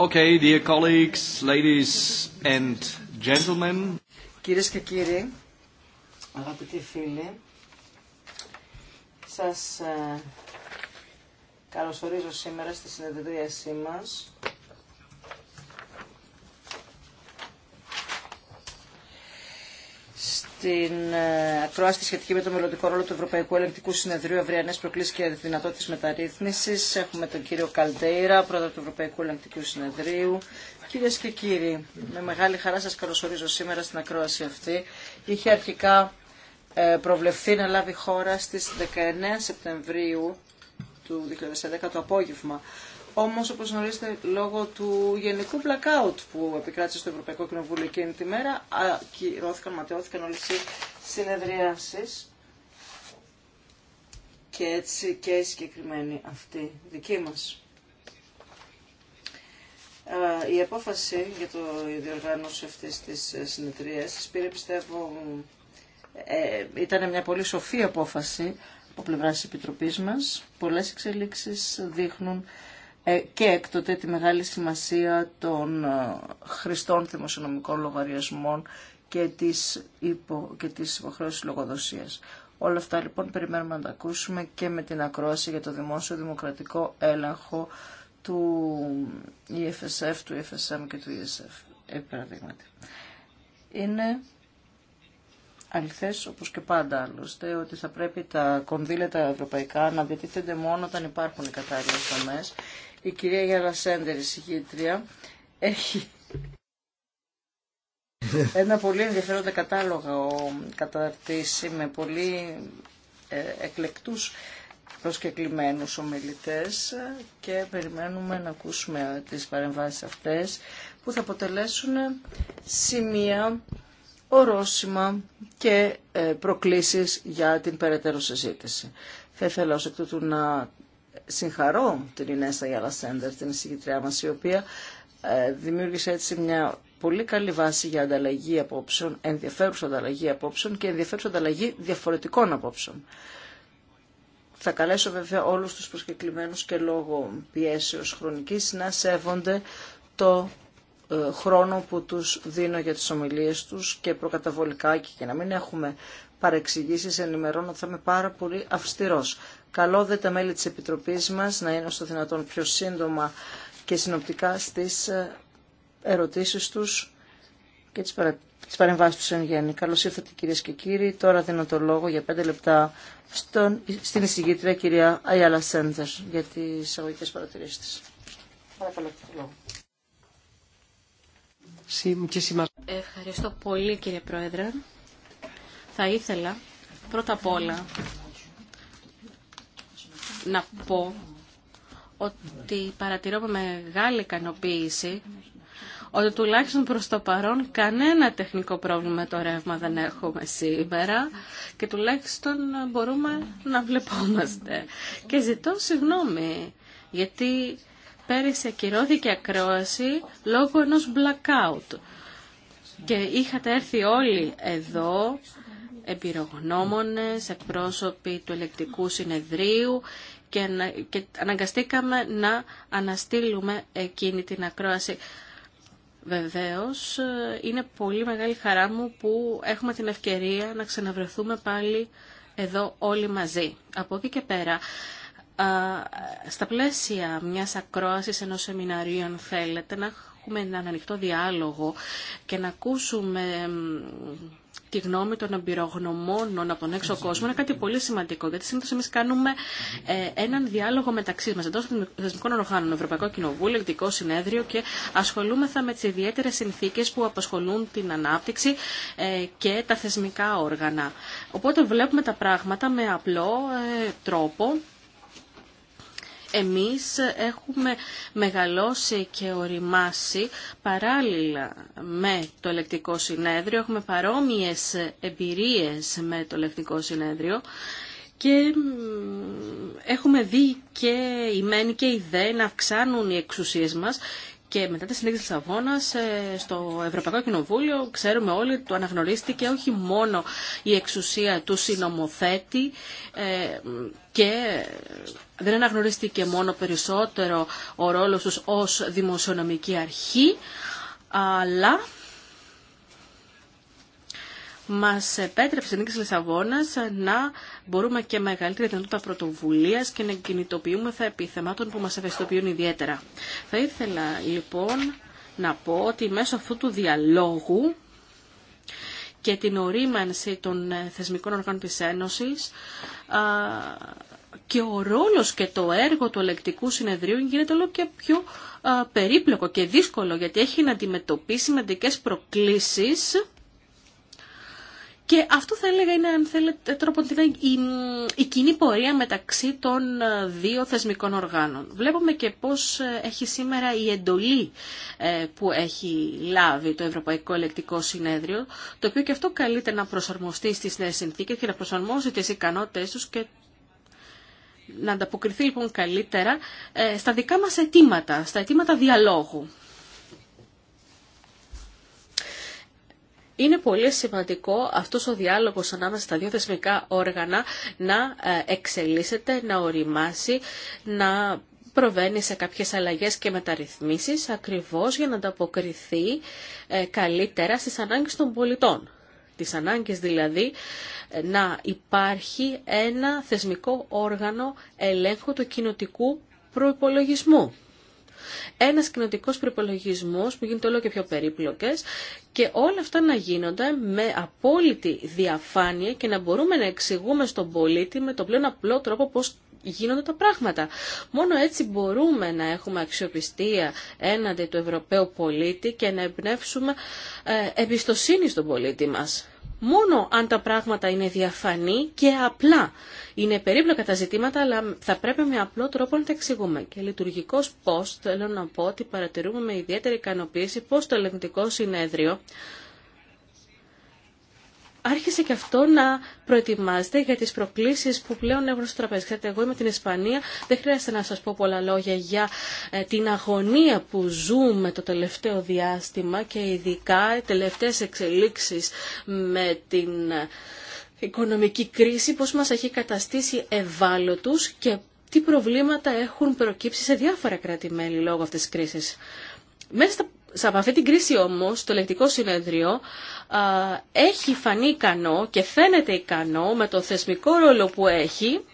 Okay, dear colleagues, ladies and gentlemen. Κυρίες και κύριοι, αγαπητοί φίλοι, σας ε, καλωσορίζω σήμερα στη συνεδρίασή μας στην ε, ακρόαση σχετική με το μελλοντικό ρόλο του Ευρωπαϊκού Ελεγκτικού Συνεδρίου, αυριανέ προκλήσει και δυνατότητε μεταρρύθμιση. Έχουμε τον κύριο Καλτέιρα, πρόεδρο του Ευρωπαϊκού Ελεγκτικού Συνεδρίου. Κυρίε και κύριοι, με μεγάλη χαρά σα καλωσορίζω σήμερα στην ακρόαση αυτή. Είχε αρχικά ε, προβλεφθεί να λάβει χώρα στι 19 Σεπτεμβρίου του 2010 το απόγευμα. Όμως, όπως γνωρίζετε, λόγω του γενικού blackout που επικράτησε στο Ευρωπαϊκό Κοινοβούλιο εκείνη τη μέρα, ακυρώθηκαν, ματαιώθηκαν όλες οι συνεδριάσεις. Και έτσι και η συγκεκριμένη αυτή δική μας. Ε, η απόφαση για το διοργάνωση αυτής της συνεδρίας πήρε, πιστεύω, ε, ήταν μια πολύ σοφή απόφαση από πλευρά της Επιτροπής μας. Πολλές εξελίξεις δείχνουν ε, και έκτοτε τη μεγάλη σημασία των ε, χρηστών δημοσιονομικών λογαριασμών και της, υπο, και της υποχρέωσης λογοδοσίας. Όλα αυτά λοιπόν περιμένουμε να τα ακούσουμε και με την ακρόαση για το δημόσιο δημοκρατικό έλεγχο του EFSF, του EFSM και του ESF. Ε, Είναι αληθές όπως και πάντα άλλωστε ότι θα πρέπει τα κονδύλια τα ευρωπαϊκά να διατίθενται μόνο όταν υπάρχουν οι κατάλληλες δομές. Η κυρία Γιάννα Σέντερ, η συγχύτρια, έχει ένα πολύ ενδιαφέροντα κατάλογο καταρτήσει με πολύ ε, εκλεκτούς προσκεκλημένους ομιλητές και περιμένουμε να ακούσουμε τις παρεμβάσεις αυτές που θα αποτελέσουν σημεία ορόσημα και ε, προκλήσεις για την περαιτέρω συζήτηση. Θα ήθελα ως εκ τούτου να συγχαρώ την Ινέστα Γιάλα Σέντερ, την εισηγητριά μας, η οποία ε, δημιούργησε έτσι μια πολύ καλή βάση για ανταλλαγή απόψεων, ενδιαφέρουσα ανταλλαγή απόψεων και ενδιαφέρουσα ανταλλαγή διαφορετικών απόψεων. Θα καλέσω βέβαια όλους τους προσκεκλημένους και λόγω πιέσεως χρονικής να σέβονται το ε, χρόνο που τους δίνω για τις ομιλίες τους και προκαταβολικά και για να μην έχουμε παρεξηγήσεις ενημερώνω ότι θα είμαι πάρα πολύ αυστηρός. Καλό δε τα μέλη της Επιτροπής μας να είναι στο δυνατόν πιο σύντομα και συνοπτικά στις ε, ερωτήσεις τους και τις, παρα... τις παρεμβάσεις τους εν γέννη. Καλώς ήρθατε κυρίες και κύριοι. Τώρα δίνω το λόγο για πέντε λεπτά στον... στην εισηγήτρια κυρία Αιάλα Σέντερ για τις αγωγικές παρατηρήσεις της. Παρακαλώ το λόγο. Ευχαριστώ πολύ κύριε Πρόεδρε. Θα ήθελα πρώτα απ' όλα να πω ότι παρατηρώ με μεγάλη ικανοποίηση ότι τουλάχιστον προς το παρόν κανένα τεχνικό πρόβλημα με το ρεύμα δεν έχουμε σήμερα και τουλάχιστον μπορούμε να βλεπόμαστε. Και ζητώ συγγνώμη γιατί πέρυσι ακυρώθηκε ακρόαση λόγω ενός blackout. Και είχατε έρθει όλοι εδώ, εμπειρογνώμονες, εκπρόσωποι του ελεκτικού συνεδρίου και, και αναγκαστήκαμε να αναστείλουμε εκείνη την ακρόαση. Βεβαίως, είναι πολύ μεγάλη χαρά μου που έχουμε την ευκαιρία να ξαναβρεθούμε πάλι εδώ όλοι μαζί. Από εκεί και πέρα, στα πλαίσια μιας ακρόασης ενός σεμιναρίου, αν θέλετε, να έχουμε έναν ανοιχτό διάλογο και να ακούσουμε τη γνώμη των εμπειρογνωμόνων από τον έξω κόσμο είναι κάτι πολύ σημαντικό. Γιατί συνήθω εμεί κάνουμε ε, έναν διάλογο μεταξύ μα εντό θεσμικών οργάνων, Ευρωπαϊκό Κοινοβούλιο, Εκτικό Συνέδριο και ασχολούμεθα με τι ιδιαίτερε συνθήκε που απασχολούν την ανάπτυξη ε, και τα θεσμικά όργανα. Οπότε βλέπουμε τα πράγματα με απλό ε, τρόπο εμείς έχουμε μεγαλώσει και οριμάσει παράλληλα με το ελεκτικό συνέδριο, έχουμε παρόμοιες εμπειρίες με το ελεκτικό συνέδριο και έχουμε δει και η και η δε να αυξάνουν οι εξουσίες μας και μετά τη συνέχιση της αγώνας ε, στο Ευρωπαϊκό Κοινοβούλιο ξέρουμε όλοι το αναγνωρίστηκε όχι μόνο η εξουσία του συνομοθέτη ε, και δεν αναγνωρίστηκε μόνο περισσότερο ο ρόλος τους ως δημοσιονομική αρχή, αλλά μας επέτρεψε η Νίκη Λισαβόνας να μπορούμε και μεγαλύτερη δυνατότητα πρωτοβουλίας και να κινητοποιούμε θα επιθεμάτων που μας ευαισθητοποιούν ιδιαίτερα. Θα ήθελα λοιπόν να πω ότι μέσω αυτού του διαλόγου και την ορίμανση των θεσμικών οργάνων της Ένωσης και ο ρόλος και το έργο του ελεκτικού συνεδρίου γίνεται όλο και πιο α, περίπλοκο και δύσκολο γιατί έχει να αντιμετωπίσει σημαντικέ προκλήσεις και αυτό θα έλεγα είναι αν θέλετε τρόπο η, η κοινή πορεία μεταξύ των δύο θεσμικών οργάνων. Βλέπουμε και πώς έχει σήμερα η εντολή ε, που έχει λάβει το Ευρωπαϊκό Ελεκτικό Συνέδριο, το οποίο και αυτό καλείται να προσαρμοστεί στις νέες συνθήκες και να προσαρμόσει τις ικανότητες τους και να ανταποκριθεί λοιπόν καλύτερα ε, στα δικά μας αιτήματα, στα αιτήματα διαλόγου. Είναι πολύ σημαντικό αυτός ο διάλογος ανάμεσα στα δύο θεσμικά όργανα να ε, εξελίσσεται, να οριμάσει, να προβαίνει σε κάποιες αλλαγές και μεταρρυθμίσεις ακριβώς για να ανταποκριθεί ε, καλύτερα στις ανάγκες των πολιτών τις ανάγκες δηλαδή να υπάρχει ένα θεσμικό όργανο ελέγχου του κοινοτικού προϋπολογισμού. Ένας κοινοτικός προϋπολογισμός που γίνεται όλο και πιο περίπλοκες και όλα αυτά να γίνονται με απόλυτη διαφάνεια και να μπορούμε να εξηγούμε στον πολίτη με τον πλέον απλό τρόπο πώς γίνονται τα πράγματα. Μόνο έτσι μπορούμε να έχουμε αξιοπιστία έναντι του Ευρωπαίου πολίτη και να εμπνεύσουμε ε, εμπιστοσύνη στον πολίτη μας. Μόνο αν τα πράγματα είναι διαφανή και απλά. Είναι περίπλοκα τα ζητήματα, αλλά θα πρέπει με απλό τρόπο να τα εξηγούμε. Και λειτουργικό πώ, θέλω να πω ότι παρατηρούμε με ιδιαίτερη ικανοποίηση πώ το ελεγκτικό συνέδριο άρχισε και αυτό να προετοιμάζεται για τις προκλήσεις που πλέον έχουν στο τραπέζι. εγώ είμαι την Ισπανία, δεν χρειάζεται να σας πω πολλά λόγια για ε, την αγωνία που ζούμε το τελευταίο διάστημα και ειδικά οι τελευταίες εξελίξεις με την ε, οικονομική κρίση, πώς μας έχει καταστήσει ευάλωτους και τι προβλήματα έχουν προκύψει σε διάφορα κράτη-μέλη λόγω αυτής της κρίσης. Μέσα σε αυτή την κρίση όμως το ελεκτικό συνέδριο έχει φανεί ικανό και φαίνεται ικανό με το θεσμικό ρόλο που έχει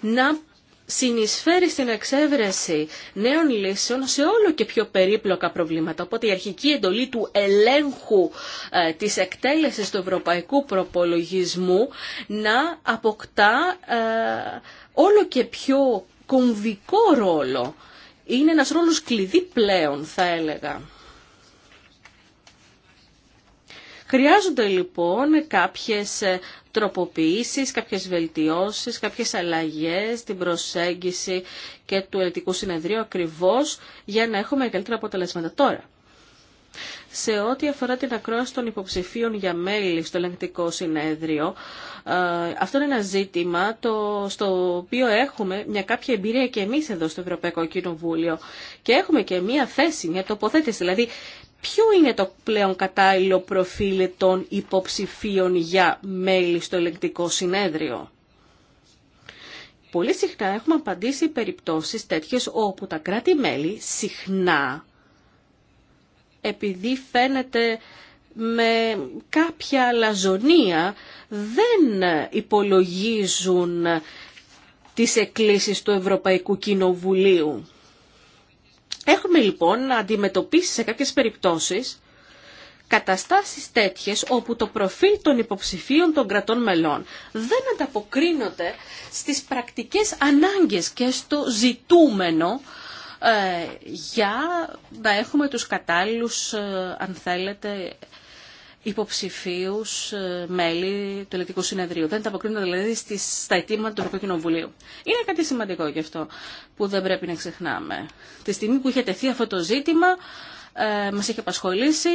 να συνεισφέρει στην εξέβρεση νέων λύσεων σε όλο και πιο περίπλοκα προβλήματα. Οπότε η αρχική εντολή του ελέγχου ε, της εκτέλεσης του ευρωπαϊκού προπολογισμού να αποκτά όλο και πιο κομβικό ρόλο είναι ένας ρόλος κλειδί πλέον, θα έλεγα. Χρειάζονται λοιπόν κάποιες ε, τροποποιήσεις, κάποιες βελτιώσεις, κάποιες αλλαγές στην προσέγγιση και του ελληνικού συνεδρίου ακριβώς για να έχουμε καλύτερα αποτελέσματα. Τώρα, σε ό,τι αφορά την ακρόαση των υποψηφίων για μέλη στο ελεγκτικό συνέδριο. Ε, αυτό είναι ένα ζήτημα το, στο οποίο έχουμε μια κάποια εμπειρία και εμείς εδώ στο Ευρωπαϊκό Κοινοβούλιο και έχουμε και μια θέση, μια τοποθέτηση. Δηλαδή, ποιο είναι το πλέον κατάλληλο προφίλ των υποψηφίων για μέλη στο ελεγκτικό συνέδριο. Πολύ συχνά έχουμε απαντήσει περιπτώσεις τέτοιες όπου τα κράτη-μέλη συχνά επειδή φαίνεται με κάποια λαζονία δεν υπολογίζουν τις εκκλήσεις του Ευρωπαϊκού Κοινοβουλίου. Έχουμε λοιπόν αντιμετωπίσει σε κάποιες περιπτώσεις καταστάσεις τέτοιες όπου το προφίλ των υποψηφίων των κρατών μελών δεν ανταποκρίνονται στις πρακτικές ανάγκες και στο ζητούμενο ε, για να έχουμε τους κατάλληλους, ε, αν θέλετε, υποψηφίου ε, μέλη του Ελεκτικού Συνεδρίου. Δεν τα αποκρίνονται δηλαδή στις, στα αιτήματα του Ευρωπαϊκού Κοινοβουλίου. Είναι κάτι σημαντικό γι' αυτό που δεν πρέπει να ξεχνάμε. Τη στιγμή που είχε τεθεί αυτό το ζήτημα, ε, μας έχει απασχολήσει.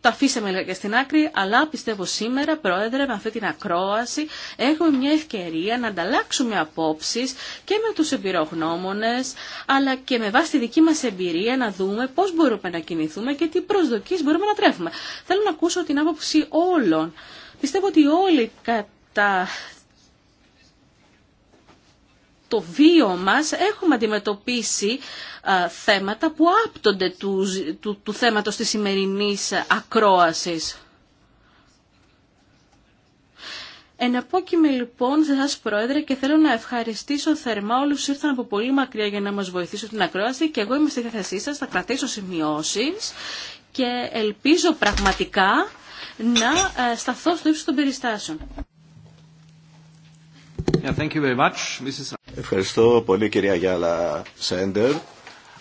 τα αφήσαμε και στην άκρη, αλλά πιστεύω σήμερα, Πρόεδρε, με αυτή την ακρόαση έχουμε μια ευκαιρία να ανταλλάξουμε απόψεις και με τους εμπειρογνώμονες, αλλά και με βάση τη δική μας εμπειρία να δούμε πώς μπορούμε να κινηθούμε και τι προσδοκίες μπορούμε να τρέφουμε. Θέλω να ακούσω την άποψη όλων. Πιστεύω ότι όλοι κατά το βίο μας έχουμε αντιμετωπίσει θέματα που άπτονται του, του, του θέματος της σημερινής ακρόασης. Εναπόκειμε λοιπόν σε σας Πρόεδρε και θέλω να ευχαριστήσω θερμά όλους που ήρθαν από πολύ μακριά για να μας βοηθήσουν την ακρόαση και εγώ είμαι στη θέση σας, θα κρατήσω σημειώσεις και ελπίζω πραγματικά να σταθώ στο ύψος των περιστάσεων. Yeah, Ευχαριστώ πολύ κυρία Γιάλα Σέντερ.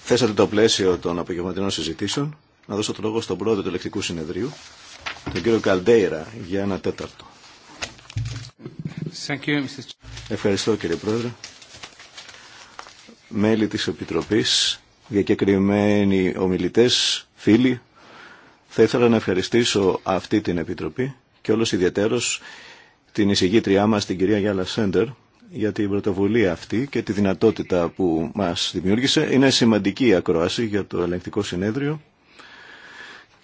Θέσατε το πλαίσιο των απογευματινών συζητήσεων. Να δώσω το λόγο στον πρόεδρο του ελεκτικού συνεδρίου, τον κύριο Καλντέιρα, για ένα τέταρτο. Ευχαριστώ κύριε πρόεδρε. Μέλη της Επιτροπής, διακεκριμένοι ομιλητές, φίλοι, θα ήθελα να ευχαριστήσω αυτή την Επιτροπή και όλος ιδιαίτερος την εισηγήτριά μας, την κυρία Γιάλα Σέντερ, για την πρωτοβουλία αυτή και τη δυνατότητα που μας δημιούργησε. Είναι σημαντική η ακρόαση για το ελεγκτικό συνέδριο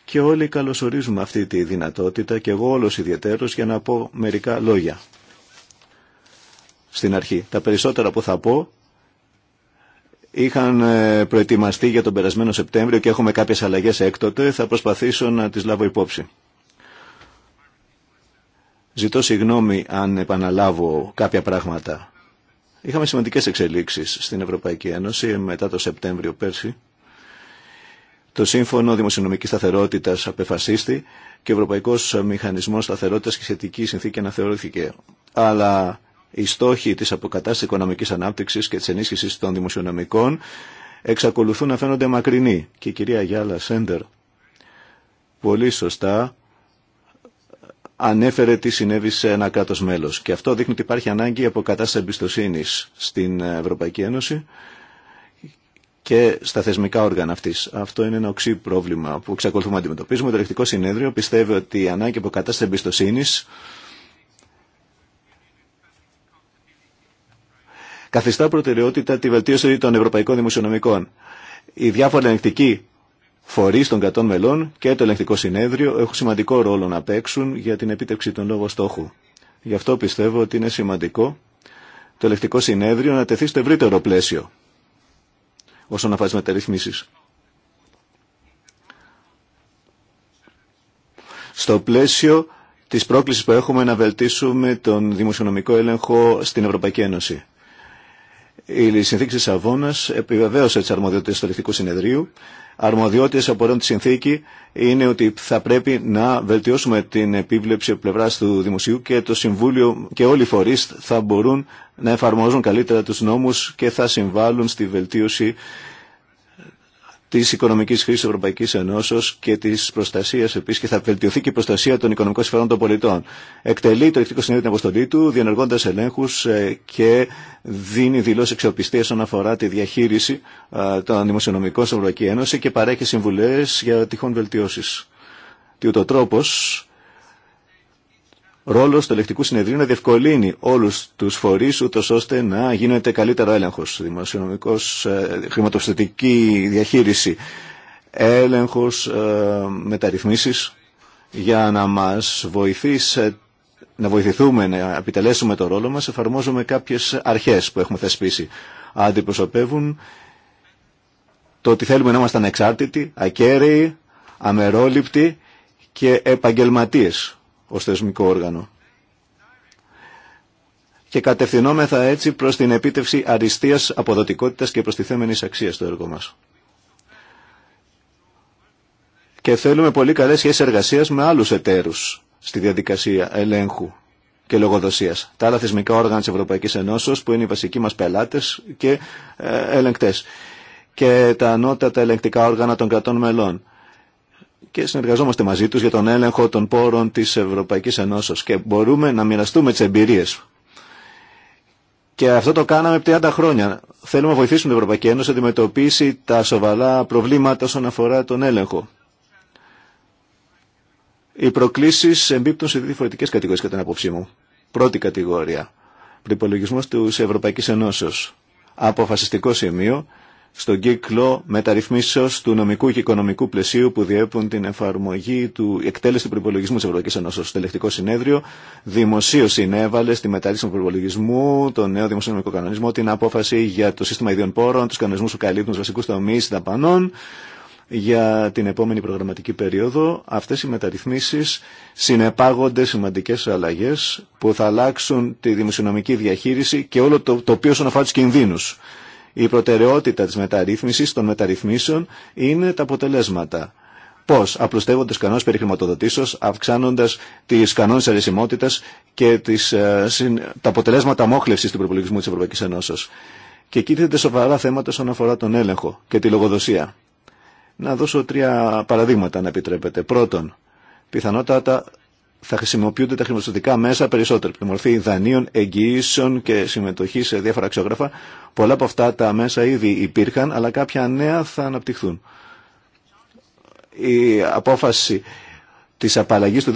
και όλοι καλωσορίζουμε αυτή τη δυνατότητα και εγώ όλος ιδιαίτερος για να πω μερικά λόγια. Στην αρχή, τα περισσότερα που θα πω είχαν ε, προετοιμαστεί για τον περασμένο Σεπτέμβριο και έχουμε κάποιες αλλαγές έκτοτε, θα προσπαθήσω να τις λάβω υπόψη. Ζητώ συγγνώμη αν επαναλάβω κάποια πράγματα. Είχαμε σημαντικές εξελίξεις στην Ευρωπαϊκή Ένωση μετά το Σεπτέμβριο πέρσι. Το Σύμφωνο Δημοσιονομικής Σταθερότητας απεφασίστη και ο Ευρωπαϊκός Μηχανισμός Σταθερότητας και σχετική συνθήκη αναθεωρήθηκε. Αλλά οι στόχοι της αποκατάστασης οικονομικής ανάπτυξης και της ενίσχυσης των δημοσιονομικών εξακολουθούν να φαίνονται μακρινοί. Και η κυρία Γιάλα Σέντερ πολύ σωστά ανέφερε τι συνέβη σε ένα κράτο μέλο. Και αυτό δείχνει ότι υπάρχει ανάγκη από κατάσταση εμπιστοσύνη στην Ευρωπαϊκή Ένωση και στα θεσμικά όργανα αυτή. Αυτό είναι ένα οξύ πρόβλημα που εξακολουθούμε να αντιμετωπίζουμε. Το Ελεκτικό Συνέδριο πιστεύει ότι η ανάγκη από κατάσταση εμπιστοσύνη καθιστά προτεραιότητα τη βελτίωση των ευρωπαϊκών δημοσιονομικών. Οι διάφοροι ελεγκτικοί Φορεί των κατών μελών και το ελεγκτικό συνέδριο έχουν σημαντικό ρόλο να παίξουν για την επίτευξη των λόγων στόχου. Γι' αυτό πιστεύω ότι είναι σημαντικό το ελεγκτικό συνέδριο να τεθεί στο ευρύτερο πλαίσιο όσον αφορά τις μεταρρυθμίσεις. Στο πλαίσιο της πρόκλησης που έχουμε να βελτίσουμε τον δημοσιονομικό έλεγχο στην Ευρωπαϊκή Ένωση. Η συνθήκη τη Αβώνα επιβεβαίωσε τι αρμοδιότητε του ελεκτικού συνεδρίου. Αρμοδιότητε απορρέουν τη συνθήκη είναι ότι θα πρέπει να βελτιώσουμε την επίβλεψη από πλευρά του Δημοσίου και το Συμβούλιο και όλοι οι φορεί θα μπορούν να εφαρμόζουν καλύτερα του νόμου και θα συμβάλλουν στη βελτίωση τη οικονομική χρήση τη Ευρωπαϊκή Ενώσεω και τη προστασία επίση και θα βελτιωθεί και η προστασία των οικονομικών συμφερόντων των πολιτών. Εκτελεί το Εκτικό Συνέδριο την αποστολή του, διενεργώντα ελέγχου ε, και δίνει δηλώσει αξιοπιστία όσον αφορά τη διαχείριση ε, των δημοσιονομικών στην Ευρωπαϊκή Ένωση και παρέχει συμβουλέ για τυχόν βελτιώσει. Τι ο τρόπο, ρόλο του ελεκτικού συνεδρίου να διευκολύνει όλου του φορεί, ούτω ώστε να γίνεται καλύτερο έλεγχο. Δημοσιονομικό, ε, χρηματοστατική διαχείριση, έλεγχο, ε, μεταρρυθμίσει, για να μα βοηθήσει να βοηθηθούμε να επιτελέσουμε το ρόλο μας, εφαρμόζουμε κάποιες αρχές που έχουμε θεσπίσει. Αντιπροσωπεύουν το ότι θέλουμε να είμαστε ανεξάρτητοι, ακέραιοι, αμερόληπτοι και επαγγελματίες ως θεσμικό όργανο. Και κατευθυνόμεθα έτσι προς την επίτευξη αριστείας, αποδοτικότητας και προστιθέμενης αξίας στο έργο μας. Και θέλουμε πολύ καλές σχέσεις εργασίας με άλλους εταίρους στη διαδικασία ελέγχου και λογοδοσίας. Τα άλλα θεσμικά όργανα της Ευρωπαϊκής Ενώσεως που είναι οι βασικοί μας πελάτες και ε, ελεγκτές. Και τα ανώτατα ελεγκτικά όργανα των κρατών μελών και συνεργαζόμαστε μαζί τους για τον έλεγχο των πόρων της Ευρωπαϊκής Ενώσεως και μπορούμε να μοιραστούμε τις εμπειρίες. Και αυτό το κάναμε 30 χρόνια. Θέλουμε να βοηθήσουμε την Ευρωπαϊκή Ένωση να αντιμετωπίσει τα σοβαλά προβλήματα όσον αφορά τον έλεγχο. Οι προκλήσει εμπίπτουν σε δύο διαφορετικές κατηγορίες κατά την απόψή μου. Πρώτη κατηγορία, προπολογισμό τη Ευρωπαϊκή Ενώσεω. Αποφασιστικό σημείο στον κύκλο μεταρρυθμίσεω του νομικού και οικονομικού πλαισίου που διέπουν την εφαρμογή του εκτέλεση του προπολογισμού τη Ευρωπαϊκής Ένωση. Το ελεκτικό συνέδριο δημοσίω συνέβαλε στη μεταρρύθμιση του προπολογισμού, τον νέο δημοσιονομικό κανονισμό, την απόφαση για το σύστημα ιδιών πόρων, του κανονισμού που καλύπτουν του βασικού τομεί δαπανών για την επόμενη προγραμματική περίοδο. Αυτές οι μεταρρυθμίσεις συνεπάγονται σημαντικές αλλαγές που θα αλλάξουν τη δημοσιονομική διαχείριση και όλο το, οποίο όσον αφορά η προτεραιότητα της μεταρρύθμισης των μεταρρυθμίσεων είναι τα αποτελέσματα. Πώς. απλουστεύοντα κανόνες περί χρηματοδοτήσεως, αυξάνοντα τι κανόνε αρεσιμότητα και τις, ε, τα αποτελέσματα μόχλευσης του προπολογισμού της Ευρωπαϊκής Ένωσης. Και εκεί σοβαρά θέματα όσον αφορά τον έλεγχο και τη λογοδοσία. Να δώσω τρία παραδείγματα, αν επιτρέπετε. Πρώτον, πιθανότατα θα χρησιμοποιούνται τα χρηματοδοτικά μέσα περισσότερο. με μορφή δανείων, εγγυήσεων και συμμετοχή σε διάφορα αξιόγραφα. Πολλά από αυτά τα μέσα ήδη υπήρχαν, αλλά κάποια νέα θα αναπτυχθούν. Η απόφαση τη απαλλαγή του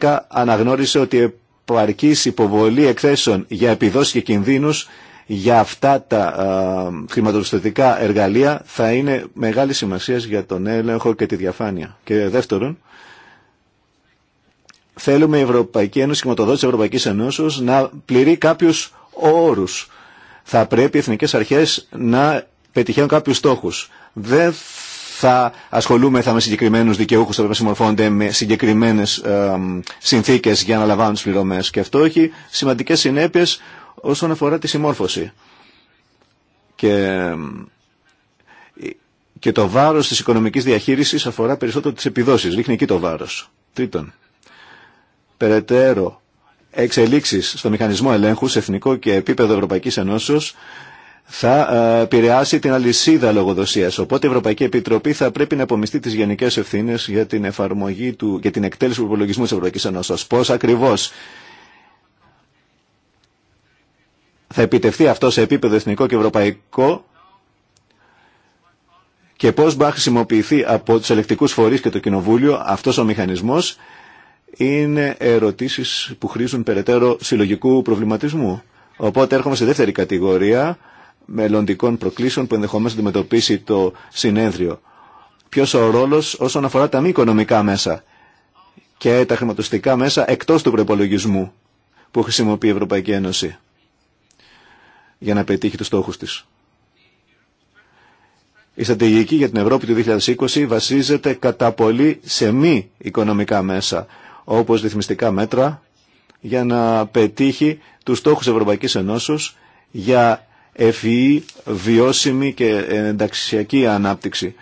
2010 αναγνώρισε ότι επαρκή υποβολή εκθέσεων για επιδόσει και κινδύνου για αυτά τα χρηματοδοτικά εργαλεία θα είναι μεγάλη σημασία για τον έλεγχο και τη διαφάνεια. Και δεύτερον, θέλουμε η Ευρωπαϊκή Ένωση, η χρηματοδότηση της Ευρωπαϊκής Ενώσεως να πληρεί κάποιους όρους. Θα πρέπει οι εθνικές αρχές να πετυχαίνουν κάποιους στόχους. Δεν θα ασχολούμεθα με συγκεκριμένου δικαιούχου, θα πρέπει να συμμορφώνονται με συγκεκριμένε συνθήκε για να λαμβάνουν τι πληρωμέ. Και αυτό έχει σημαντικέ συνέπειε όσον αφορά τη συμμόρφωση. Και, και το βάρος της οικονομικής διαχείρισης αφορά περισσότερο τις επιδόσεις, ρίχνει εκεί το βάρος. Τρίτον, περαιτέρω εξελίξει στο μηχανισμό ελέγχου σε εθνικό και επίπεδο Ευρωπαϊκή Ενώσεω θα ε, επηρεάσει την αλυσίδα λογοδοσία. Οπότε η Ευρωπαϊκή Επιτροπή θα πρέπει να απομειστεί τι γενικέ ευθύνε για την εφαρμογή του, για την εκτέλεση του υπολογισμού της Ευρωπαϊκής Ενώσεω. Πώς ακριβώς θα επιτευθεί αυτό σε επίπεδο εθνικό και ευρωπαϊκό και πώς θα χρησιμοποιηθεί από τους ελεκτικούς φορείς και το Κοινοβούλιο αυτός ο μηχανισμός είναι ερωτήσεις που χρήζουν περαιτέρω συλλογικού προβληματισμού. Οπότε έρχομαι σε δεύτερη κατηγορία μελλοντικών προκλήσεων που ενδεχομένως αντιμετωπίσει το συνέδριο. Ποιος ο ρόλος όσον αφορά τα μη οικονομικά μέσα και τα χρηματοστικά μέσα εκτός του προπολογισμού που χρησιμοποιεί η Ευρωπαϊκή Ένωση για να πετύχει τους στόχους της. Η στρατηγική για την Ευρώπη του 2020 βασίζεται κατά πολύ σε μη οικονομικά μέσα όπως ρυθμιστικά μέτρα για να πετύχει τους στόχους Ευρωπαϊκής Ενώσεως για ευφυή, βιώσιμη και ενταξιακή ανάπτυξη.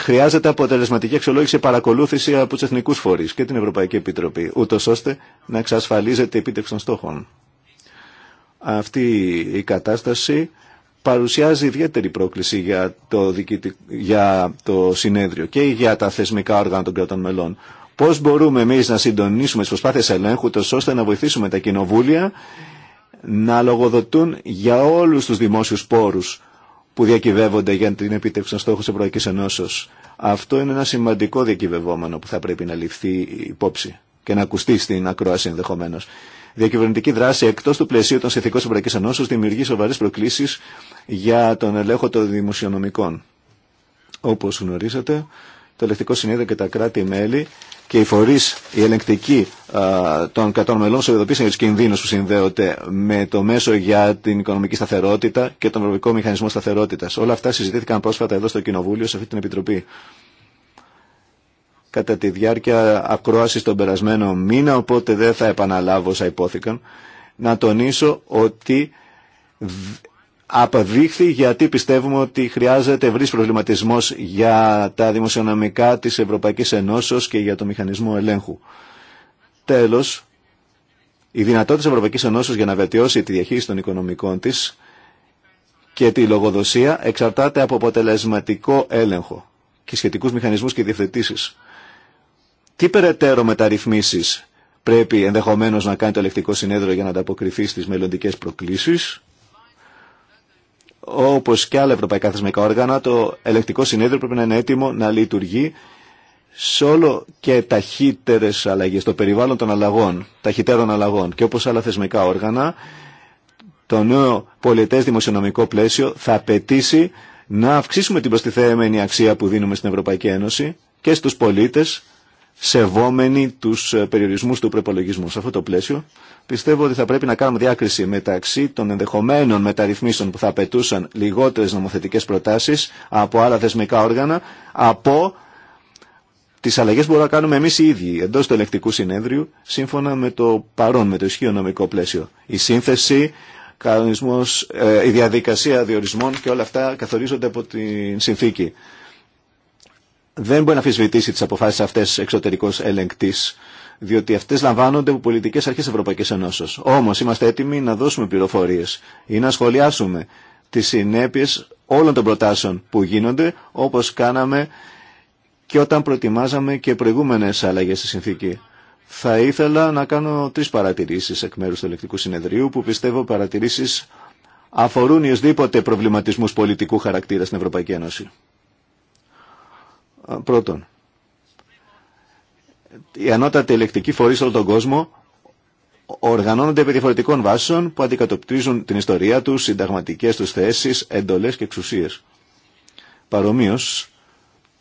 Χρειάζεται αποτελεσματική αξιολόγηση παρακολούθηση από του εθνικού φορεί και την Ευρωπαϊκή Επιτροπή, ούτω ώστε να εξασφαλίζεται η επίτευξη των στόχων. Αυτή η κατάσταση παρουσιάζει ιδιαίτερη πρόκληση για το, για το συνέδριο και για τα θεσμικά όργανα των κρατών μελών. Πώ μπορούμε εμεί να συντονίσουμε τι προσπάθειε ελέγχου ώστε να βοηθήσουμε τα κοινοβούλια να λογοδοτούν για όλου του δημόσιου πόρου που διακυβεύονται για την επίτευξη των στόχων τη Ευρωπαϊκή Αυτό είναι ένα σημαντικό διακυβευόμενο που θα πρέπει να ληφθεί υπόψη και να ακουστεί στην ακρόαση ενδεχομένω διακυβερνητική δράση εκτό του πλαισίου των συνθηκών τη Ευρωπαϊκή Ενώσεω δημιουργεί σοβαρέ προκλήσει για τον ελέγχο των δημοσιονομικών. Όπω γνωρίζετε, το ελεκτικό συνέδριο και τα κράτη-μέλη και οι φορεί, οι ελεγκτικοί των κατών μελών για του κινδύνου που συνδέονται με το μέσο για την οικονομική σταθερότητα και τον Ευρωπαϊκό Μηχανισμό Σταθερότητα. Όλα αυτά συζητήθηκαν πρόσφατα εδώ στο Κοινοβούλιο, σε αυτή την Επιτροπή κατά τη διάρκεια ακρόασης τον περασμένο μήνα, οπότε δεν θα επαναλάβω όσα υπόθηκαν. Να τονίσω ότι απαδείχθη, γιατί πιστεύουμε ότι χρειάζεται ευρύς προβληματισμός για τα δημοσιονομικά της Ευρωπαϊκής Ενώσεως και για το μηχανισμό ελέγχου. Τέλος, η δυνατότητα της Ευρωπαϊκής Ενώσεως για να βελτιώσει τη διαχείριση των οικονομικών της και τη λογοδοσία εξαρτάται από αποτελεσματικό έλεγχο και σχετικούς μηχανισμούς και διευθετήσεις. Τι περαιτέρω μεταρρυθμίσεις πρέπει ενδεχομένως να κάνει το ελεκτικό συνέδριο για να ανταποκριθεί στις μελλοντικέ προκλήσεις. Όπως και άλλα ευρωπαϊκά θεσμικά όργανα, το ελεκτικό συνέδριο πρέπει να είναι έτοιμο να λειτουργεί σε όλο και ταχύτερε αλλαγέ, το περιβάλλον των αλλαγών, ταχυτέρων αλλαγών και όπω άλλα θεσμικά όργανα, το νέο πολιτέ δημοσιονομικό πλαίσιο θα απαιτήσει να αυξήσουμε την προστιθέμενη αξία που δίνουμε στην Ευρωπαϊκή Ένωση και στου πολίτε σεβόμενοι τους ε, περιορισμούς του προπολογισμού. Σε αυτό το πλαίσιο πιστεύω ότι θα πρέπει να κάνουμε διάκριση μεταξύ των ενδεχομένων μεταρρυθμίσεων που θα απαιτούσαν λιγότερες νομοθετικές προτάσεις από άλλα θεσμικά όργανα, από τις αλλαγές που μπορούμε να κάνουμε εμείς οι ίδιοι εντός του ελεκτικού συνέδριου, σύμφωνα με το παρόν, με το ισχύο νομικό πλαίσιο. Η σύνθεση, ε, η διαδικασία διορισμών και όλα αυτά καθορίζονται από την συνθήκη δεν μπορεί να αφισβητήσει τις αποφάσεις αυτές εξωτερικός ελεγκτής, διότι αυτές λαμβάνονται από πολιτικές αρχές Ευρωπαϊκής Ενώσεως. Όμως είμαστε έτοιμοι να δώσουμε πληροφορίες ή να σχολιάσουμε τις συνέπειες όλων των προτάσεων που γίνονται, όπως κάναμε και όταν προετοιμάζαμε και προηγούμενες αλλαγές στη συνθήκη. Θα ήθελα να κάνω τρεις παρατηρήσεις εκ μέρους του Ελεκτικού Συνεδρίου, που πιστεύω παρατηρήσεις αφορούν ουσδήποτε προβληματισμούς πολιτικού χαρακτήρα στην Ευρωπαϊκή Ένωση. Πρώτον, οι ανώτατοι ελεκτικοί φορεί σε όλο τον κόσμο οργανώνονται επί διαφορετικών βάσεων που αντικατοπτρίζουν την ιστορία τους, συνταγματικές τους θέσεις, εντολές και εξουσίες. Παρομοίως,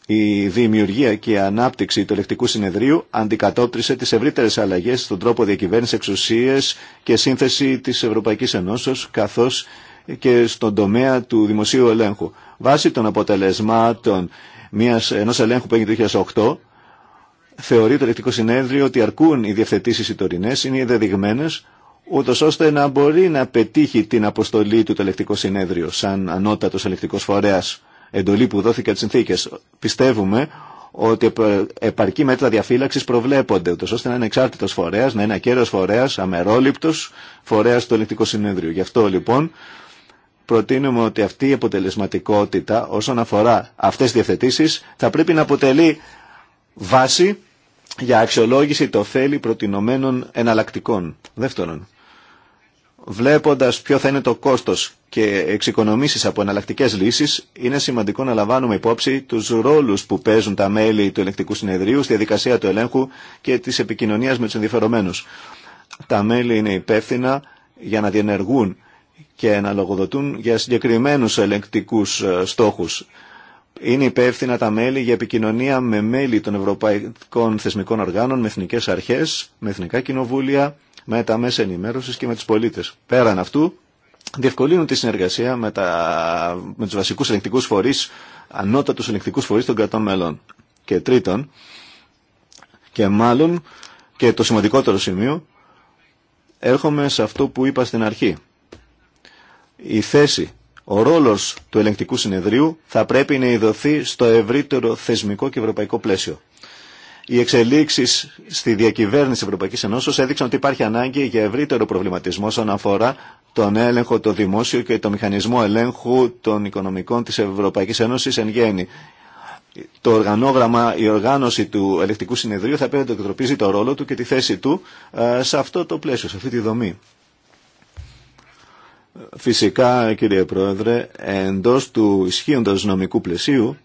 η δημιουργία και η ανάπτυξη του ελεκτικού συνεδρίου αντικατόπτρισε τις ευρύτερες αλλαγές στον τρόπο διακυβέρνησης εξουσίες και σύνθεση της Ευρωπαϊκής Ενώσεως καθώς και στον τομέα του δημοσίου ελέγχου. Βάσει των αποτελεσμάτων μιας, ενός ελέγχου που έγινε το 2008, θεωρεί το ελεκτικό συνέδριο ότι αρκούν οι διευθετήσεις οι τωρινές, είναι δεδειγμένες, ούτως ώστε να μπορεί να πετύχει την αποστολή του το ελεκτικό συνέδριο σαν ανώτατος ελεκτικός φορέας εντολή που δόθηκε από τις συνθήκες. Πιστεύουμε ότι επαρκή μέτρα διαφύλαξη προβλέπονται, ούτω ώστε να είναι εξάρτητο φορέα, να είναι ακέραιο φορέα, αμερόληπτο φορέα του ελεκτικού συνέδριου. Γι' αυτό λοιπόν προτείνουμε ότι αυτή η αποτελεσματικότητα όσον αφορά αυτές τις διευθετήσεις θα πρέπει να αποτελεί βάση για αξιολόγηση το θέλει προτινομένων εναλλακτικών. Δεύτερον, βλέποντας ποιο θα είναι το κόστος και εξοικονομήσεις από εναλλακτικέ λύσεις, είναι σημαντικό να λαμβάνουμε υπόψη τους ρόλους που παίζουν τα μέλη του ελεκτικού συνεδρίου στη διαδικασία του ελέγχου και της επικοινωνίας με τους ενδιαφερομένους. Τα μέλη είναι υπεύθυνα για να διενεργούν και να λογοδοτούν για συγκεκριμένους ελεγκτικούς ε, στόχους. Είναι υπεύθυνα τα μέλη για επικοινωνία με μέλη των ευρωπαϊκών θεσμικών οργάνων, με εθνικές αρχές, με εθνικά κοινοβούλια, με τα μέσα ενημέρωσης και με τους πολίτες. Πέραν αυτού, διευκολύνουν τη συνεργασία με, τα, με τους βασικούς ελεγκτικούς φορείς, ανώτατους ελεγκτικούς φορείς των κρατών μελών. Και τρίτον, και μάλλον και το σημαντικότερο σημείο, έρχομαι σε αυτό που είπα στην αρχή η θέση, ο ρόλος του ελεγκτικού συνεδρίου θα πρέπει να ειδωθεί στο ευρύτερο θεσμικό και ευρωπαϊκό πλαίσιο. Οι εξελίξει στη διακυβέρνηση Ευρωπαϊκή Ενώσεω έδειξαν ότι υπάρχει ανάγκη για ευρύτερο προβληματισμό όσον αφορά τον έλεγχο, το δημόσιο και το μηχανισμό ελέγχου των οικονομικών τη Ευρωπαϊκή Ένωση εν γέννη. Το οργανόγραμμα, η οργάνωση του ελεκτικού συνεδρίου θα πρέπει να το εκτροπίζει το ρόλο του και τη θέση του ε, σε αυτό το πλαίσιο, σε αυτή τη δομή. Φυσικά, κύριε Πρόεδρε, εντός του ισχύοντος νομικού πλαισίου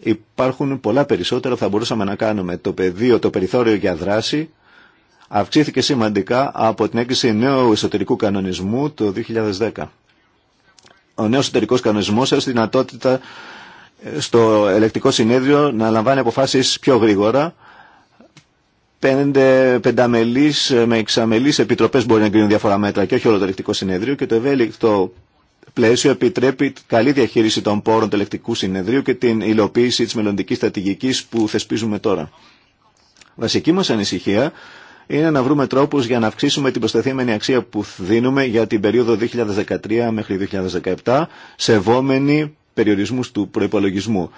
υπάρχουν πολλά περισσότερα που θα μπορούσαμε να κάνουμε. Το πεδίο, το περιθώριο για δράση αυξήθηκε σημαντικά από την έκκληση νέου εσωτερικού κανονισμού το 2010. Ο νέος εσωτερικός κανονισμός έδωσε δυνατότητα στο ελεκτικό συνέδριο να λαμβάνει αποφάσεις πιο γρήγορα πέντε πενταμελεί ε, με εξαμελεί επιτροπέ μπορεί να γίνουν διάφορα μέτρα και όχι όλο το ελεκτικό συνεδρίο και το ευέλικτο πλαίσιο επιτρέπει καλή διαχείριση των πόρων του ελεκτικού συνεδρίου και την υλοποίηση τη μελλοντική στρατηγική που θεσπίζουμε τώρα. Βασική μα ανησυχία είναι να βρούμε τρόπου για να αυξήσουμε την προσταθήμενη αξία που δίνουμε για την περίοδο 2013 μέχρι 2017, σεβόμενοι περιορισμού του προπολογισμού.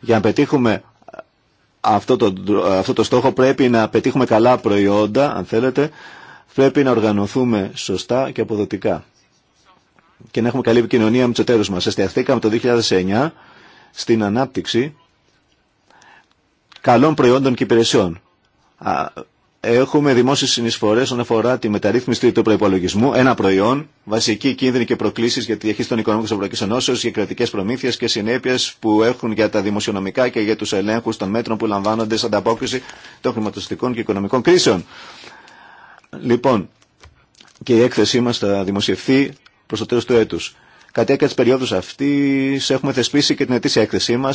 Για να πετύχουμε αυτό το, αυτό το στόχο πρέπει να πετύχουμε καλά προϊόντα, αν θέλετε, πρέπει να οργανωθούμε σωστά και αποδοτικά και να έχουμε καλή επικοινωνία με τους εταίρους μας. Εστιαθήκαμε το 2009 στην ανάπτυξη καλών προϊόντων και υπηρεσιών. Έχουμε δημόσιε συνεισφορέ όσον αφορά τη μεταρρύθμιση του προπολογισμού, ένα προϊόν, βασική κίνδυνη και προκλήσει για τη διαχείριση των οικονομικών Ευρωπαϊκή Ενώσεω για κρατικέ προμήθειε και συνέπειε που έχουν για τα δημοσιονομικά και για του ελέγχου των μέτρων που λαμβάνονται σαν ανταπόκριση των χρηματοστικών και οικονομικών κρίσεων. Λοιπόν, και η έκθεσή μα θα δημοσιευθεί προ το τέλο του έτου. Κατά τη τη περίοδου αυτή έχουμε θεσπίσει και την ετήσια έκθεσή μα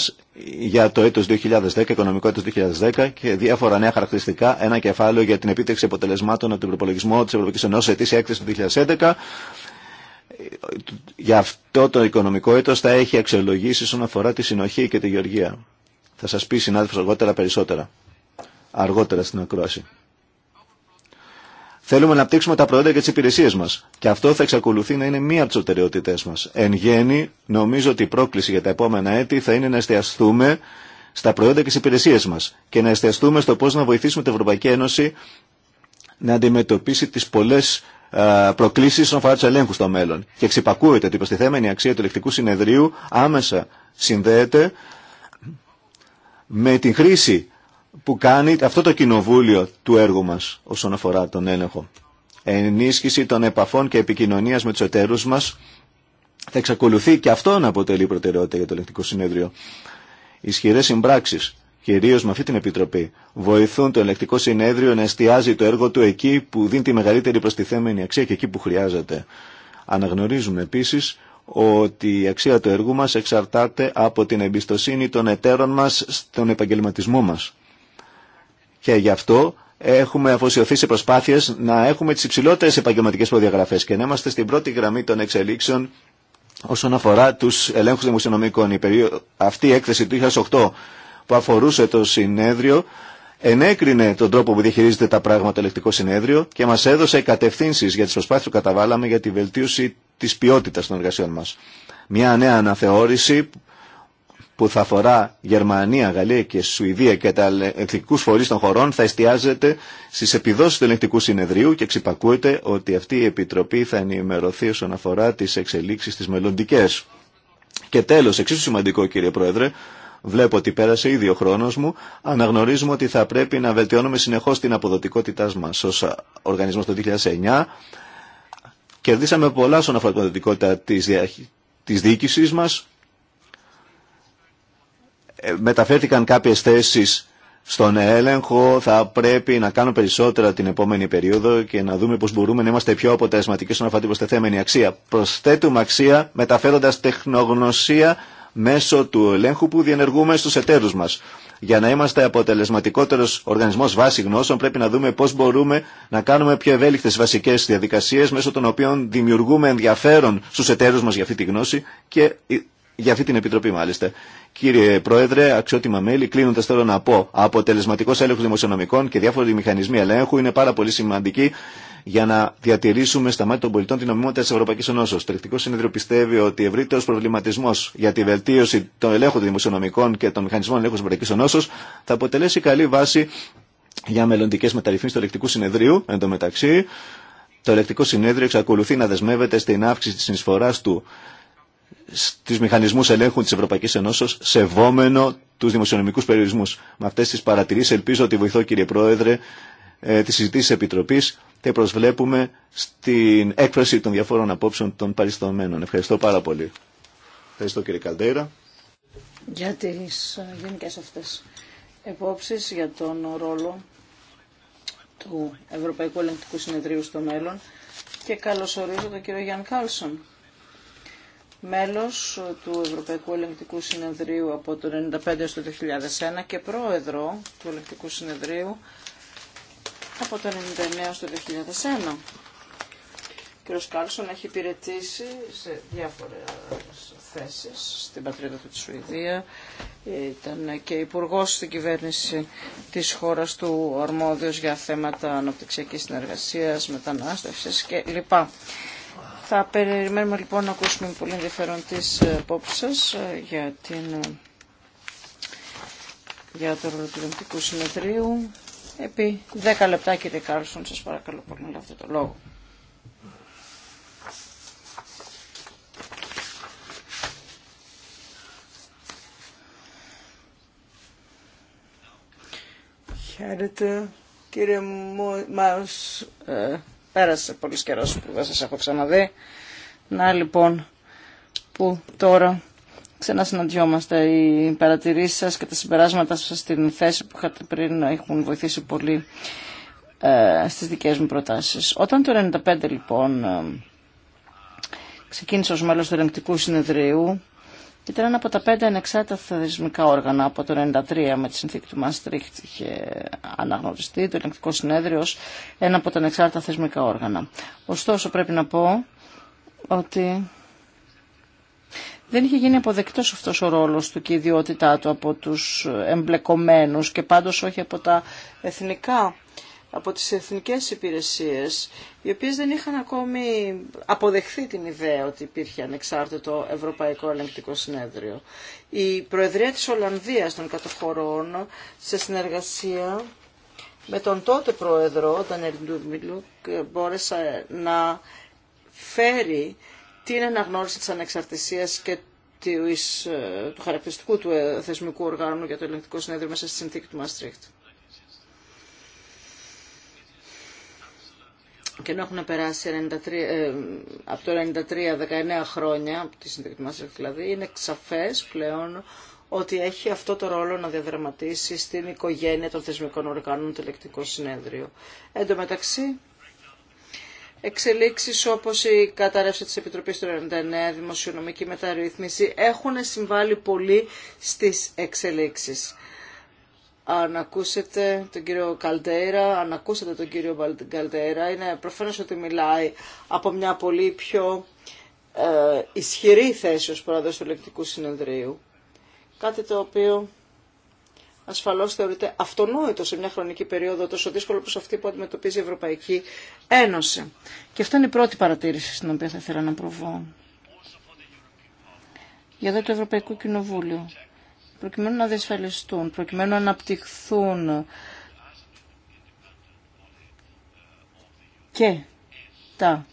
για το έτο 2010, οικονομικό έτο 2010 και διάφορα νέα χαρακτηριστικά. Ένα κεφάλαιο για την επίτευξη αποτελεσμάτων από τον προπολογισμό τη Ευρωπαϊκή Ενώση, ετήσια έκθεση του 2011. Για αυτό το οικονομικό έτο θα έχει αξιολογήσει όσον αφορά τη συνοχή και τη γεωργία. Θα σα πει συνάδελφο αργότερα περισσότερα. Αργότερα στην ακρόαση. Θέλουμε να αναπτύξουμε τα προϊόντα και τι υπηρεσίε μα. Και αυτό θα εξακολουθεί να είναι μία από τι προτεραιότητέ μα. Εν γέννη, νομίζω ότι η πρόκληση για τα επόμενα έτη θα είναι να εστιαστούμε στα προϊόντα και τι υπηρεσίε μα και να εστιαστούμε στο πώ να βοηθήσουμε την Ευρωπαϊκή Ένωση να αντιμετωπίσει τι πολλέ προκλήσει όσον αφορά του ελέγχου στο μέλλον. Και εξυπακούεται ότι η προστιθέμενη αξία του ελεκτικού συνεδρίου άμεσα συνδέεται με την χρήση που κάνει αυτό το κοινοβούλιο του έργου μας όσον αφορά τον έλεγχο. Ενίσχυση των επαφών και επικοινωνίας με τους εταίρους μας θα εξακολουθεί και αυτό να αποτελεί προτεραιότητα για το ελεκτικό συνέδριο. Ισχυρέ συμπράξει, κυρίω με αυτή την επιτροπή, βοηθούν το ελεκτικό συνέδριο να εστιάζει το έργο του εκεί που δίνει τη μεγαλύτερη προστιθέμενη αξία και εκεί που χρειάζεται. Αναγνωρίζουμε επίση ότι η αξία του έργου μα εξαρτάται από την εμπιστοσύνη των εταίρων μα στον επαγγελματισμό μα. Και γι' αυτό έχουμε αφοσιωθεί σε προσπάθειε να έχουμε τι υψηλότερε επαγγελματικέ προδιαγραφέ και να είμαστε στην πρώτη γραμμή των εξελίξεων όσον αφορά του ελέγχου δημοσιονομικών. αυτή η έκθεση του 2008 που αφορούσε το συνέδριο ενέκρινε τον τρόπο που διαχειρίζεται τα πράγματα το ελεκτικό συνέδριο και μα έδωσε κατευθύνσει για τι προσπάθειε που καταβάλαμε για τη βελτίωση τη ποιότητα των εργασιών μα. Μια νέα αναθεώρηση που θα αφορά Γερμανία, Γαλλία και Σουηδία και τα ελεκτικού φορεί των χωρών θα εστιάζεται στι επιδόσει του ελεκτικού συνεδρίου και εξυπακούεται ότι αυτή η επιτροπή θα ενημερωθεί όσον αφορά τι εξελίξει τι μελλοντικέ. Και τέλο, εξίσου σημαντικό κύριε Πρόεδρε, βλέπω ότι πέρασε ήδη ο χρόνο μου, αναγνωρίζουμε ότι θα πρέπει να βελτιώνουμε συνεχώ την αποδοτικότητά μα ω οργανισμό το 2009. Κερδίσαμε πολλά στον αφορά την αποδοτικότητα τη διοίκησή μα, ε, μεταφέρθηκαν κάποιες θέσεις στον έλεγχο, θα πρέπει να κάνουμε περισσότερα την επόμενη περίοδο και να δούμε πώς μπορούμε να είμαστε πιο αποτελεσματικοί στον αφαντή προστεθέμενη αξία. Προσθέτουμε αξία μεταφέροντας τεχνογνωσία μέσω του ελέγχου που διενεργούμε στους εταίρους μας. Για να είμαστε αποτελεσματικότερος οργανισμός βάση γνώσεων πρέπει να δούμε πώς μπορούμε να κάνουμε πιο ευέλικτες βασικές διαδικασίες μέσω των οποίων δημιουργούμε ενδιαφέρον στους εταίρους μας για αυτή τη γνώση και για αυτή την επιτροπή μάλιστα. Κύριε Πρόεδρε, αξιότιμα μέλη, κλείνοντα θέλω να πω, αποτελεσματικό έλεγχο δημοσιονομικών και διάφοροι μηχανισμοί ελέγχου είναι πάρα πολύ σημαντικοί για να διατηρήσουμε στα μάτια των πολιτών την νομιμότητα τη Ευρωπαϊκή Ενώσεω. Το Ελεκτικό Συνέδριο πιστεύει ότι ευρύτερο προβληματισμό για τη βελτίωση των ελέγχων των δημοσιονομικών και των μηχανισμών ελέγχου τη Ευρωπαϊκή Ενώσεω θα αποτελέσει καλή βάση για μελλοντικέ μεταρρυθμίσει του Ελεκτικού Συνεδρίου. Εν μεταξύ, το Ελεκτικό Συνέδριο εξακολουθεί να δεσμεύεται στην αύξηση τη συνεισφορά του στους μηχανισμούς ελέγχου της Ευρωπαϊκής Ενώσεως σεβόμενο τους δημοσιονομικούς περιορισμούς. Με αυτές τις παρατηρήσεις ελπίζω ότι βοηθώ κύριε Πρόεδρε ε, τις συζητήσεις της Επιτροπής και προσβλέπουμε στην έκφραση των διαφόρων απόψεων των παριστωμένων. Ευχαριστώ πάρα πολύ. Ευχαριστώ κύριε Καλτέρα. Για τις ε, γενικές αυτές επόψεις για τον ρόλο του Ευρωπαϊκού Ελεγκτικού Συνεδρίου στο μέλλον και καλωσορίζω τον κύριο Γιάνν Κάλσον μέλος του Ευρωπαϊκού Ελεγκτικού Συνεδρίου από το 1995 έως 2001 και πρόεδρο του Ελεγκτικού Συνεδρίου από το 1999 έως το 2001. Ο κ. Κάλσον έχει υπηρετήσει σε διάφορες θέσεις στην πατρίδα του τη Σουηδία. Ήταν και υπουργό στην κυβέρνηση της χώρας του, αρμόδιος για θέματα αναπτυξιακής συνεργασίας, μετανάστευσης κλπ. Θα περιμένουμε λοιπόν να ακούσουμε πολύ ενδιαφέρον τις απόψεις σας ε, για, την, ε, για το ρόλο του Συνεδρίου. Επί 10 λεπτά κύριε Κάρλσον, σας παρακαλώ πολύ να λάβετε το λόγο. Χαίρετε κύριε Μάους, ε, Πέρασε πολύ καιρό που δεν σα έχω ξαναδεί. Να λοιπόν που τώρα ξανασυναντιόμαστε. Οι παρατηρήσει σα και τα συμπεράσματα σα στην θέση που είχατε πριν έχουν βοηθήσει πολύ ε, στις δικές μου προτάσεις. Όταν το 1995 λοιπόν ε, ξεκίνησα ω μέλο του ελεγκτικού συνεδρίου ήταν από τα πέντε ανεξάρτητα θεσμικά όργανα από το 1993 με τη συνθήκη του Μαστρίχτ είχε αναγνωριστεί το ελεγκτικό συνέδριο ένα από τα ανεξάρτητα θεσμικά όργανα. Ωστόσο πρέπει να πω ότι δεν είχε γίνει αποδεκτός αυτός ο ρόλος του και η ιδιότητά του από τους εμπλεκομένους και πάντως όχι από τα εθνικά από τις εθνικές υπηρεσίες, οι οποίες δεν είχαν ακόμη αποδεχθεί την ιδέα ότι υπήρχε ανεξάρτητο Ευρωπαϊκό Ελεγκτικό Συνέδριο. Η Προεδρία της Ολλανδίας των Κατοχωρών, σε συνεργασία με τον τότε Πρόεδρο, τον Μιλούκ, μπόρεσε να φέρει την αναγνώριση της ανεξαρτησίας και ε, του χαρακτηριστικού του ε, θεσμικού οργάνου για το ελεγκτικό συνέδριο μέσα στη συνθήκη του Μαστρίχτ. και ενώ έχουν περάσει 93, ε, από το 1993 19 χρόνια, από τη συνδεκτημάσια δηλαδή, είναι σαφές πλέον ότι έχει αυτό το ρόλο να διαδραματίσει στην οικογένεια των θεσμικών οργάνων το ελεκτικό συνέδριο. Εν τω μεταξύ, εξελίξεις όπως η καταρρεύση της Επιτροπής του 99, δημοσιονομική μεταρρύθμιση, έχουν συμβάλει πολύ στις εξελίξεις αν ακούσετε τον κύριο Καλτέρα, αν ακούσετε τον κύριο Καλτέρα, είναι προφανώς ότι μιλάει από μια πολύ πιο ε, ισχυρή θέση ως πρόεδρος του Ελεκτικού Συνεδρίου. Κάτι το οποίο ασφαλώς θεωρείται αυτονόητο σε μια χρονική περίοδο τόσο δύσκολο όπως αυτή που αντιμετωπίζει η Ευρωπαϊκή Ένωση. Και αυτή είναι η πρώτη παρατήρηση στην οποία θα ήθελα να προβώ. Για το Ευρωπαϊκό Κοινοβούλιο προκειμένου να διασφαλιστούν, προκειμένου να αναπτυχθούν και τα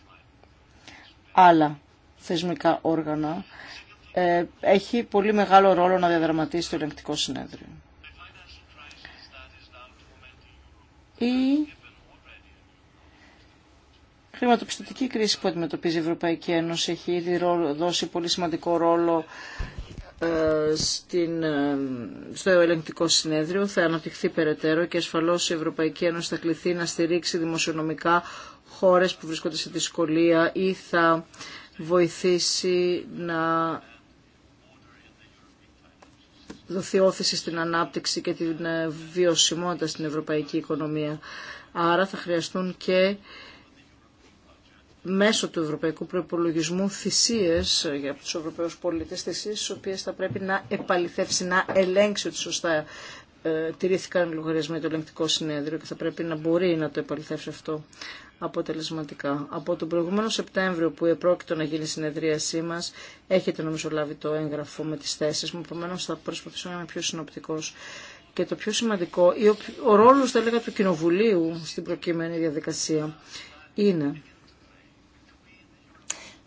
άλλα θεσμικά όργανα, ε, έχει πολύ μεγάλο ρόλο να διαδραματίσει το ελεγκτικό συνέδριο. Η χρηματοπιστωτική κρίση που αντιμετωπίζει η Ευρωπαϊκή Ένωση έχει ήδη δώσει πολύ σημαντικό ρόλο ε, στην, ε, στο ελεγκτικό συνέδριο θα αναπτυχθεί περαιτέρω και ασφαλώς η Ευρωπαϊκή Ένωση θα κληθεί να στηρίξει δημοσιονομικά χώρες που βρίσκονται σε δυσκολία ή θα βοηθήσει να δοθεί όθηση στην ανάπτυξη και την ε, βιωσιμότητα στην ευρωπαϊκή οικονομία. Άρα θα χρειαστούν και μέσω του ευρωπαϊκού προπολογισμού θυσίε ε, για του Ευρωπαίου πολίτε θυσίε τι οποίε θα πρέπει να επαληθεύσει, να ελέγξει ότι σωστά ε, τηρήθηκαν οι λογαριασμοί το ελεγκτικό συνέδριο και θα πρέπει να μπορεί να το επαληθεύσει αυτό αποτελεσματικά. Από τον προηγούμενο Σεπτέμβριο που επρόκειτο να γίνει η συνεδρίασή μα, έχετε νομίζω λάβει το έγγραφο με τι θέσει μου, επομένω θα προσπαθήσω να είμαι πιο συνοπτικό. Και το πιο σημαντικό, ο, ο ρόλο, θα έλεγα, του Κοινοβουλίου στην προκείμενη διαδικασία είναι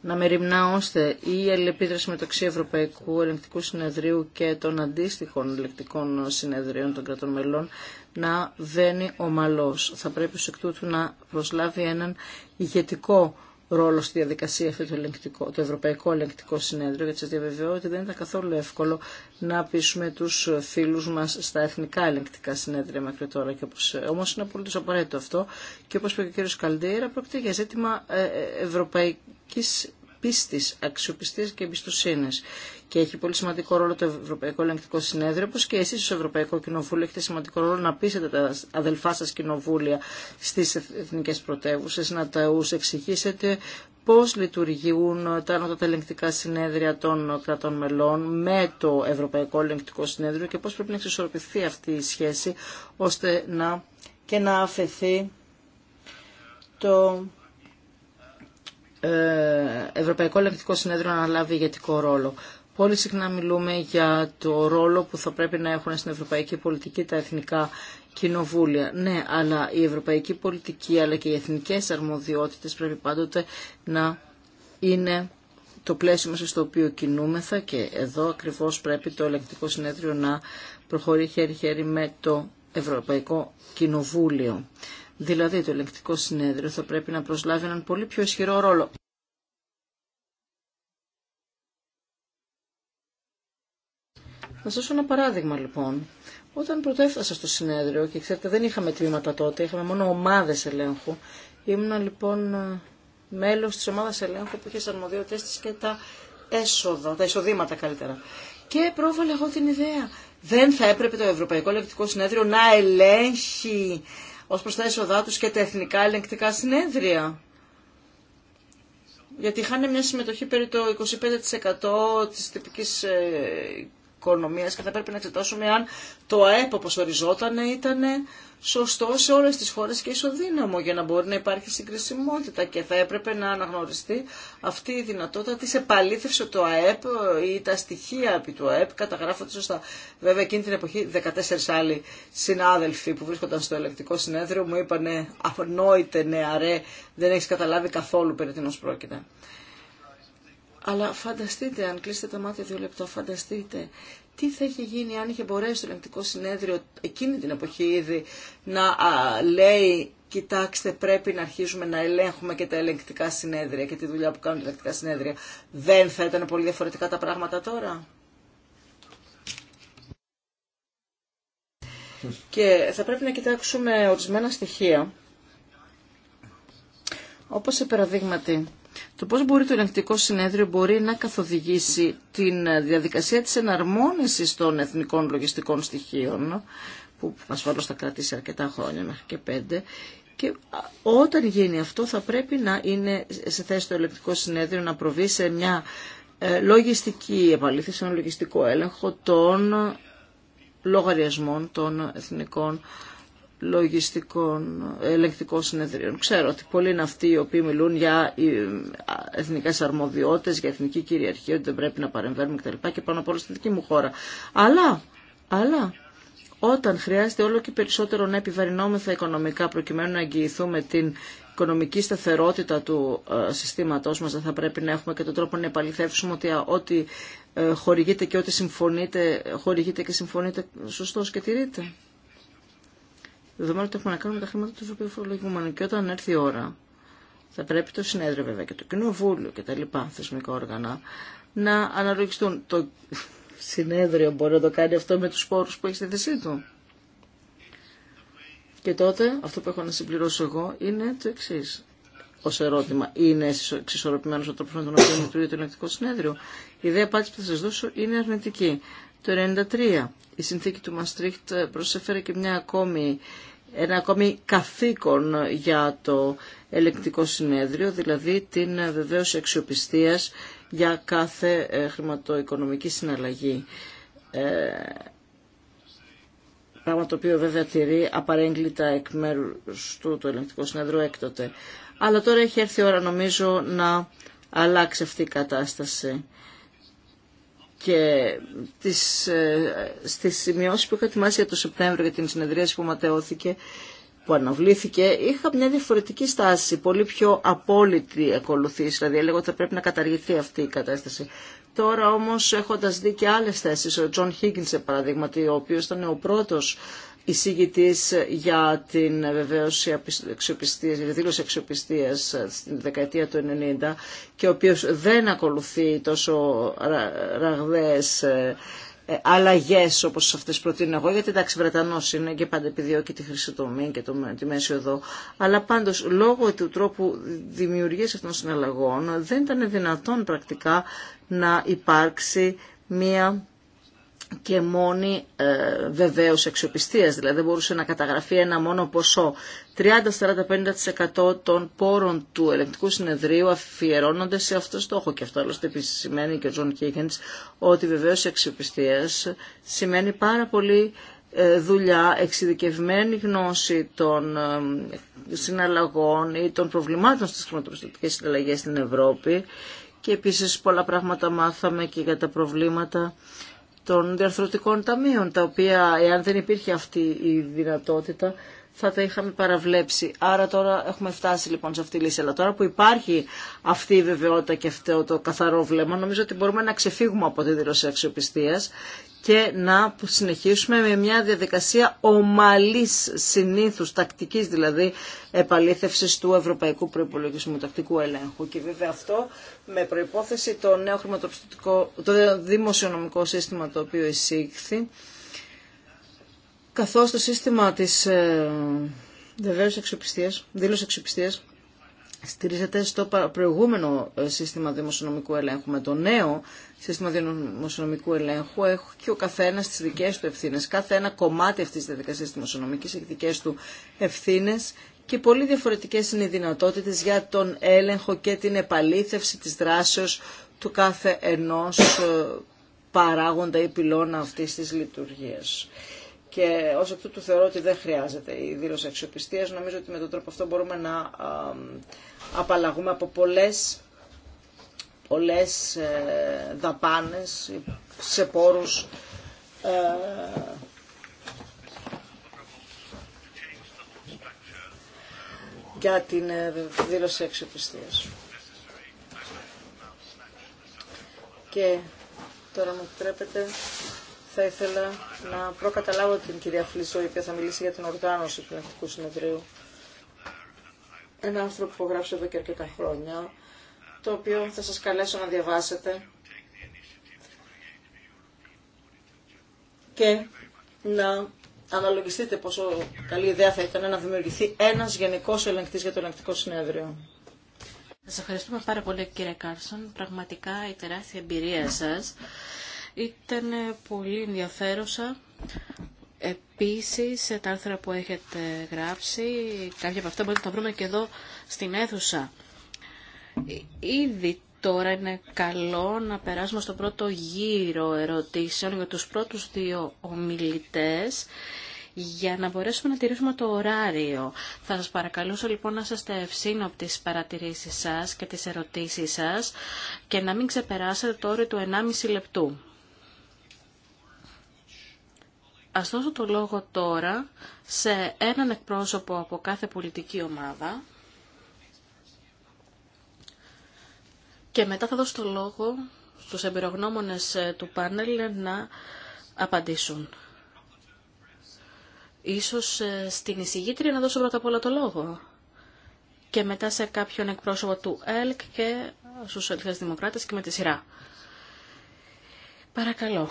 να ώστε η αλληλεπίδραση μεταξύ Ευρωπαϊκού Ελεκτικού Συνεδρίου και των αντίστοιχων ελεκτικών συνεδρίων των κρατών μελών να βαίνει ομαλώς. Θα πρέπει σε εκ τούτου να προσλάβει έναν ηγετικό ρόλο στη διαδικασία αυτή του, ελεγκτικό, Ευρωπαϊκού Ελεγκτικού Συνέδριου, γιατί σα διαβεβαιώ ότι δεν ήταν καθόλου εύκολο να πείσουμε του φίλου μα στα εθνικά ελεγκτικά συνέδρια μέχρι τώρα. Ε, όμω είναι απολύτω απαραίτητο αυτό και όπω είπε και ο κ. Καλντέιρα, πρόκειται για ζήτημα ε, ε, Ευρωπαϊκή πίστης, αξιοπιστίας και εμπιστοσύνη. Και έχει πολύ σημαντικό ρόλο το Ευρωπαϊκό Ελεγκτικό Συνέδριο, όπως και εσείς στο Ευρωπαϊκό Κοινοβούλιο έχετε σημαντικό ρόλο να πείσετε τα αδελφά σας κοινοβούλια στις εθνικές πρωτεύουσες, να τα εξηγήσετε πώς λειτουργούν τα ελεγκτικά συνέδρια των κρατών μελών με το Ευρωπαϊκό Ελεγκτικό Συνέδριο και πώς πρέπει να εξισορροπηθεί αυτή η σχέση ώστε να και να αφαιθεί το ε, Ευρωπαϊκό Ελεγκτικό Συνέδριο να αναλάβει ηγετικό ρόλο. Πολύ συχνά μιλούμε για το ρόλο που θα πρέπει να έχουν στην ευρωπαϊκή πολιτική τα εθνικά κοινοβούλια. Ναι, αλλά η ευρωπαϊκή πολιτική αλλά και οι εθνικές αρμοδιότητες πρέπει πάντοτε να είναι το πλαίσιο μέσα στο οποίο κινούμεθα και εδώ ακριβώς πρέπει το ελεγκτικό συνέδριο να προχωρεί χέρι-χέρι με το Ευρωπαϊκό Κοινοβούλιο. Δηλαδή το ελεγκτικό συνέδριο θα πρέπει να προσλάβει έναν πολύ πιο ισχυρό ρόλο. Θα σας δώσω ένα παράδειγμα λοιπόν. Όταν πρωτεύθασα στο συνέδριο και ξέρετε δεν είχαμε τμήματα τότε, είχαμε μόνο ομάδες ελέγχου. Ήμουν λοιπόν μέλος της ομάδας ελέγχου που είχε στις τέστης και τα έσοδα, τα εισοδήματα καλύτερα. Και πρόβαλε εγώ την ιδέα. Δεν θα έπρεπε το Ευρωπαϊκό Ελεκτικό Συνέδριο να ελέγχει ως προς τα έσοδά τους και τα εθνικά ελεγκτικά συνέδρια. Γιατί είχαν μια συμμετοχή περί το 25% της τυπικής ε, οικονομίας και θα πρέπει να εξετάσουμε αν το ΑΕΠ όπως οριζόταν ήταν σωστό σε όλες τις χώρες και ισοδύναμο για να μπορεί να υπάρχει συγκρισιμότητα και θα έπρεπε να αναγνωριστεί αυτή η δυνατότητα της επαλήθευση το ΑΕΠ ή τα στοιχεία επί του ΑΕΠ καταγράφονται σωστά. Βέβαια εκείνη την εποχή 14 άλλοι συνάδελφοι που βρίσκονταν στο ελεκτικό συνέδριο μου είπανε ναι, νεαρέ, δεν έχεις καταλάβει καθόλου περί τίνος πρόκειται. Αλλά φανταστείτε, αν κλείσετε τα μάτια δύο λεπτά, φανταστείτε τι θα είχε γίνει αν είχε μπορέσει το ελεγκτικό συνέδριο εκείνη την εποχή ήδη να λέει κοιτάξτε πρέπει να αρχίζουμε να ελέγχουμε και τα ελεγκτικά συνέδρια και τη δουλειά που κάνουν τα ελεγκτικά συνέδρια. Δεν θα ήταν πολύ διαφορετικά τα πράγματα τώρα. Και θα πρέπει να κοιτάξουμε ορισμένα στοιχεία, όπως σε παραδείγματι το πώς μπορεί το ελεγκτικό συνέδριο μπορεί να καθοδηγήσει τη διαδικασία της εναρμόνισης των εθνικών λογιστικών στοιχείων, που ασφαλώς θα κρατήσει αρκετά χρόνια, μέχρι και πέντε, και όταν γίνει αυτό θα πρέπει να είναι σε θέση το ελεγκτικό συνέδριο να προβεί σε μια ε, λογιστική επαλήθευση, ένα λογιστικό έλεγχο των λογαριασμών των εθνικών λογιστικών ελεγκτικών συνεδρίων. Ξέρω ότι πολλοί είναι αυτοί οι οποίοι μιλούν για ε, εθνικέ αρμοδιότητε, για εθνική κυριαρχία, ότι δεν πρέπει να παρεμβαίνουμε κτλ. και πάνω απ' όλα στην δική μου χώρα. Αλλά, αλλά όταν χρειάζεται όλο και περισσότερο να επιβαρυνόμεθα οικονομικά προκειμένου να εγγυηθούμε την οικονομική σταθερότητα του ε, συστήματός μας, δεν θα πρέπει να έχουμε και τον τρόπο να επαληθεύσουμε ότι ό,τι ε, χορηγείται και ό,τι συμφωνείται, χορηγείται και συμφωνείται σωστός και τηρείται δεδομένου ότι έχουμε να κάνουμε τα χρήματα του οποίου Φορολογούμενου. Και όταν έρθει η ώρα, θα πρέπει το συνέδριο βέβαια και το κοινοβούλιο και τα λοιπά θεσμικά όργανα να αναλογιστούν. Το συνέδριο μπορεί να το κάνει αυτό με τους πόρους που έχει στη θέση του. Και τότε αυτό που έχω να συμπληρώσω εγώ είναι το εξή. Ω ερώτημα, είναι εξισορροπημένο ο τρόπο με τον οποίο λειτουργεί το ηλεκτρικό συνέδριο. Η ιδέα πάτη που θα σα δώσω είναι αρνητική. Το 1993 η συνθήκη του Μαστρίχτ προσέφερε και μια ακόμη, ένα ακόμη καθήκον για το ελεκτικό συνέδριο, δηλαδή την βεβαίωση αξιοπιστίας για κάθε ε, χρηματοοικονομική συναλλαγή. Ε, πράγμα το οποίο βέβαια τηρεί απαρέγκλητα εκ μέρου του το ελεγκτικό συνέδριο έκτοτε. Αλλά τώρα έχει έρθει η ώρα νομίζω να αλλάξει αυτή η κατάσταση και τις, ε, στις σημειώσεις που είχα ετοιμάσει για το Σεπτέμβριο για την συνεδρία που ματαιώθηκε, που αναβλήθηκε, είχα μια διαφορετική στάση, πολύ πιο απόλυτη ακολουθήση, δηλαδή έλεγα ότι θα πρέπει να καταργηθεί αυτή η κατάσταση. Τώρα όμως έχοντας δει και άλλες θέσεις, ο Τζον Higgins, παραδείγματι, ο οποίος ήταν ο πρώτος εισηγητή για την βεβαίωση αξιοπιστίας, για τη δήλωση αξιοπιστίας στην δεκαετία του 90 και ο οποίος δεν ακολουθεί τόσο ραγδαίες ε, αλλαγέ όπω αυτέ προτείνω εγώ, γιατί εντάξει, Βρετανό είναι και πάντα επιδιώκει τη χρυσοτομία και το, τη μέση εδώ, Αλλά πάντω, λόγω του τρόπου δημιουργία αυτών των συναλλαγών, δεν ήταν δυνατόν πρακτικά να υπάρξει μία και μόνη ε, βεβαίω αξιοπιστία. Δηλαδή δεν μπορούσε να καταγραφεί ένα μόνο ποσό. 30-40-50% των πόρων του ελεγκτικού συνεδρίου αφιερώνονται σε αυτό το στόχο. Και αυτό άλλωστε επίση σημαίνει και ο Τζον Κίγκεντς ότι βεβαίω η αξιοπιστία σημαίνει πάρα πολύ ε, δουλειά, εξειδικευμένη γνώση των ε, συναλλαγών ή των προβλημάτων στις χρηματοπιστωτικές συναλλαγές στην Ευρώπη και επίσης πολλά πράγματα μάθαμε και για τα προβλήματα των διαρθρωτικών ταμείων, τα οποία, εάν δεν υπήρχε αυτή η δυνατότητα, θα τα είχαμε παραβλέψει. Άρα τώρα έχουμε φτάσει λοιπόν σε αυτή τη λύση. Αλλά τώρα που υπάρχει αυτή η βεβαιότητα και αυτό το καθαρό βλέμμα, νομίζω ότι μπορούμε να ξεφύγουμε από τη δήλωση αξιοπιστία και να συνεχίσουμε με μια διαδικασία ομαλής συνήθους, τακτικής δηλαδή, επαλήθευσης του Ευρωπαϊκού Προϋπολογισμού, τακτικού ελέγχου. Και βέβαια αυτό με προϋπόθεση το νέο χρηματοπιστωτικό, το δημοσιονομικό σύστημα το οποίο εισήχθη, καθώς το σύστημα της ε, βεβαίως αξιοπιστίας, δήλωση στηρίζεται στο προηγούμενο ε, σύστημα δημοσιονομικού ελέγχου. Με το νέο σύστημα δημοσιονομικού ελέγχου έχει ο καθένα τι δικέ του ευθύνε. Κάθε ένα κομμάτι αυτή τη διαδικασία δημοσιονομική έχει δικέ του ευθύνε και πολύ διαφορετικές είναι οι δυνατότητε για τον έλεγχο και την επαλήθευση της δράσεως του κάθε ενός ε, παράγοντα ή πυλώνα αυτή τη λειτουργία και ως εκ τούτου θεωρώ ότι δεν χρειάζεται η δήλωση αξιοπιστίας. Νομίζω ότι με τον τρόπο αυτό μπορούμε να απαλλαγούμε από πολλές, πολλές ε, δαπάνες σε πόρους ε, για την ε, δήλωση αξιοπιστίας. Και τώρα μου επιτρέπετε θα ήθελα να προκαταλάβω την κυρία Φλίσο, η οποία θα μιλήσει για την οργάνωση του Ελεκτικού Συνεδρίου. Ένα άνθρωπο που γράψω εδώ και αρκετά χρόνια, το οποίο θα σας καλέσω να διαβάσετε και να αναλογιστείτε πόσο καλή ιδέα θα ήταν να δημιουργηθεί ένας γενικός ελεγκτής για το ελεγκτικό συνέδριο. Σας ευχαριστούμε πάρα πολύ κύριε Κάρσον. Πραγματικά η τεράστια εμπειρία σας ήταν ε, πολύ ενδιαφέρουσα. Επίσης, ε, τα άρθρα που έχετε γράψει, κάποια από αυτά μπορείτε να τα βρούμε και εδώ στην αίθουσα. Ήδη τώρα είναι καλό να περάσουμε στο πρώτο γύρο ερωτήσεων για τους πρώτους δύο ομιλητές για να μπορέσουμε να τηρήσουμε το ωράριο. Θα σας παρακαλούσα λοιπόν να είστε ευσύνοπτοι στις παρατηρήσεις σας και τις ερωτήσεις σας και να μην ξεπεράσετε το όριο του 1,5 λεπτού. Ας δώσω το λόγο τώρα σε έναν εκπρόσωπο από κάθε πολιτική ομάδα και μετά θα δώσω το λόγο στους εμπειρογνώμονες ε, του πάνελ να απαντήσουν. Ίσως ε, στην εισηγήτρια να δώσω πρώτα απ' όλα το λόγο και μετά σε κάποιον εκπρόσωπο του ΕΛΚ και στους Ελληνικές Δημοκράτες και με τη σειρά. Παρακαλώ,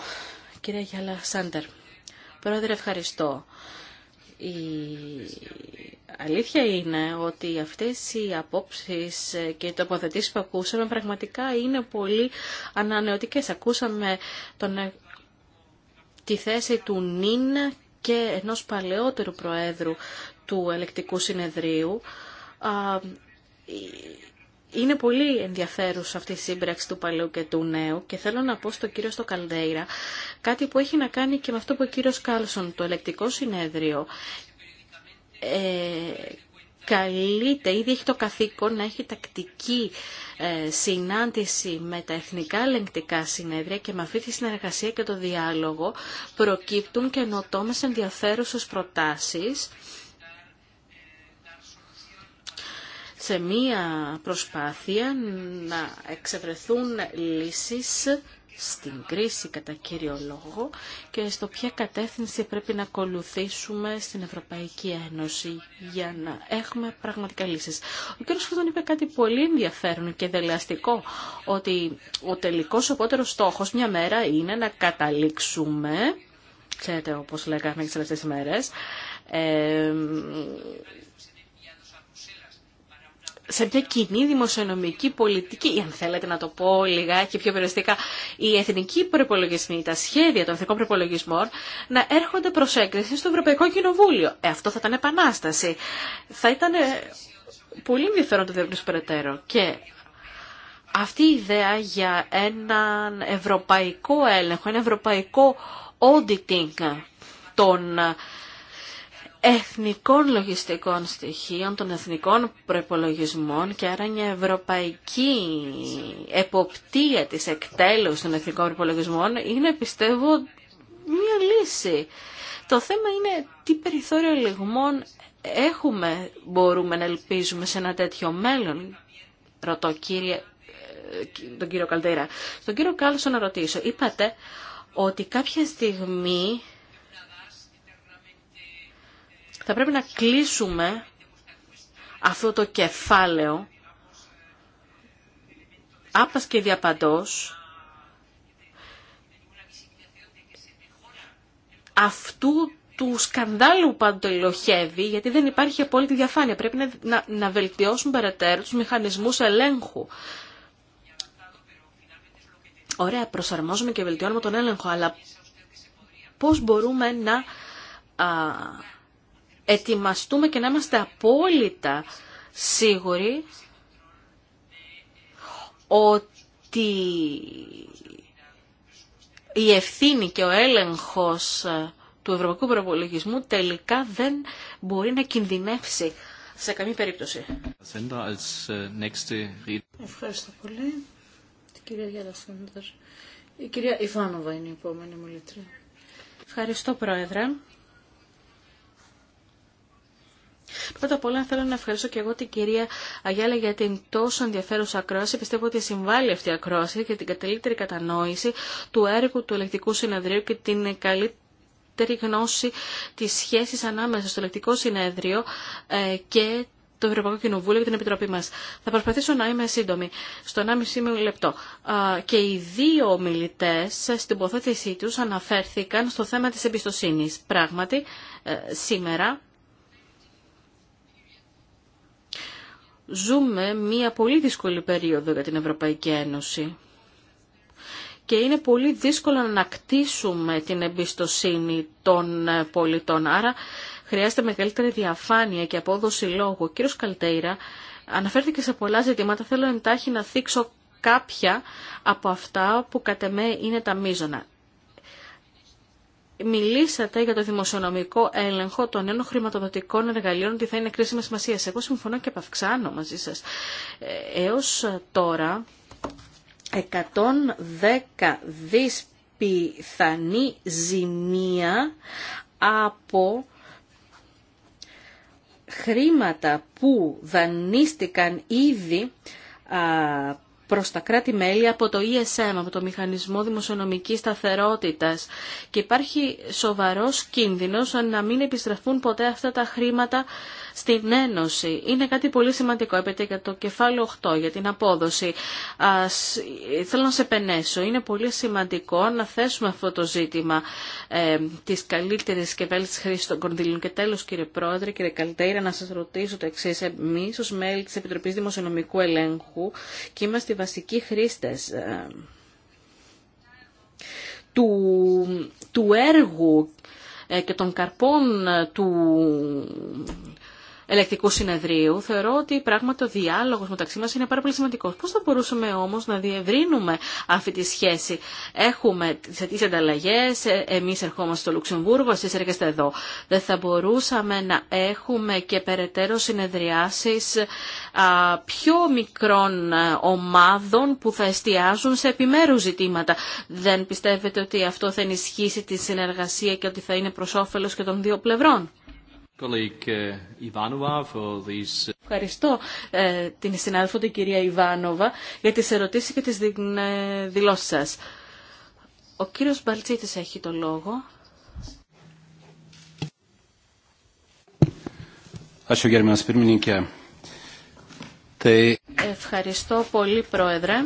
κυρία Γιάλα Σάντερ. Πρόεδρε, ευχαριστώ. Η αλήθεια είναι ότι αυτές οι απόψεις και οι τοποθετήσεις που ακούσαμε πραγματικά είναι πολύ ανανεωτικές. Ακούσαμε τη θέση του Νίν και ενός παλαιότερου Προέδρου του Ελεκτικού Συνεδρίου είναι πολύ ενδιαφέρουσα αυτή η σύμπραξη του παλαιού και του νέου και θέλω να πω στον κύριο στο Καλδέιρα κάτι που έχει να κάνει και με αυτό που ο κύριος Κάλσον, το ελεκτικό συνέδριο, ε, καλείται, ήδη έχει το καθήκον να έχει τακτική ε, συνάντηση με τα εθνικά ελεγκτικά συνέδρια και με αυτή τη συνεργασία και το διάλογο προκύπτουν καινοτόμες ενδιαφέρουσες προτάσεις σε μία προσπάθεια να εξευρεθούν λύσεις στην κρίση κατά κύριο λόγο και στο ποια κατεύθυνση πρέπει να ακολουθήσουμε στην Ευρωπαϊκή Ένωση για να έχουμε πραγματικά λύσεις. Ο κ. Φωτών είπε κάτι πολύ ενδιαφέρον και δελεαστικό, ότι ο τελικός οπότερος στόχος μια μέρα είναι να καταλήξουμε, ξέρετε όπως λέγαμε τις τελευταίες μέρες, ε, σε μια κοινή δημοσιονομική πολιτική, ή αν θέλετε να το πω λιγάκι πιο περιοριστικά, οι εθνικοί προπολογισμοί, τα σχέδια των εθνικών προπολογισμών να έρχονται προ έγκριση στο Ευρωπαϊκό Κοινοβούλιο. Ε, αυτό θα ήταν επανάσταση. Θα ήταν ε, πολύ ενδιαφέρον το δεύτερο περαιτέρω. Και αυτή η ιδέα για έναν ευρωπαϊκό έλεγχο, ένα ευρωπαϊκό auditing των εθνικών λογιστικών στοιχείων, των εθνικών προπολογισμών και άρα μια ευρωπαϊκή εποπτεία της εκτέλους των εθνικών προπολογισμών είναι πιστεύω μια λύση. Το θέμα είναι τι περιθώριο λιγμών έχουμε, μπορούμε να ελπίζουμε σε ένα τέτοιο μέλλον. Ρωτώ κύριε, τον κύριο Καλτέρα. Στον κύριο Κάλσο να ρωτήσω. Είπατε ότι κάποια στιγμή θα πρέπει να κλείσουμε αυτό το κεφάλαιο άπας και διαπαντός αυτού του σκανδάλου που αντιλοχεύει, γιατί δεν υπάρχει απόλυτη διαφάνεια. Πρέπει να, να, να περαιτέρω τους μηχανισμούς ελέγχου. Ωραία, προσαρμόζουμε και βελτιώνουμε τον έλεγχο, αλλά πώς μπορούμε να ετοιμαστούμε και να είμαστε απόλυτα σίγουροι ότι η ευθύνη και ο έλεγχος του ευρωπαϊκού προπολογισμού τελικά δεν μπορεί να κινδυνεύσει σε καμία περίπτωση. Ε, Ευχαριστώ πολύ. Την κυρία Γιάννα Η κυρία Ιβάνοβα είναι η επόμενη μου Ευχαριστώ, Πρόεδρε. Πρώτα απ' όλα θέλω να ευχαριστώ και εγώ την κυρία Αγιάλα για την τόσο ενδιαφέρουσα ακρόαση. Πιστεύω ότι συμβάλλει αυτή η ακρόαση για την καλύτερη κατανόηση του έργου του ελεκτικού συνεδρίου και την καλύτερη γνώση τη σχέση ανάμεσα στο ελεκτικό συνέδριο ε, και το Ευρωπαϊκό Κοινοβούλιο και την Επιτροπή μα. Θα προσπαθήσω να είμαι σύντομη, στο 1,5 λεπτό. Και οι δύο ομιλητέ στην υποθέτησή του αναφέρθηκαν στο θέμα τη εμπιστοσύνη. Πράγματι, ε, σήμερα ζούμε μία πολύ δύσκολη περίοδο για την Ευρωπαϊκή Ένωση και είναι πολύ δύσκολο να ανακτήσουμε την εμπιστοσύνη των ε, πολιτών. Άρα χρειάζεται μεγαλύτερη διαφάνεια και απόδοση λόγου. Ο κύριος Καλτέιρα αναφέρθηκε σε πολλά ζητήματα. Θέλω εντάχει να θίξω κάποια από αυτά που κατ' εμέ είναι τα μείζωνα μιλήσατε για το δημοσιονομικό έλεγχο των νέων χρηματοδοτικών εργαλείων ότι θα είναι κρίσιμα σημασία. Εγώ συμφωνώ και επαυξάνω μαζί σας. Ε, έως τώρα 110 δις πιθανή ζημία από χρήματα που δανείστηκαν ήδη προς τα κράτη-μέλη από το ESM, από το Μηχανισμό Δημοσιονομικής Σταθερότητας και υπάρχει σοβαρός κίνδυνος να μην επιστραφούν ποτέ αυτά τα χρήματα στην Ένωση. Είναι κάτι πολύ σημαντικό. επειδή για το κεφάλαιο 8, για την απόδοση. θέλω να σε πενέσω. Είναι πολύ σημαντικό να θέσουμε αυτό το ζήτημα ε, της καλύτερης και βέλτιστης χρήσης των κονδύλων. Και τέλος κύριε Πρόεδρε, κύριε Καλτέιρα, να σας ρωτήσω το εξής. Εμείς ως μέλη της Επιτροπής Δημοσιονομικού Ελέγχου και είμαστε βασικοί χρήστες ε, του έργου ε, και των καρπών ε, του ελεκτικού συνεδρίου, θεωρώ ότι πράγματι ο διάλογο μεταξύ μα είναι πάρα πολύ σημαντικό. Πώ θα μπορούσαμε όμω να διευρύνουμε αυτή τη σχέση. Έχουμε τι ανταλλαγέ. Ε, Εμεί ερχόμαστε στο Λουξεμβούργο, εσεί έρχεστε εδώ. Δεν θα μπορούσαμε να έχουμε και περαιτέρω συνεδριάσει πιο μικρών ομάδων που θα εστιάζουν σε επιμέρου ζητήματα. Δεν πιστεύετε ότι αυτό θα ενισχύσει τη συνεργασία και ότι θα είναι προ όφελο και των δύο πλευρών. Uh, uh, Ευχαριστώ ε, την συνάδελφο την κυρία Ιβάνοβα για τις ερωτήσεις και τις ε, δηλώσεις σας. Ο κύριος Μπαλτσίτης έχει το λόγο. Ευχαριστώ πολύ, Πρόεδρε.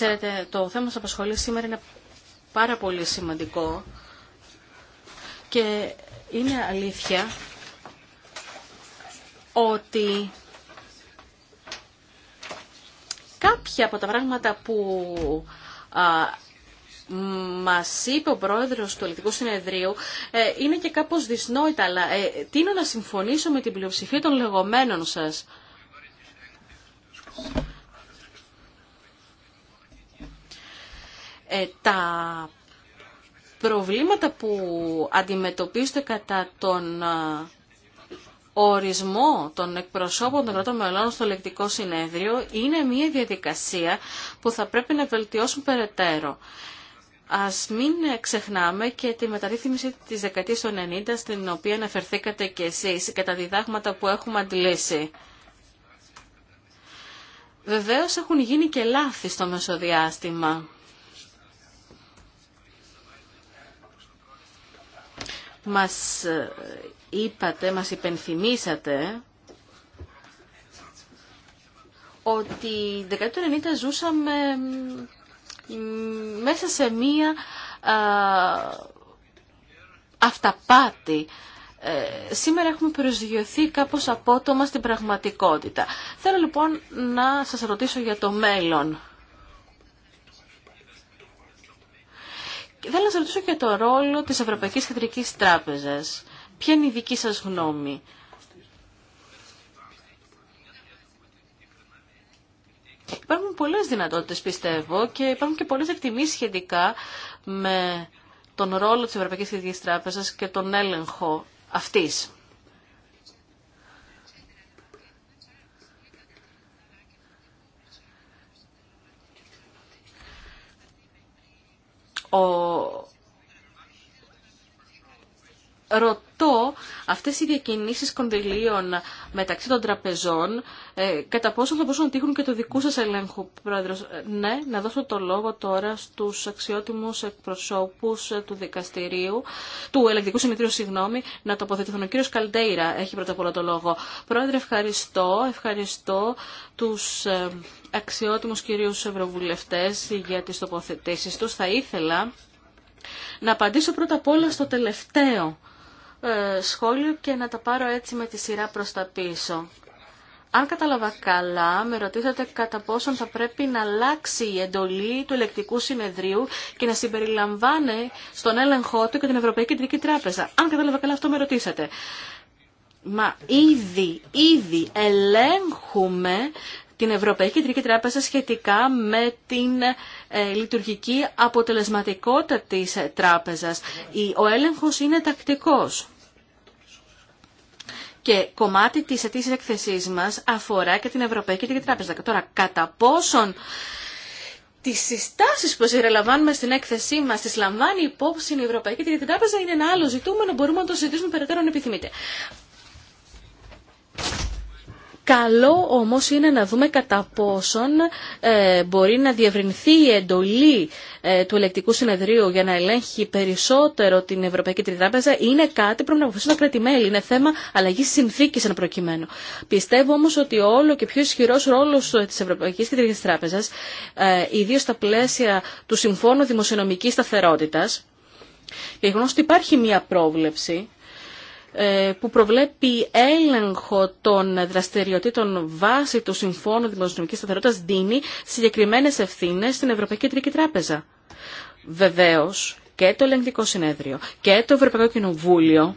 Ξέρετε, το θέμα που σας απασχολεί σήμερα είναι πάρα πολύ σημαντικό και είναι αλήθεια ότι κάποια από τα πράγματα που α, μας είπε ο πρόεδρος του Ελληνικού Συνεδρίου ε, είναι και κάπως δυσνόητα, αλλά ε, τίνω να συμφωνήσω με την πλειοψηφία των λεγόμενων σας. Ε, τα προβλήματα που αντιμετωπίζονται κατά τον ε, ορισμό των εκπροσώπων των κρατών μελών στο λεκτικό συνέδριο είναι μια διαδικασία που θα πρέπει να βελτιώσουν περαιτέρω. Ας μην ξεχνάμε και τη μεταρρύθμιση της δεκαετίας των 90 στην οποία αναφερθήκατε και εσείς και τα διδάγματα που έχουμε αντιλήσει. Βεβαίως έχουν γίνει και λάθη στο μεσοδιάστημα. Μας ε, είπατε, μας υπενθυμίσατε ότι δεκαετία ζούσαμε μέσα σε μία αυταπάτη. Ε, σήμερα έχουμε προσδιοθεί κάπως απότομα στην πραγματικότητα. Θέλω λοιπόν να σας ρωτήσω για το μέλλον. Θέλω να σα ρωτήσω και το ρόλο της Ευρωπαϊκής Κεντρικής Τράπεζας. Ποια είναι η δική σας γνώμη. Υπάρχουν πολλές δυνατότητες πιστεύω και υπάρχουν και πολλές εκτιμήσεις σχετικά με τον ρόλο της Ευρωπαϊκής Κεντρικής Τράπεζας και τον έλεγχο αυτής. ο ρωτώ αυτές οι διακινήσεις κονδυλίων μεταξύ των τραπεζών ε, κατά πόσο θα μπορούσαν να τύχουν και το δικού σας ελέγχου, Πρόεδρος. Ε, ναι, να δώσω το λόγο τώρα στους αξιότιμους εκπροσώπους ε, του δικαστηρίου, του ελεγκτικού συμμετρίου, συγγνώμη, να τοποθετηθούν. Ο κύριος Καλτέιρα έχει πρώτα απ' όλα το λόγο. Πρόεδρε, ευχαριστώ. Ευχαριστώ τους αξιότιμους κυρίους ευρωβουλευτές για τις τοποθετήσεις τους. Θα ήθελα να απαντήσω πρώτα απ' όλα στο τελευταίο ε, σχόλιο και να τα πάρω έτσι με τη σειρά προς τα πίσω. Αν κατάλαβα καλά, με ρωτήσατε κατά πόσον θα πρέπει να αλλάξει η εντολή του ελεκτικού συνεδρίου και να συμπεριλαμβάνει στον έλεγχό του και την Ευρωπαϊκή Κεντρική Τράπεζα. Αν κατάλαβα καλά, αυτό με ρωτήσατε. Μα ήδη, ήδη ελέγχουμε την Ευρωπαϊκή Κεντρική Τράπεζα σχετικά με την ε, λειτουργική αποτελεσματικότητα της τράπεζας. Ο έλεγχος είναι τακτικός. Και κομμάτι της αιτήσης εκθεσής μας αφορά και την Ευρωπαϊκή και την Τράπεζα. Τώρα, κατά πόσον τι συστάσεις που συρρελαμβάνουμε στην έκθεσή μα, τις λαμβάνει υπόψη η Ευρωπαϊκή Τράπεζα είναι ένα άλλο ζητούμενο, μπορούμε να το συζητήσουμε περαιτέρω αν επιθυμείτε. Καλό όμως είναι να δούμε κατά πόσον ε, μπορεί να διευρυνθεί η εντολή ε, του ελεκτικού συνεδρίου για να ελέγχει περισσότερο την Ευρωπαϊκή Τριτράπεζα. Είναι κάτι που πρέπει να αποφασίσουν τα κρατημέλη. Είναι θέμα αλλαγή συνθήκη εν προκειμένου. Πιστεύω όμως ότι όλο και πιο ισχυρός ρόλος ε, της Ευρωπαϊκής Τράπεζα, ε, ιδίω στα πλαίσια του Συμφώνου Δημοσιονομικής Σταθερότητας, γεγονό ότι υπάρχει μία πρόβλεψη ε, που προβλέπει έλεγχο των δραστηριοτήτων βάση του Συμφώνου Δημοσιονομικής Σταθερότητας δίνει συγκεκριμένες ευθύνες στην Ευρωπαϊκή Κεντρική Τράπεζα. Βεβαίως και το Ελεγκτικό Συνέδριο και το Ευρωπαϊκό Κοινοβούλιο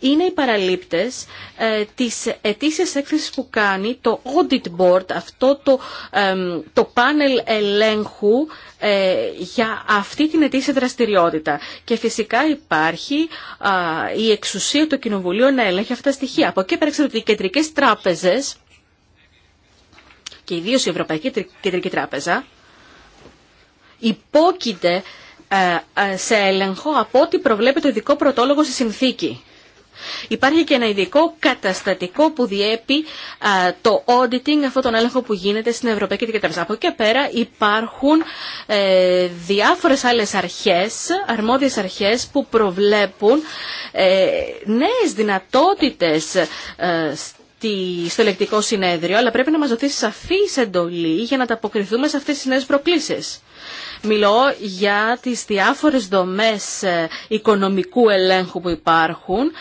είναι οι παραλήπτες ε, της ετήσιας έκθεσης που κάνει το Audit Board, αυτό το, ε, το πάνελ ελέγχου ε, για αυτή την ετήσια δραστηριότητα. Και φυσικά υπάρχει η εξουσία του Κοινοβουλίου να ελέγχει αυτά τα στοιχεία. Από εκεί πέρα ότι οι κεντρικές τράπεζες και ιδίως η Ευρωπαϊκή Κεντρική Τράπεζα υπόκειται ε, ε, σε έλεγχο από ό,τι προβλέπει το ειδικό πρωτόλογο στη συνθήκη. Υπάρχει και ένα ειδικό καταστατικό που διέπει το auditing, αυτόν τον έλεγχο που γίνεται στην Ευρωπαϊκή Τράπεζα. Από εκεί πέρα υπάρχουν ε, διάφορες άλλες αρχές, αρμόδιες αρχές που προβλέπουν ε, νέες δυνατότητες ε, στο ελεκτικό συνέδριο, αλλά πρέπει να μας δοθεί σαφή εντολή για να τα αποκριθούμε σε αυτές τις νέες προκλήσεις. Μιλώ για τις διάφορες δομές οικονομικού ελέγχου που υπάρχουν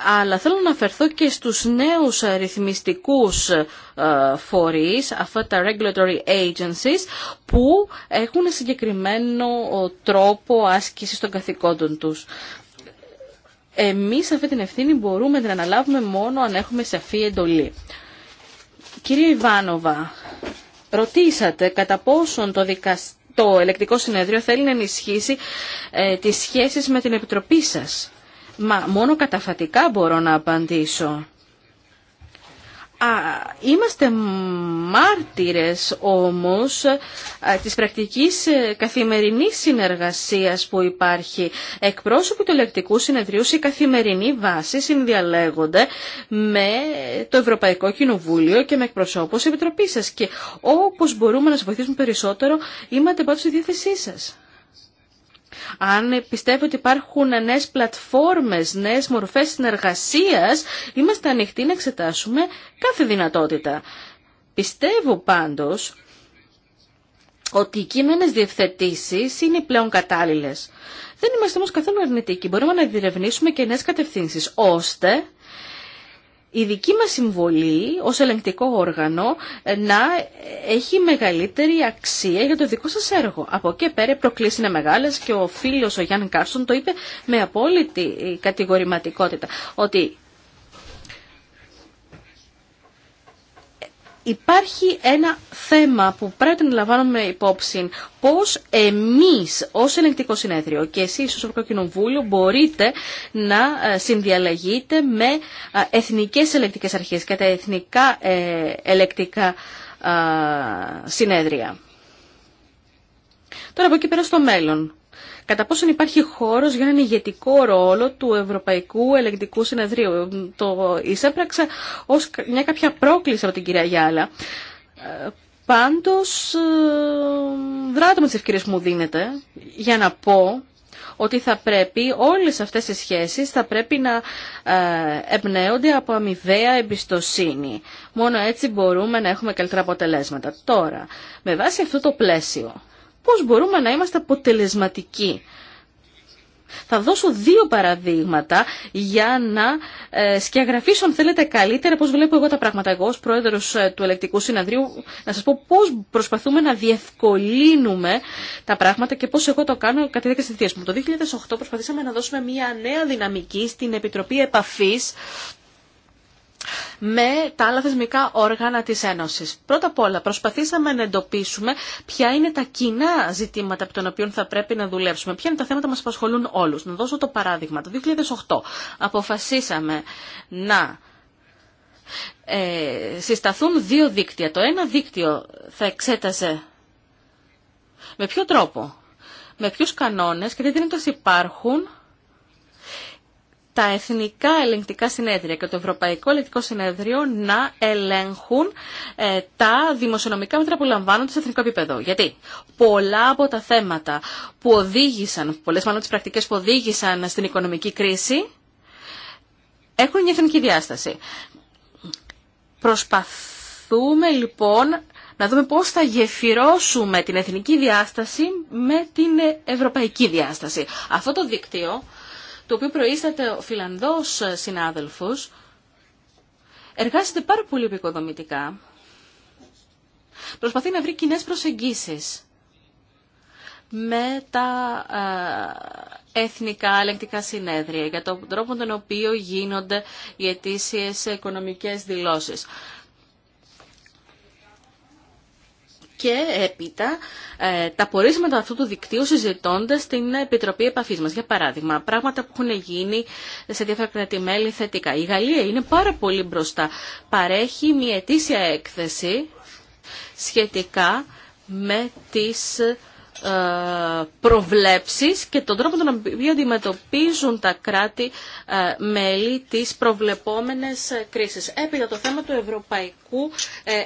αλλά θέλω να αφαιρθώ και στους νέους ρυθμιστικούς ε, φορείς, αυτά τα regulatory agencies, που έχουν συγκεκριμένο τρόπο άσκησης των καθηκόντων τους. Εμείς αυτή την ευθύνη μπορούμε να την αναλάβουμε μόνο αν έχουμε σαφή εντολή. Κύριε Ιβάνοβα, ρωτήσατε κατά πόσον το δικαστήριο ελεκτικό συνέδριο θέλει να ενισχύσει ε, τις σχέσεις με την Επιτροπή σας. Μα μόνο καταφατικά μπορώ να απαντήσω. Α, είμαστε μάρτυρες όμως α, ε, της πρακτικής ε, καθημερινής συνεργασίας που υπάρχει. Εκπρόσωποι του Ελεκτικού Συνεδρίου σε καθημερινή βάση συνδιαλέγονται με το Ευρωπαϊκό Κοινοβούλιο και με εκπροσώπους επιτροπής σας. Και όπως μπορούμε να σας βοηθήσουμε περισσότερο, είμαστε πάντως στη διάθεσή σας αν πιστεύω ότι υπάρχουν νέες πλατφόρμες, νέες μορφές συνεργασίας, είμαστε ανοιχτοί να εξετάσουμε κάθε δυνατότητα. Πιστεύω πάντως ότι οι κείμενες διευθετήσεις είναι πλέον κατάλληλες. Δεν είμαστε όμως καθόλου αρνητικοί. Μπορούμε να διερευνήσουμε και νέες κατευθύνσεις, ώστε η δική μας συμβολή ως ελεγκτικό όργανο ε, να έχει μεγαλύτερη αξία για το δικό σας έργο. Από εκεί πέρα οι προκλήσεις είναι μεγάλες και ο φίλος ο Γιάννη Κάρσον το είπε με απόλυτη ε, κατηγορηματικότητα ότι υπάρχει ένα θέμα που πρέπει να λαμβάνουμε υπόψη. Πώς εμείς ως ελεγκτικό συνέδριο και εσείς ως Ευρωπαϊκό μπορείτε να ε, συνδιαλλαγείτε με ε, εθνικές ελεκτικές αρχές και τα εθνικά ε, ελεκτικά συνέδρια. Τώρα από εκεί πέρα στο μέλλον κατά πόσον υπάρχει χώρος για έναν ηγετικό ρόλο του Ευρωπαϊκού Ελεγκτικού Συνεδρίου. Το εισέπραξα ως μια κάποια πρόκληση από την κυρία Γιάλα. Ε, πάντως, ε, δράτω με τις ευκαιρίες που μου δίνεται για να πω ότι θα πρέπει όλες αυτές οι σχέσεις θα πρέπει να ε, εμπνέονται από αμοιβαία εμπιστοσύνη. Μόνο έτσι μπορούμε να έχουμε καλύτερα αποτελέσματα. Τώρα, με βάση αυτό το πλαίσιο, πώς μπορούμε να είμαστε αποτελεσματικοί. Θα δώσω δύο παραδείγματα για να ε, σκιαγραφίσω αν θέλετε καλύτερα πώς βλέπω εγώ τα πράγματα. Εγώ ως πρόεδρος ε, του Ελεκτικού Συναδρίου να σας πω πώς προσπαθούμε να διευκολύνουμε τα πράγματα και πώς εγώ το κάνω κατά τη διάρκεια της μου. Το 2008 προσπαθήσαμε να δώσουμε μια νέα δυναμική στην Επιτροπή Επαφής με τα άλλα θεσμικά όργανα της Ένωσης. Πρώτα απ' όλα προσπαθήσαμε να εντοπίσουμε ποια είναι τα κοινά ζητήματα από τον οποίων θα πρέπει να δουλέψουμε, ποια είναι τα θέματα που μας απασχολούν όλους. Να δώσω το παράδειγμα. Το 2008 αποφασίσαμε να ε, συσταθούν δύο δίκτυα. Το ένα δίκτυο θα εξέταζε με ποιο τρόπο, με ποιους κανόνες και τι υπάρχουν τα εθνικά ελεγκτικά συνέδρια και το Ευρωπαϊκό Ελεγκτικό Συνέδριο να ελέγχουν ε, τα δημοσιονομικά μέτρα που λαμβάνονται σε εθνικό επίπεδο. Γιατί πολλά από τα θέματα που οδήγησαν, πολλές μάλλον τις πρακτικές που οδήγησαν στην οικονομική κρίση, έχουν μια εθνική διάσταση. Προσπαθούμε λοιπόν να δούμε πώς θα γεφυρώσουμε την εθνική διάσταση με την ευρωπαϊκή διάσταση. Αυτό το δίκτυο το οποίο προείσταται ο Φιλανδός συνάδελφος, εργάζεται πάρα πολύ επικοδομητικά. Προσπαθεί να βρει κοινέ προσεγγίσεις με τα εθνικά ελεγκτικά συνέδρια για τον τρόπο τον οποίο γίνονται οι αιτήσιες οικονομικές δηλώσεις. και έπειτα ε, τα πορίσματα αυτού του δικτύου συζητώντα την Επιτροπή Επαφή μα. Για παράδειγμα, πράγματα που έχουν γίνει σε διάφορα κρατημέλη θετικά. Η Γαλλία είναι πάρα πολύ μπροστά. Παρέχει μια ετήσια έκθεση σχετικά με τις ε, προβλέψεις και τον τρόπο τον οποίο αντιμετωπίζουν τα κράτη ε, μέλη τις προβλεπόμενες ε, κρίσεις. Έπειτα το θέμα του Ευρωπαϊκού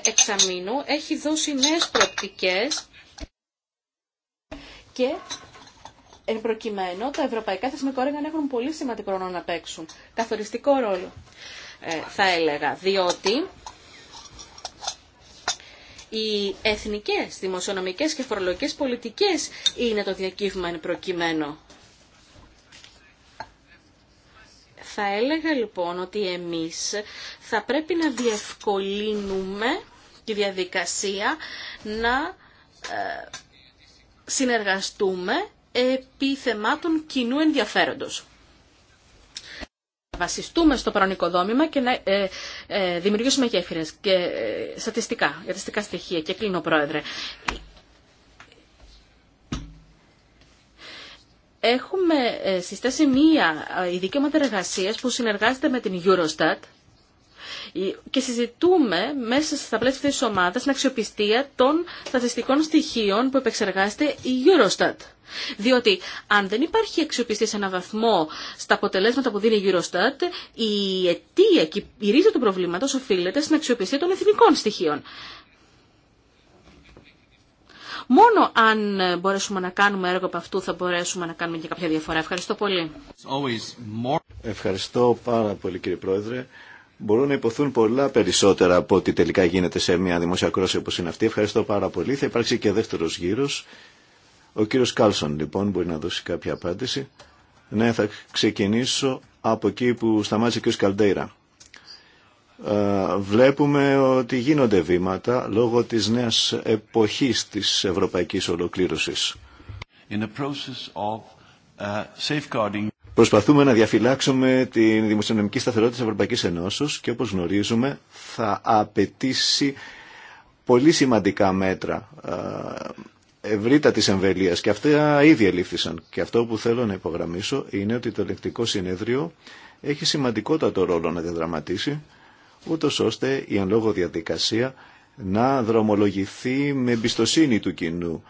Εξαμήνου έχει δώσει νέες προοπτικές και εν προκειμένου τα ευρωπαϊκά θεσμικά όργανα έχουν πολύ σημαντικό ρόλο να παίξουν. Καθοριστικό ρόλο θα έλεγα, διότι οι εθνικές, δημοσιονομικές και φορολογικές πολιτικές είναι το διακύβημα εν προκειμένου. Θα έλεγα λοιπόν ότι εμείς θα πρέπει να διευκολύνουμε τη διαδικασία να ε, συνεργαστούμε επί θεμάτων κοινού ενδιαφέροντος βασιστούμε στο δόμημα και να ε, ε, δημιουργήσουμε γέφυρες και ε, στατιστικά, στατιστικά στοιχεία. Και κλείνω, Πρόεδρε. Έχουμε συστάσει μία ειδική ομάδα που συνεργάζεται με την Eurostat και συζητούμε μέσα στα πλαίσια της ομάδας την αξιοπιστία των στατιστικών στοιχείων που επεξεργάζεται η Eurostat. Διότι αν δεν υπάρχει αξιοπιστία σε έναν βαθμό στα αποτελέσματα που δίνει η Eurostat, η αιτία και η ρίζα του προβλήματος οφείλεται στην αξιοπιστία των εθνικών στοιχείων. Μόνο αν μπορέσουμε να κάνουμε έργο από αυτού θα μπορέσουμε να κάνουμε και κάποια διαφορά. Ευχαριστώ πολύ. Ευχαριστώ πάρα πολύ κύριε Πρόεδρε μπορούν να υποθούν πολλά περισσότερα από ό,τι τελικά γίνεται σε μια δημόσια κρόση όπως είναι αυτή. Ευχαριστώ πάρα πολύ. Θα υπάρξει και δεύτερος γύρος. Ο κύριος Κάλσον λοιπόν μπορεί να δώσει κάποια απάντηση. Ναι, θα ξεκινήσω από εκεί που σταμάτησε ο κύριος Καλντέιρα. Ε, βλέπουμε ότι γίνονται βήματα λόγω της νέας εποχής της ευρωπαϊκής ολοκλήρωσης. In uh, Προσπαθούμε να διαφυλάξουμε τη δημοσιονομική σταθερότητα της Ευρωπαϊκής Ενώσεως και όπως γνωρίζουμε θα απαιτήσει πολύ σημαντικά μέτρα ε, ευρύτα της εμβελίας και αυτά ήδη ελήφθησαν. Και αυτό που θέλω να υπογραμμίσω είναι ότι το ελεκτικό συνέδριο έχει σημαντικότατο ρόλο να διαδραματίσει ούτω ώστε η εν λόγω διαδικασία να δρομολογηθεί με εμπιστοσύνη του κοινού.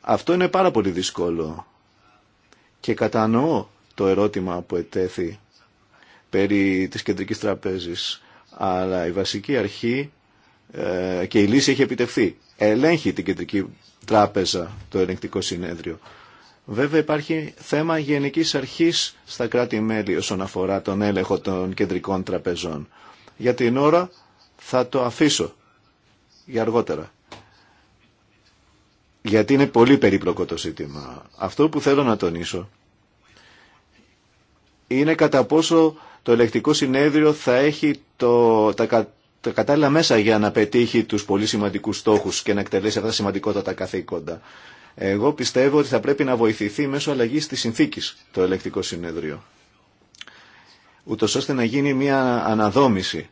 Αυτό είναι πάρα πολύ δύσκολο και κατανοώ το ερώτημα που ετέθη περί της κεντρικής τραπέζης. Αλλά η βασική αρχή ε, και η λύση έχει επιτευχθεί. Ελέγχει την κεντρική τράπεζα το ελεγκτικό συνέδριο. Βέβαια υπάρχει θέμα γενικής αρχής στα κράτη-μέλη όσον αφορά τον έλεγχο των κεντρικών τραπεζών. Για την ώρα θα το αφήσω για αργότερα. Γιατί είναι πολύ περίπλοκο το ζήτημα. Αυτό που θέλω να τονίσω είναι κατά πόσο το ελεκτικό συνέδριο θα έχει το, τα, τα κατάλληλα μέσα για να πετύχει τους πολύ σημαντικούς στόχους και να εκτελέσει αυτά τα σημαντικότατα καθήκοντα. Εγώ πιστεύω ότι θα πρέπει να βοηθηθεί μέσω αλλαγή της συνθήκη το ελεκτικό συνέδριο. Ούτω ώστε να γίνει μια αναδόμηση.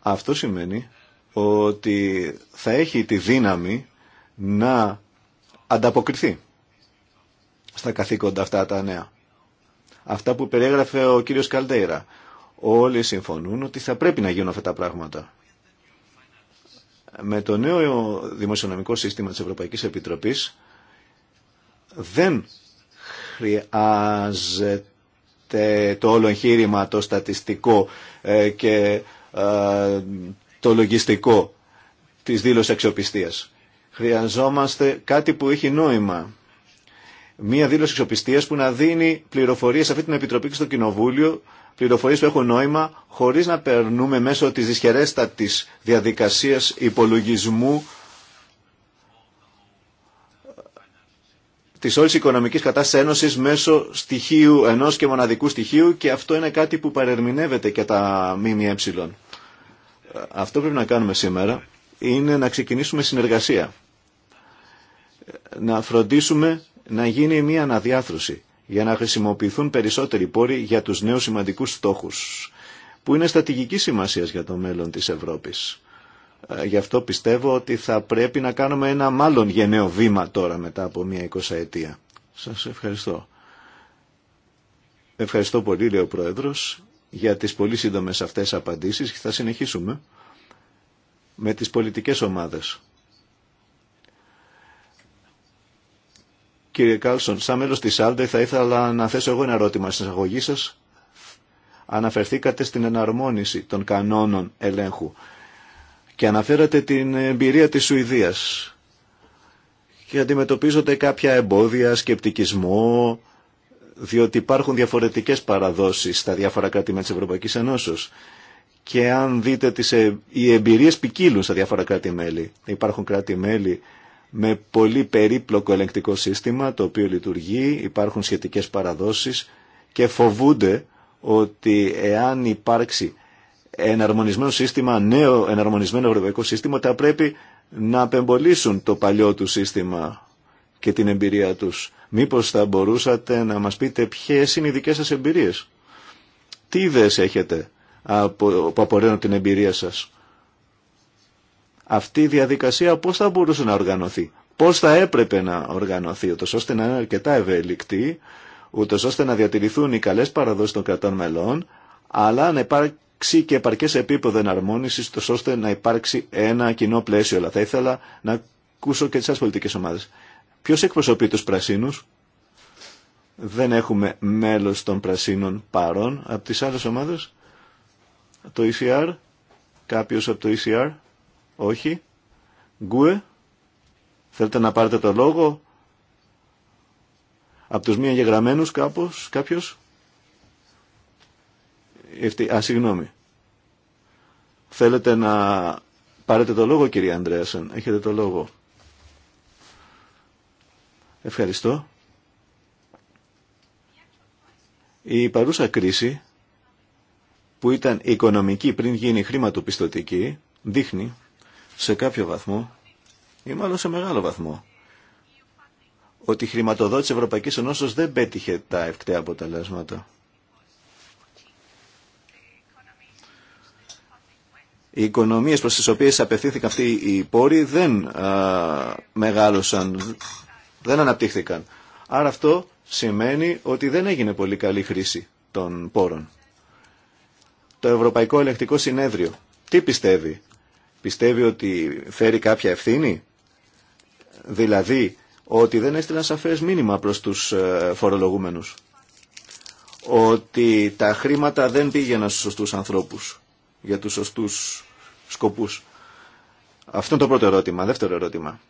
Αυτό σημαίνει ότι θα έχει τη δύναμη να ανταποκριθεί στα καθήκοντα αυτά τα νέα αυτά που περιέγραφε ο κύριος Καλτέιρα. Όλοι συμφωνούν ότι θα πρέπει να γίνουν αυτά τα πράγματα. Με το νέο δημοσιονομικό σύστημα της Ευρωπαϊκής Επιτροπής δεν χρειάζεται το όλο εγχείρημα, το στατιστικό ε, και ε, το λογιστικό της δήλωσης αξιοπιστίας. Χρειαζόμαστε κάτι που έχει νόημα μία δήλωση εξοπιστία που να δίνει πληροφορίε σε αυτή την Επιτροπή και στο Κοινοβούλιο, πληροφορίε που έχουν νόημα, χωρί να περνούμε μέσω τη δυσχερέστατη διαδικασία υπολογισμού τη όλη οικονομική κατάσταση Ένωση μέσω στοιχείου, ενό και μοναδικού στοιχείου και αυτό είναι κάτι που παρερμηνεύεται και τα ΜΜΕ. Αυτό πρέπει να κάνουμε σήμερα είναι να ξεκινήσουμε συνεργασία. Να φροντίσουμε να γίνει μια αναδιάθρωση για να χρησιμοποιηθούν περισσότεροι πόροι για τους νέους σημαντικούς στόχους που είναι στατηγική σημασία για το μέλλον της Ευρώπης. Ε, γι' αυτό πιστεύω ότι θα πρέπει να κάνουμε ένα μάλλον γενναίο βήμα τώρα μετά από μια εικοσαετία. Σας ευχαριστώ. Ευχαριστώ πολύ, λέει ο Πρόεδρος, για τις πολύ σύντομες αυτές απαντήσεις και θα συνεχίσουμε με τις πολιτικές ομάδες. Κύριε Κάλσον, σαν μέλο της Άλντε θα ήθελα να θέσω εγώ ένα ερώτημα στην εισαγωγή σα. Αναφερθήκατε στην εναρμόνιση των κανόνων ελέγχου και αναφέρατε την εμπειρία της Σουηδίας και αντιμετωπίζονται κάποια εμπόδια, σκεπτικισμό, διότι υπάρχουν διαφορετικές παραδόσεις στα διάφορα κράτη-μέλη της Ευρωπαϊκής Ενώσεως. Και αν δείτε, τις, ε, οι εμπειρίες ποικίλουν στα διάφορα κράτη-μέλη. Υπάρχουν κράτη-μέλη με πολύ περίπλοκο ελεγκτικό σύστημα το οποίο λειτουργεί, υπάρχουν σχετικές παραδόσεις και φοβούνται ότι εάν υπάρξει εναρμονισμένο σύστημα, νέο εναρμονισμένο ευρωπαϊκό σύστημα, θα πρέπει να απεμπολίσουν το παλιό του σύστημα και την εμπειρία τους. Μήπως θα μπορούσατε να μας πείτε ποιες είναι οι δικές σας εμπειρίες. Τι ιδέες έχετε από, που απορρέουν την εμπειρία σας αυτή η διαδικασία πώς θα μπορούσε να οργανωθεί, πώς θα έπρεπε να οργανωθεί, ούτως ώστε να είναι αρκετά ευελικτή, ούτως ώστε να διατηρηθούν οι καλές παραδόσεις των κρατών μελών, αλλά να υπάρξει και επαρκές επίπεδο εναρμόνισης, ούτως ώστε να υπάρξει ένα κοινό πλαίσιο. Αλλά θα ήθελα να ακούσω και τις άλλες πολιτικές ομάδες. Ποιος εκπροσωπεί τους πρασίνους, δεν έχουμε μέλος των πρασίνων παρών από τις άλλες ομάδες, το ECR, κάποιος από το ECR. Όχι. Γκουε. Θέλετε να πάρετε το λόγο. Από τους μία γεγραμμένους κάπως, κάποιος. Α, συγγνώμη. Θέλετε να πάρετε το λόγο κύριε Ανδρέασεν. Έχετε το λόγο. Ευχαριστώ. Η παρούσα κρίση που ήταν οικονομική πριν γίνει χρηματοπιστωτική δείχνει σε κάποιο βαθμό ή μάλλον σε μεγάλο βαθμό ότι η χρηματοδότηση Ευρωπαϊκής Ενώσεως δεν πέτυχε τα ευκταία αποτελέσματα. Οι οικονομίες προς τις οποίες απευθύνθηκαν αυτοί οι πόροι δεν μεγάλωσαν, δεν αναπτύχθηκαν. Άρα αυτό σημαίνει ότι δεν έγινε πολύ καλή χρήση των πόρων. Το Ευρωπαϊκό Ελεκτικό Συνέδριο τι πιστεύει πιστεύει ότι φέρει κάποια ευθύνη, δηλαδή ότι δεν έστειλαν σαφές μήνυμα προς τους ε, φορολογούμενους, ότι τα χρήματα δεν πήγαιναν στους σωστούς ανθρώπους, για τους σωστούς σκοπούς. Αυτό είναι το πρώτο ερώτημα. Δεύτερο ερώτημα.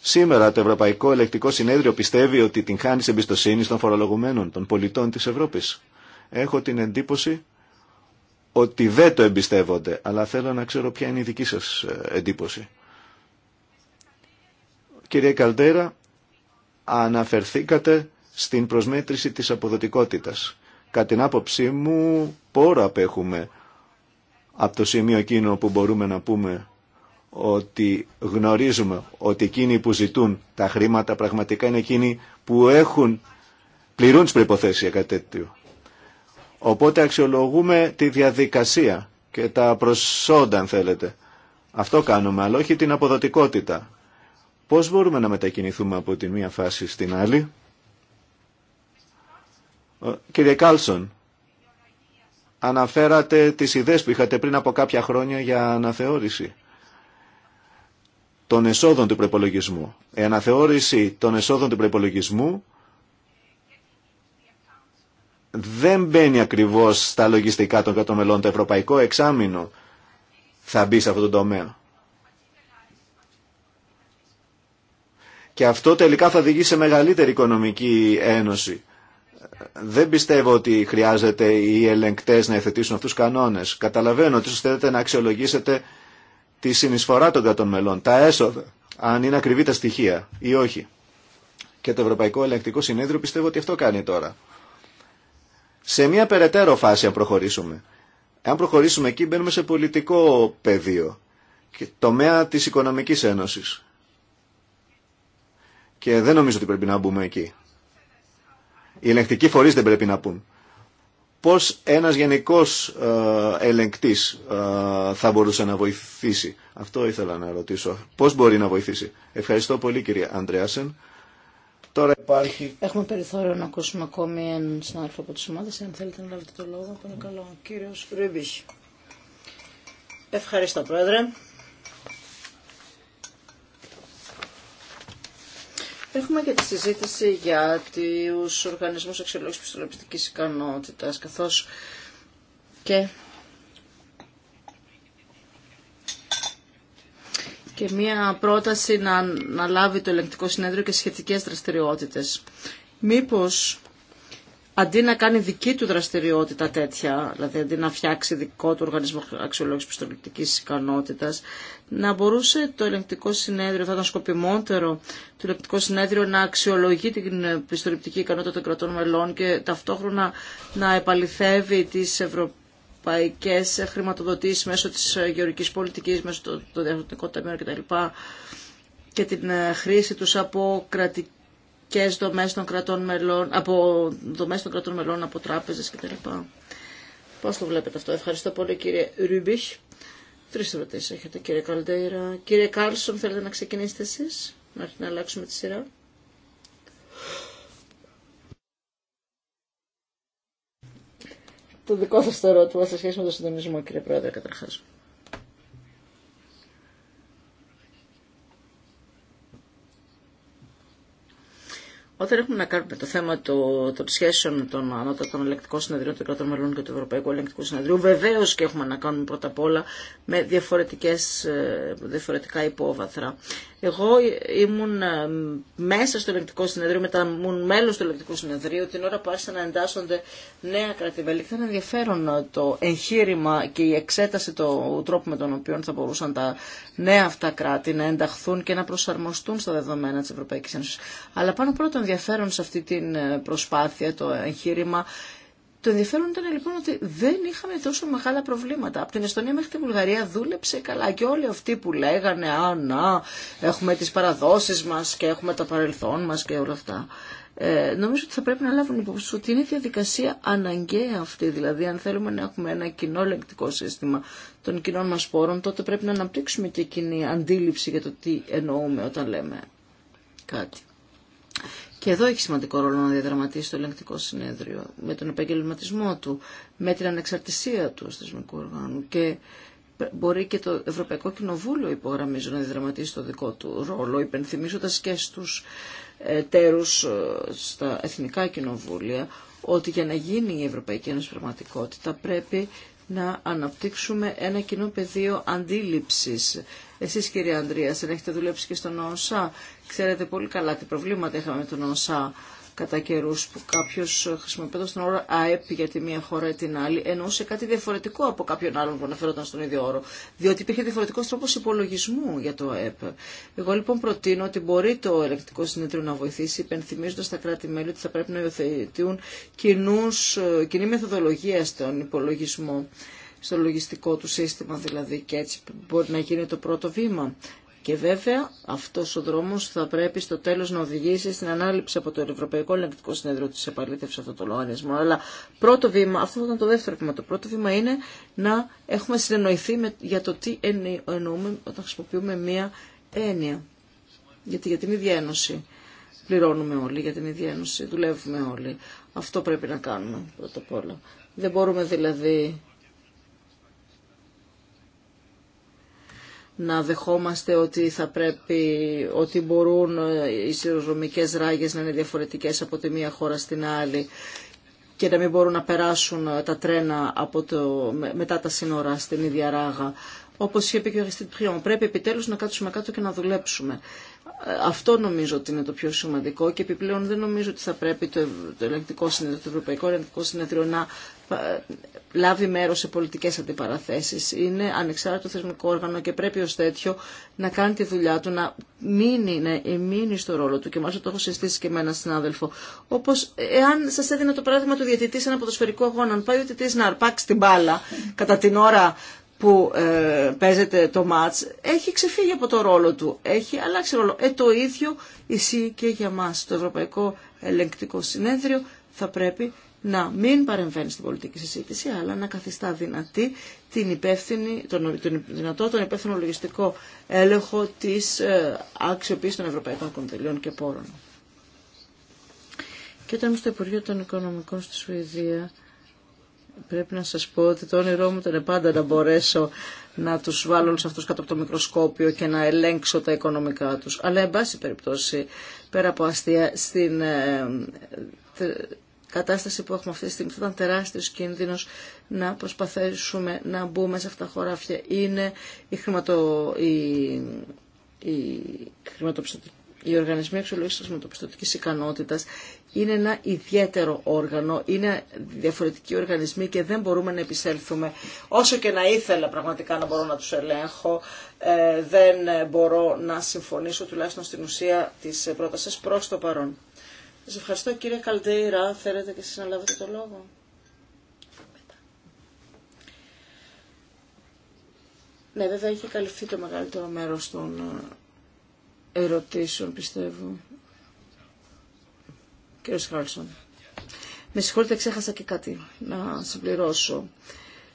Σήμερα το Ευρωπαϊκό Ελεκτικό Συνέδριο πιστεύει ότι την χάνει εμπιστοσύνη των φορολογουμένων, των πολιτών της Ευρώπης. Έχω την εντύπωση ότι δεν το εμπιστεύονται, αλλά θέλω να ξέρω ποια είναι η δική σας ε, εντύπωση. Κύριε Καλτέρα, αναφερθήκατε στην προσμέτρηση της αποδοτικότητας. Κατά την άποψή μου, πόρα απέχουμε από το σημείο εκείνο που μπορούμε να πούμε ότι γνωρίζουμε ότι εκείνοι που ζητούν τα χρήματα πραγματικά είναι εκείνοι που έχουν, πληρούν τις προϋποθέσεις για κάτι τέτοιο. Οπότε αξιολογούμε τη διαδικασία και τα προσόντα αν θέλετε. Αυτό κάνουμε, αλλά όχι την αποδοτικότητα. Πώς μπορούμε να μετακινηθούμε από τη μία φάση στην άλλη. Κύριε Κάλσον, αναφέρατε τις ιδέες που είχατε πριν από κάποια χρόνια για αναθεώρηση των εσόδων του προπολογισμού. Η αναθεώρηση των εσόδων του προπολογισμού δεν μπαίνει ακριβώς στα λογιστικά των κατομελών. το ευρωπαϊκό εξάμεινο θα μπει σε αυτό το τομέα. Και αυτό τελικά θα οδηγεί σε μεγαλύτερη οικονομική ένωση. Δεν πιστεύω ότι χρειάζεται οι ελεγκτές να εθετήσουν αυτούς τους κανόνες. Καταλαβαίνω ότι ίσως θέλετε να αξιολογήσετε τη συνεισφορά των κρατών μελών, τα έσοδα, αν είναι ακριβή τα στοιχεία ή όχι. Και το Ευρωπαϊκό Ελεγκτικό Συνέδριο πιστεύω ότι αυτό κάνει τώρα σε μια περαιτέρω φάση αν προχωρήσουμε. Αν προχωρήσουμε εκεί μπαίνουμε σε πολιτικό πεδίο και τομέα της Οικονομικής Ένωσης. Και δεν νομίζω ότι πρέπει να μπούμε εκεί. Οι ελεγκτικοί φορείς δεν πρέπει να πούν. Πώς ένας γενικός ε, ελεγκτής ε, θα μπορούσε να βοηθήσει. Αυτό ήθελα να ρωτήσω. Πώς μπορεί να βοηθήσει. Ευχαριστώ πολύ κύριε Αντρέασεν. Τώρα υπάρχει... Έχουμε περιθώριο να ακούσουμε ακόμη έναν συνάδελφο από τις ομάδες. Αν θέλετε να λάβετε το λόγο, καλό Κύριος Ρούμπιχ. Ευχαριστώ, Πρόεδρε. Έχουμε και τη συζήτηση για τους οργανισμούς εξελόγησης πιστολοπιστικής ικανότητας, καθώς και και μία πρόταση να, να λάβει το ελεγκτικό συνέδριο και σχετικές δραστηριότητες. Μήπως αντί να κάνει δική του δραστηριότητα τέτοια, δηλαδή αντί να φτιάξει δικό του οργανισμό αξιολόγηση πιστοληπτική ικανότητα, να μπορούσε το ελεγκτικό συνέδριο, θα ήταν σκοπιμότερο το ελεγκτικό συνέδριο να αξιολογεί την πιστοληπτική ικανότητα των κρατών μελών και ταυτόχρονα να επαληθεύει τις ευρωπαϊκές ευρωπαϊκέ χρηματοδοτήσεις μέσω της ε, γεωρικής πολιτικής, μέσω των διαδοτικών ταμείων κτλ. και την ε, χρήση του από κρατικέ δομές των κρατών μελών, από δομές των κρατών μελών, από τράπεζες κτλ. Πώ το βλέπετε αυτό. Ευχαριστώ πολύ κύριε Ρούμπιχ. Τρει ερωτήσει έχετε κύριε Καλντέιρα. Κύριε Κάλσον θέλετε να ξεκινήσετε εσεί να αλλάξουμε τη σειρά. το δικό σας το ερώτημα σε σχέση με το συντονισμό, κύριε Πρόεδρε, καταρχάς. Όταν έχουμε να κάνουμε το θέμα το, των σχέσεων των ανώτατων ελεκτικών συνεδρίων των κρατών μελών και του Ευρωπαϊκού Ελεκτικού Συνεδρίου, βεβαίω και έχουμε να κάνουμε πρώτα απ' όλα με διαφορετικές, ε, διαφορετικά υπόβαθρα. Εγώ ήμουν ε, μέσα στο ελεκτικό συνεδρίο, μετά ήμουν μέλο του ελεκτικού συνεδρίου, την ώρα που άρχισαν να εντάσσονται νέα κρατημέλη. Ήταν ενδιαφέρον ε, το εγχείρημα και η εξέταση του τρόπου με τον οποίο θα μπορούσαν τα νέα αυτά κράτη να ενταχθούν και να προσαρμοστούν στα δεδομένα τη Ευρωπαϊκή Ένωση. Αλλά πάνω πρώτον ενδιαφέρον σε αυτή την ε, προσπάθεια, το εγχείρημα, το ενδιαφέρον ήταν λοιπόν ότι δεν είχαμε τόσο μεγάλα προβλήματα. Από την Εστονία μέχρι τη Βουλγαρία δούλεψε καλά και όλοι αυτοί που λέγανε «Α, να, έχουμε τις παραδόσεις μας και έχουμε τα παρελθόν μας και όλα αυτά». Ε, νομίζω ότι θα πρέπει να λάβουν υπόψη ότι είναι διαδικασία αναγκαία αυτή. Δηλαδή, αν θέλουμε να έχουμε ένα κοινό λεκτικό σύστημα των κοινών μας πόρων, τότε πρέπει να αναπτύξουμε και κοινή αντίληψη για το τι εννοούμε όταν λέμε κάτι. Και εδώ έχει σημαντικό ρόλο να διαδραματίσει το ελεγκτικό συνέδριο με τον επαγγελματισμό του, με την ανεξαρτησία του ως θεσμικού οργάνου και μπορεί και το Ευρωπαϊκό Κοινοβούλιο υπογραμμίζω να διαδραματίσει το δικό του ρόλο, υπενθυμίζοντα και στους τέρους ε, στα εθνικά κοινοβούλια ότι για να γίνει η Ευρωπαϊκή Ένωση πραγματικότητα πρέπει να αναπτύξουμε ένα κοινό πεδίο αντίληψης. Εσείς κύριε Ανδρίας, αν έχετε δουλέψει και στον ΩΣΑ, ξέρετε πολύ καλά τι προβλήματα είχαμε τον ΩΣΑ κατά καιρού που κάποιο χρησιμοποιώντα τον όρο ΑΕΠ για τη μία χώρα ή την άλλη, εννοούσε κάτι διαφορετικό από κάποιον άλλον που αναφέρονταν στον ίδιο όρο. Διότι υπήρχε διαφορετικό τρόπο υπολογισμού για το ΑΕΠ. Εγώ λοιπόν προτείνω ότι μπορεί το ελεκτικό συνέδριο να βοηθήσει, υπενθυμίζοντα τα κράτη-μέλη ότι θα πρέπει να υιοθετούν κοινή μεθοδολογία στον υπολογισμό στο λογιστικό του σύστημα δηλαδή και έτσι μπορεί να γίνει το πρώτο βήμα και βέβαια αυτός ο δρόμος θα πρέπει στο τέλος να οδηγήσει στην ανάληψη από το Ευρωπαϊκό Ελεγκτικό Συνέδριο της επαλήθευση αυτό το λογαριασμών. Αλλά πρώτο βήμα, αυτό θα ήταν το δεύτερο βήμα, το πρώτο βήμα είναι να έχουμε συνεννοηθεί με, για το τι εννοούμε όταν χρησιμοποιούμε μία έννοια. Γιατί για την ίδια ένωση πληρώνουμε όλοι, για την ίδια ένωση δουλεύουμε όλοι. Αυτό πρέπει να κάνουμε πρώτα απ' όλα. Δεν μπορούμε δηλαδή να δεχόμαστε ότι θα πρέπει, ότι μπορούν ε, οι σειροδρομικές ράγες να είναι διαφορετικές από τη μία χώρα στην άλλη και να μην μπορούν να περάσουν ε, τα τρένα από το, μετά τα σύνορα στην ίδια ράγα. Όπω είπε και ο Αριστίτ Πριόν. Πρέπει επιτέλου να κάτσουμε κάτω και να δουλέψουμε. Αυτό νομίζω ότι είναι το πιο σημαντικό και επιπλέον δεν νομίζω ότι θα πρέπει το, ελεγκτικό συνεδριο, το Ευρωπαϊκό Ελεγκτικό Συνεδρίο να ε, λάβει μέρο σε πολιτικέ αντιπαραθέσει. Είναι ανεξάρτητο θεσμικό όργανο και πρέπει ω τέτοιο να κάνει τη δουλειά του, να μείνει, να μείνει στο ρόλο του και μάλιστα το έχω συστήσει και με έναν συνάδελφο. Όπω, εάν σα έδινα το παράδειγμα του διαιτητή σε ένα ποδοσφαιρικό αγώνα, αν πάει ο διαιτητής να αρπάξει την μπάλα κατά την ώρα που ε, παίζεται το μάτς έχει ξεφύγει από το ρόλο του, έχει αλλάξει ρόλο. Ε, το ίδιο ισχύει και για μας. Το Ευρωπαϊκό Ελεγκτικό Συνέδριο θα πρέπει να μην παρεμβαίνει στην πολιτική συζήτηση, αλλά να καθιστά δυνατή την υπεύθυνη, τον, τον δυνατό, τον υπεύθυνο λογιστικό έλεγχο της ε, αξιοποίησης των ευρωπαϊκών κονδυλίων και πόρων. Και όταν στο Υπουργείο των Οικονομικών στη Σουηδία Πρέπει να σας πω ότι το όνειρό μου ήταν πάντα να μπορέσω να τους βάλω σε αυτούς κάτω από το μικροσκόπιο και να ελέγξω τα οικονομικά τους. Αλλά, εν πάση περιπτώσει, πέρα από αστεία, στην ε, κατάσταση που έχουμε αυτή τη στιγμή, θα ήταν τεράστιος κίνδυνος να προσπαθήσουμε να μπούμε σε αυτά τα χωράφια. Είναι η, χρηματο... η χρηματοπιστωτική οι οργανισμοί αξιολόγηση χρηματοπιστωτική ικανότητα είναι ένα ιδιαίτερο όργανο, είναι διαφορετικοί οργανισμοί και δεν μπορούμε να επισέλθουμε. Όσο και να ήθελα πραγματικά να μπορώ να του ελέγχω, ε, δεν μπορώ να συμφωνήσω τουλάχιστον στην ουσία τη πρόταση. προς το παρόν. Σα ευχαριστώ κύριε Καλτέιρα, θέλετε και εσεί να λάβετε το λόγο. Ναι, βέβαια είχε καλυφθεί το μεγαλύτερο μέρος των ε, ερωτήσεων, πιστεύω. Κύριε Χάρλσον. Με συγχωρείτε, ξέχασα και κάτι να συμπληρώσω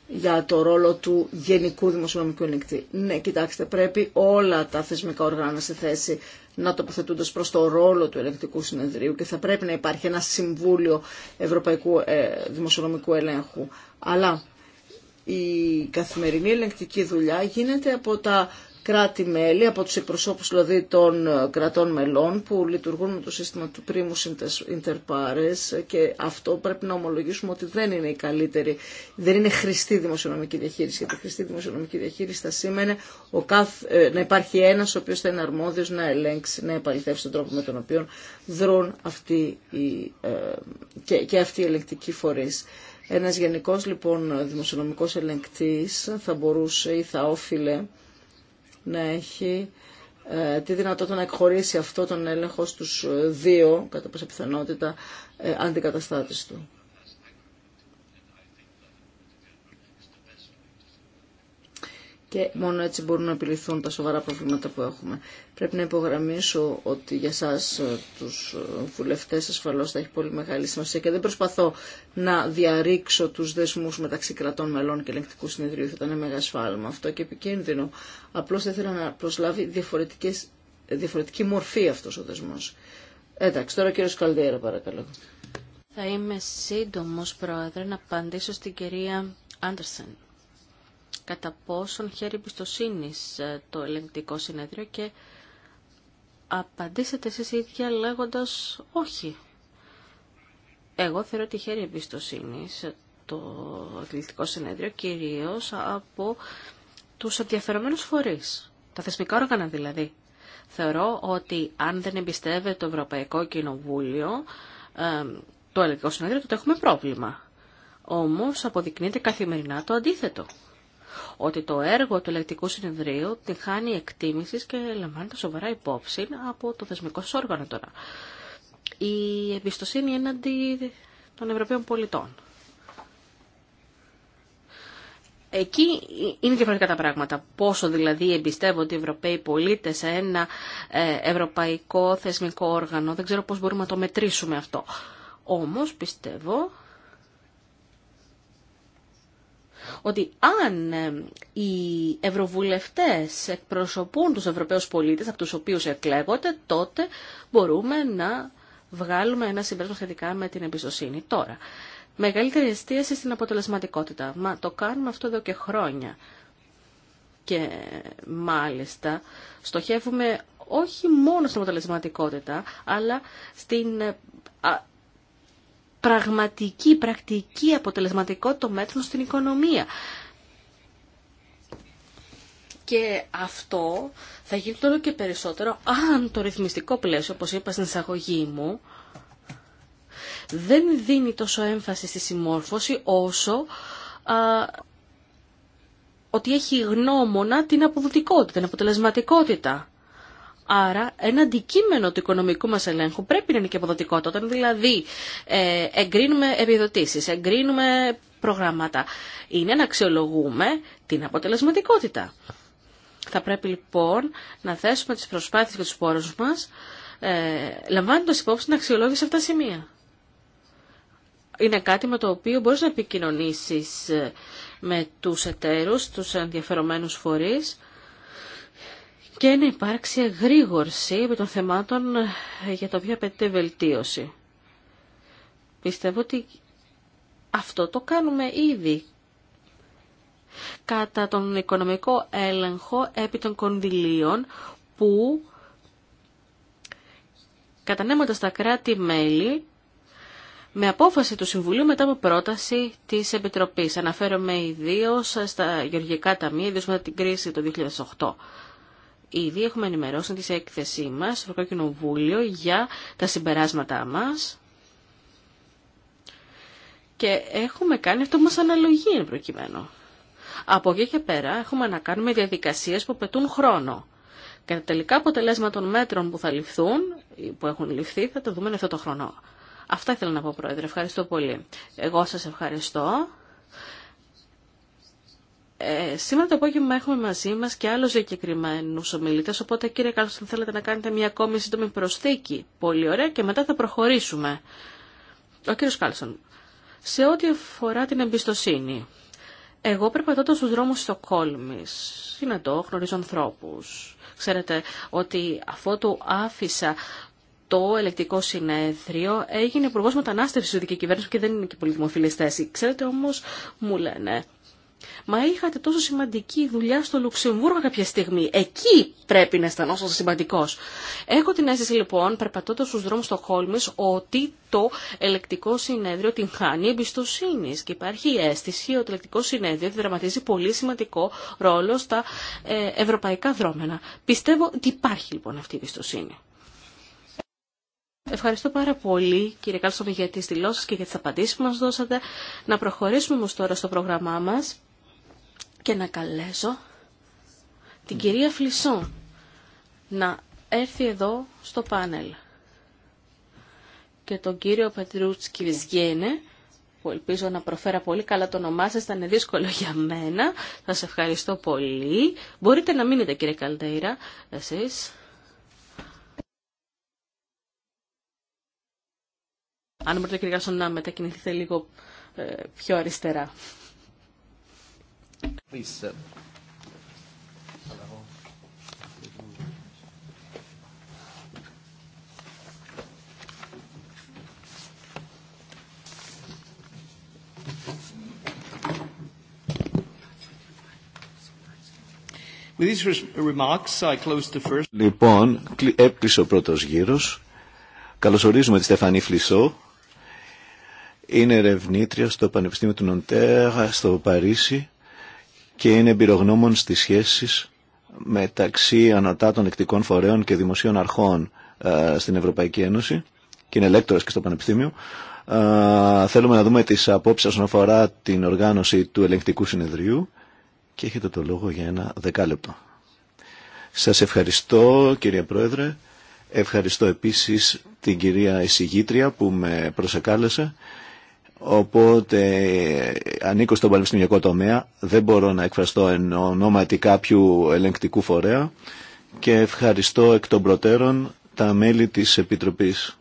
για το ρόλο του Γενικού Δημοσιονομικού Ελεγκτή. Ναι, κοιτάξτε, πρέπει όλα τα θεσμικά οργάνα σε θέση να τοποθετούνται προ το ρόλο του ελεγκτικού συνεδρίου και θα πρέπει να υπάρχει ένα Συμβούλιο Ευρωπαϊκού ε, Δημοσιονομικού Ελέγχου. Αλλά η καθημερινή ελεγκτική δουλειά γίνεται από τα κράτη-μέλη, από τους εκπροσώπους δηλαδή των κρατών μελών που λειτουργούν με το σύστημα του πρίμου συντερπάρες και αυτό πρέπει να ομολογήσουμε ότι δεν είναι η καλύτερη, δεν είναι χρηστή δημοσιονομική διαχείριση. Γιατί χρηστή δημοσιονομική διαχείριση θα σήμαινε ο καθ, ε, να υπάρχει ένας ο οποίος θα είναι αρμόδιος να ελέγξει, να επαληθεύσει τον τρόπο με τον οποίο δρούν αυτοί οι, ε, και, και αυτοί οι ελεγκτικοί φορείς. Ένας γενικός λοιπόν δημοσιονομικός ελεγκτής θα μπορούσε ή θα όφιλε να έχει ε, τη δυνατότητα να εκχωρήσει αυτό τον έλεγχο στους ε, δύο, κατά πάσα πιθανότητα, ε, αντικαταστάτες του. και μόνο έτσι μπορούν να επιληθούν τα σοβαρά προβλήματα που έχουμε. Πρέπει να υπογραμμίσω ότι για εσά του ε, βουλευτέ, ασφαλώ, θα έχει πολύ μεγάλη σημασία και δεν προσπαθώ να διαρρήξω του δεσμού μεταξύ κρατών μελών και ελεγκτικού συνεδρίου, θα ήταν μεγάλο σφάλμα αυτό και επικίνδυνο. Απλώ θα ήθελα να προσλάβει διαφορετική μορφή αυτό ο δεσμό. Εντάξει, τώρα κύριο Καλδέρα παρακαλώ. Θα είμαι σύντομο Πρόεδρε, να απαντήσω στην κυρία Άντερσεν κατά πόσον χέρι εμπιστοσύνη το ελεγκτικό συνέδριο και απαντήσετε εσείς ίδια λέγοντας όχι. Εγώ θεωρώ ότι χέρι εμπιστοσύνη το ελεγκτικό συνέδριο κυρίως από τους ενδιαφερομένους φορείς, τα θεσμικά όργανα δηλαδή. Θεωρώ ότι αν δεν εμπιστεύεται το Ευρωπαϊκό Κοινοβούλιο, το ελεγκτικό συνέδριο, τότε έχουμε πρόβλημα. Όμως αποδεικνύεται καθημερινά το αντίθετο ότι το έργο του ελεκτικού συνεδρίου τη χάνει εκτίμηση και λαμβάνεται σοβαρά υπόψη από το θεσμικό όργανο τώρα. Η εμπιστοσύνη έναντι των Ευρωπαίων πολιτών. Εκεί είναι διαφορετικά τα πράγματα. Πόσο δηλαδή εμπιστεύονται οι Ευρωπαίοι πολίτες σε ένα ε, ευρωπαϊκό θεσμικό όργανο. Δεν ξέρω πώς μπορούμε να το μετρήσουμε αυτό. Όμως πιστεύω ότι αν ε, οι ευρωβουλευτές εκπροσωπούν τους Ευρωπαίους πολίτες από τους οποίους εκλέγονται, τότε μπορούμε να βγάλουμε ένα συμπέρασμα σχετικά με την εμπιστοσύνη. Τώρα, μεγαλύτερη εστίαση στην αποτελεσματικότητα. Μα το κάνουμε αυτό εδώ και χρόνια. Και μάλιστα στοχεύουμε όχι μόνο στην αποτελεσματικότητα, αλλά στην ε, πραγματική, πρακτική αποτελεσματικότητα των μέτρων στην οικονομία. Και αυτό θα γίνει όλο και περισσότερο αν το ρυθμιστικό πλαίσιο, όπως είπα στην εισαγωγή μου, δεν δίνει τόσο έμφαση στη συμμόρφωση όσο ότι έχει γνώμονα την αποδοτικότητα, την αποτελεσματικότητα. Άρα ένα αντικείμενο του οικονομικού μας ελέγχου πρέπει να είναι και αποδοτικότητα. δηλαδή ε, εγκρίνουμε επιδοτήσεις, εγκρίνουμε προγράμματα, είναι να αξιολογούμε την αποτελεσματικότητα. Θα πρέπει λοιπόν να θέσουμε τις προσπάθειες και τους πόρους μας, ε, λαμβάνοντας υπόψη να αξιολόγηση αυτά τα σημεία. Είναι κάτι με το οποίο μπορείς να επικοινωνήσεις ε, με τους εταίρους, τους ενδιαφερομένους φορείς, και να υπάρξει εγρήγορση με των θεμάτων ε, για το οποία απαιτείται βελτίωση. Πιστεύω ότι αυτό το κάνουμε ήδη κατά τον οικονομικό έλεγχο επί των κονδυλίων που κατανέμονται τα κράτη-μέλη με απόφαση του Συμβουλίου μετά από πρόταση της Επιτροπής. Αναφέρομαι ιδίως στα γεωργικά ταμεία, ιδίως μετά την κρίση το 2008 ήδη έχουμε ενημερώσει τη έκθεσή μας στο Κοινοβούλιο για τα συμπεράσματά μας και έχουμε κάνει αυτό που μας αναλογεί εν προκειμένου. Από εκεί και πέρα έχουμε να κάνουμε διαδικασίες που πετούν χρόνο. Και τα τελικά αποτελέσματα των μέτρων που θα ληφθούν, που έχουν ληφθεί, θα τα δούμε αυτό το χρόνο. Αυτά ήθελα να πω, Πρόεδρε. Ευχαριστώ πολύ. Εγώ σας ευχαριστώ. Ε, σήμερα το απόγευμα έχουμε μαζί μας και άλλους συγκεκριμένου ομιλητέ, οπότε κύριε Κάλλος, θέλετε να κάνετε μια ακόμη σύντομη προσθήκη, πολύ ωραία, και μετά θα προχωρήσουμε. Ο κύριος Κάλσον, σε ό,τι αφορά την εμπιστοσύνη, εγώ περπατώντα στους δρόμους Στοκόλμης, συναντώ, γνωρίζω ανθρώπους. Ξέρετε ότι αφού του άφησα το ελεκτικό συνέδριο έγινε υπουργό μετανάστευση του δική κυβέρνηση και δεν είναι και πολύ δημοφιλή θέση. Ξέρετε όμω, μου λένε, Μα είχατε τόσο σημαντική δουλειά στο Λουξεμβούργο κάποια στιγμή. Εκεί πρέπει να αισθανόσαστε σημαντικό. Έχω την αίσθηση λοιπόν, περπατώντα στου δρόμου Στοχόλμη, ότι το ελεκτικό συνέδριο την χάνει εμπιστοσύνη. Και υπάρχει η αίσθηση ότι το ελεκτικό συνέδριο δραματίζει πολύ σημαντικό ρόλο στα ε, ευρωπαϊκά δρόμενα. Πιστεύω ότι υπάρχει λοιπόν αυτή η εμπιστοσύνη. Ευχαριστώ πάρα πολύ κύριε Κάλστον για τι δηλώσει και για τις απαντήσεις που μας δώσατε. Να προχωρήσουμε όμως τώρα στο πρόγραμμά μας και να καλέσω την κυρία Φλισσό να έρθει εδώ στο πάνελ και τον κύριο Πατρούτσκι Βυζιένε, που ελπίζω να προφέρα πολύ καλά το όνομά σας, ήταν δύσκολο για μένα. Θα σε ευχαριστώ πολύ. Μπορείτε να μείνετε κύριε Καλτέιρα, εσείς. Αν μπορείτε κύριε Γασονά να μετακινηθείτε λίγο ε, πιο αριστερά. Please, With these remarks, Λοιπόν, έκλεισε ο πρώτος γύρος. Καλωσορίζουμε τη Στεφανή Φλισσό. Είναι ερευνήτρια στο Πανεπιστήμιο του Νοντέρα, στο Παρίσι και είναι εμπειρογνώμων στι σχέσεις μεταξύ των εκτικών φορέων και δημοσίων αρχών ε, στην Ευρωπαϊκή Ένωση και είναι και στο Πανεπιστήμιο. Ε, θέλουμε να δούμε τις απόψεις όσον αφορά την οργάνωση του ελεγκτικού συνεδρίου και έχετε το λόγο για ένα δεκάλεπτο. Σας ευχαριστώ κύριε Πρόεδρε. Ευχαριστώ επίσης την κυρία εισηγήτρια που με προσεκάλεσε. Οπότε ανήκω στον πανεπιστημιακό τομέα, δεν μπορώ να εκφραστώ εν ονόματι κάποιου ελεγκτικού φορέα και ευχαριστώ εκ των προτέρων τα μέλη της Επιτροπής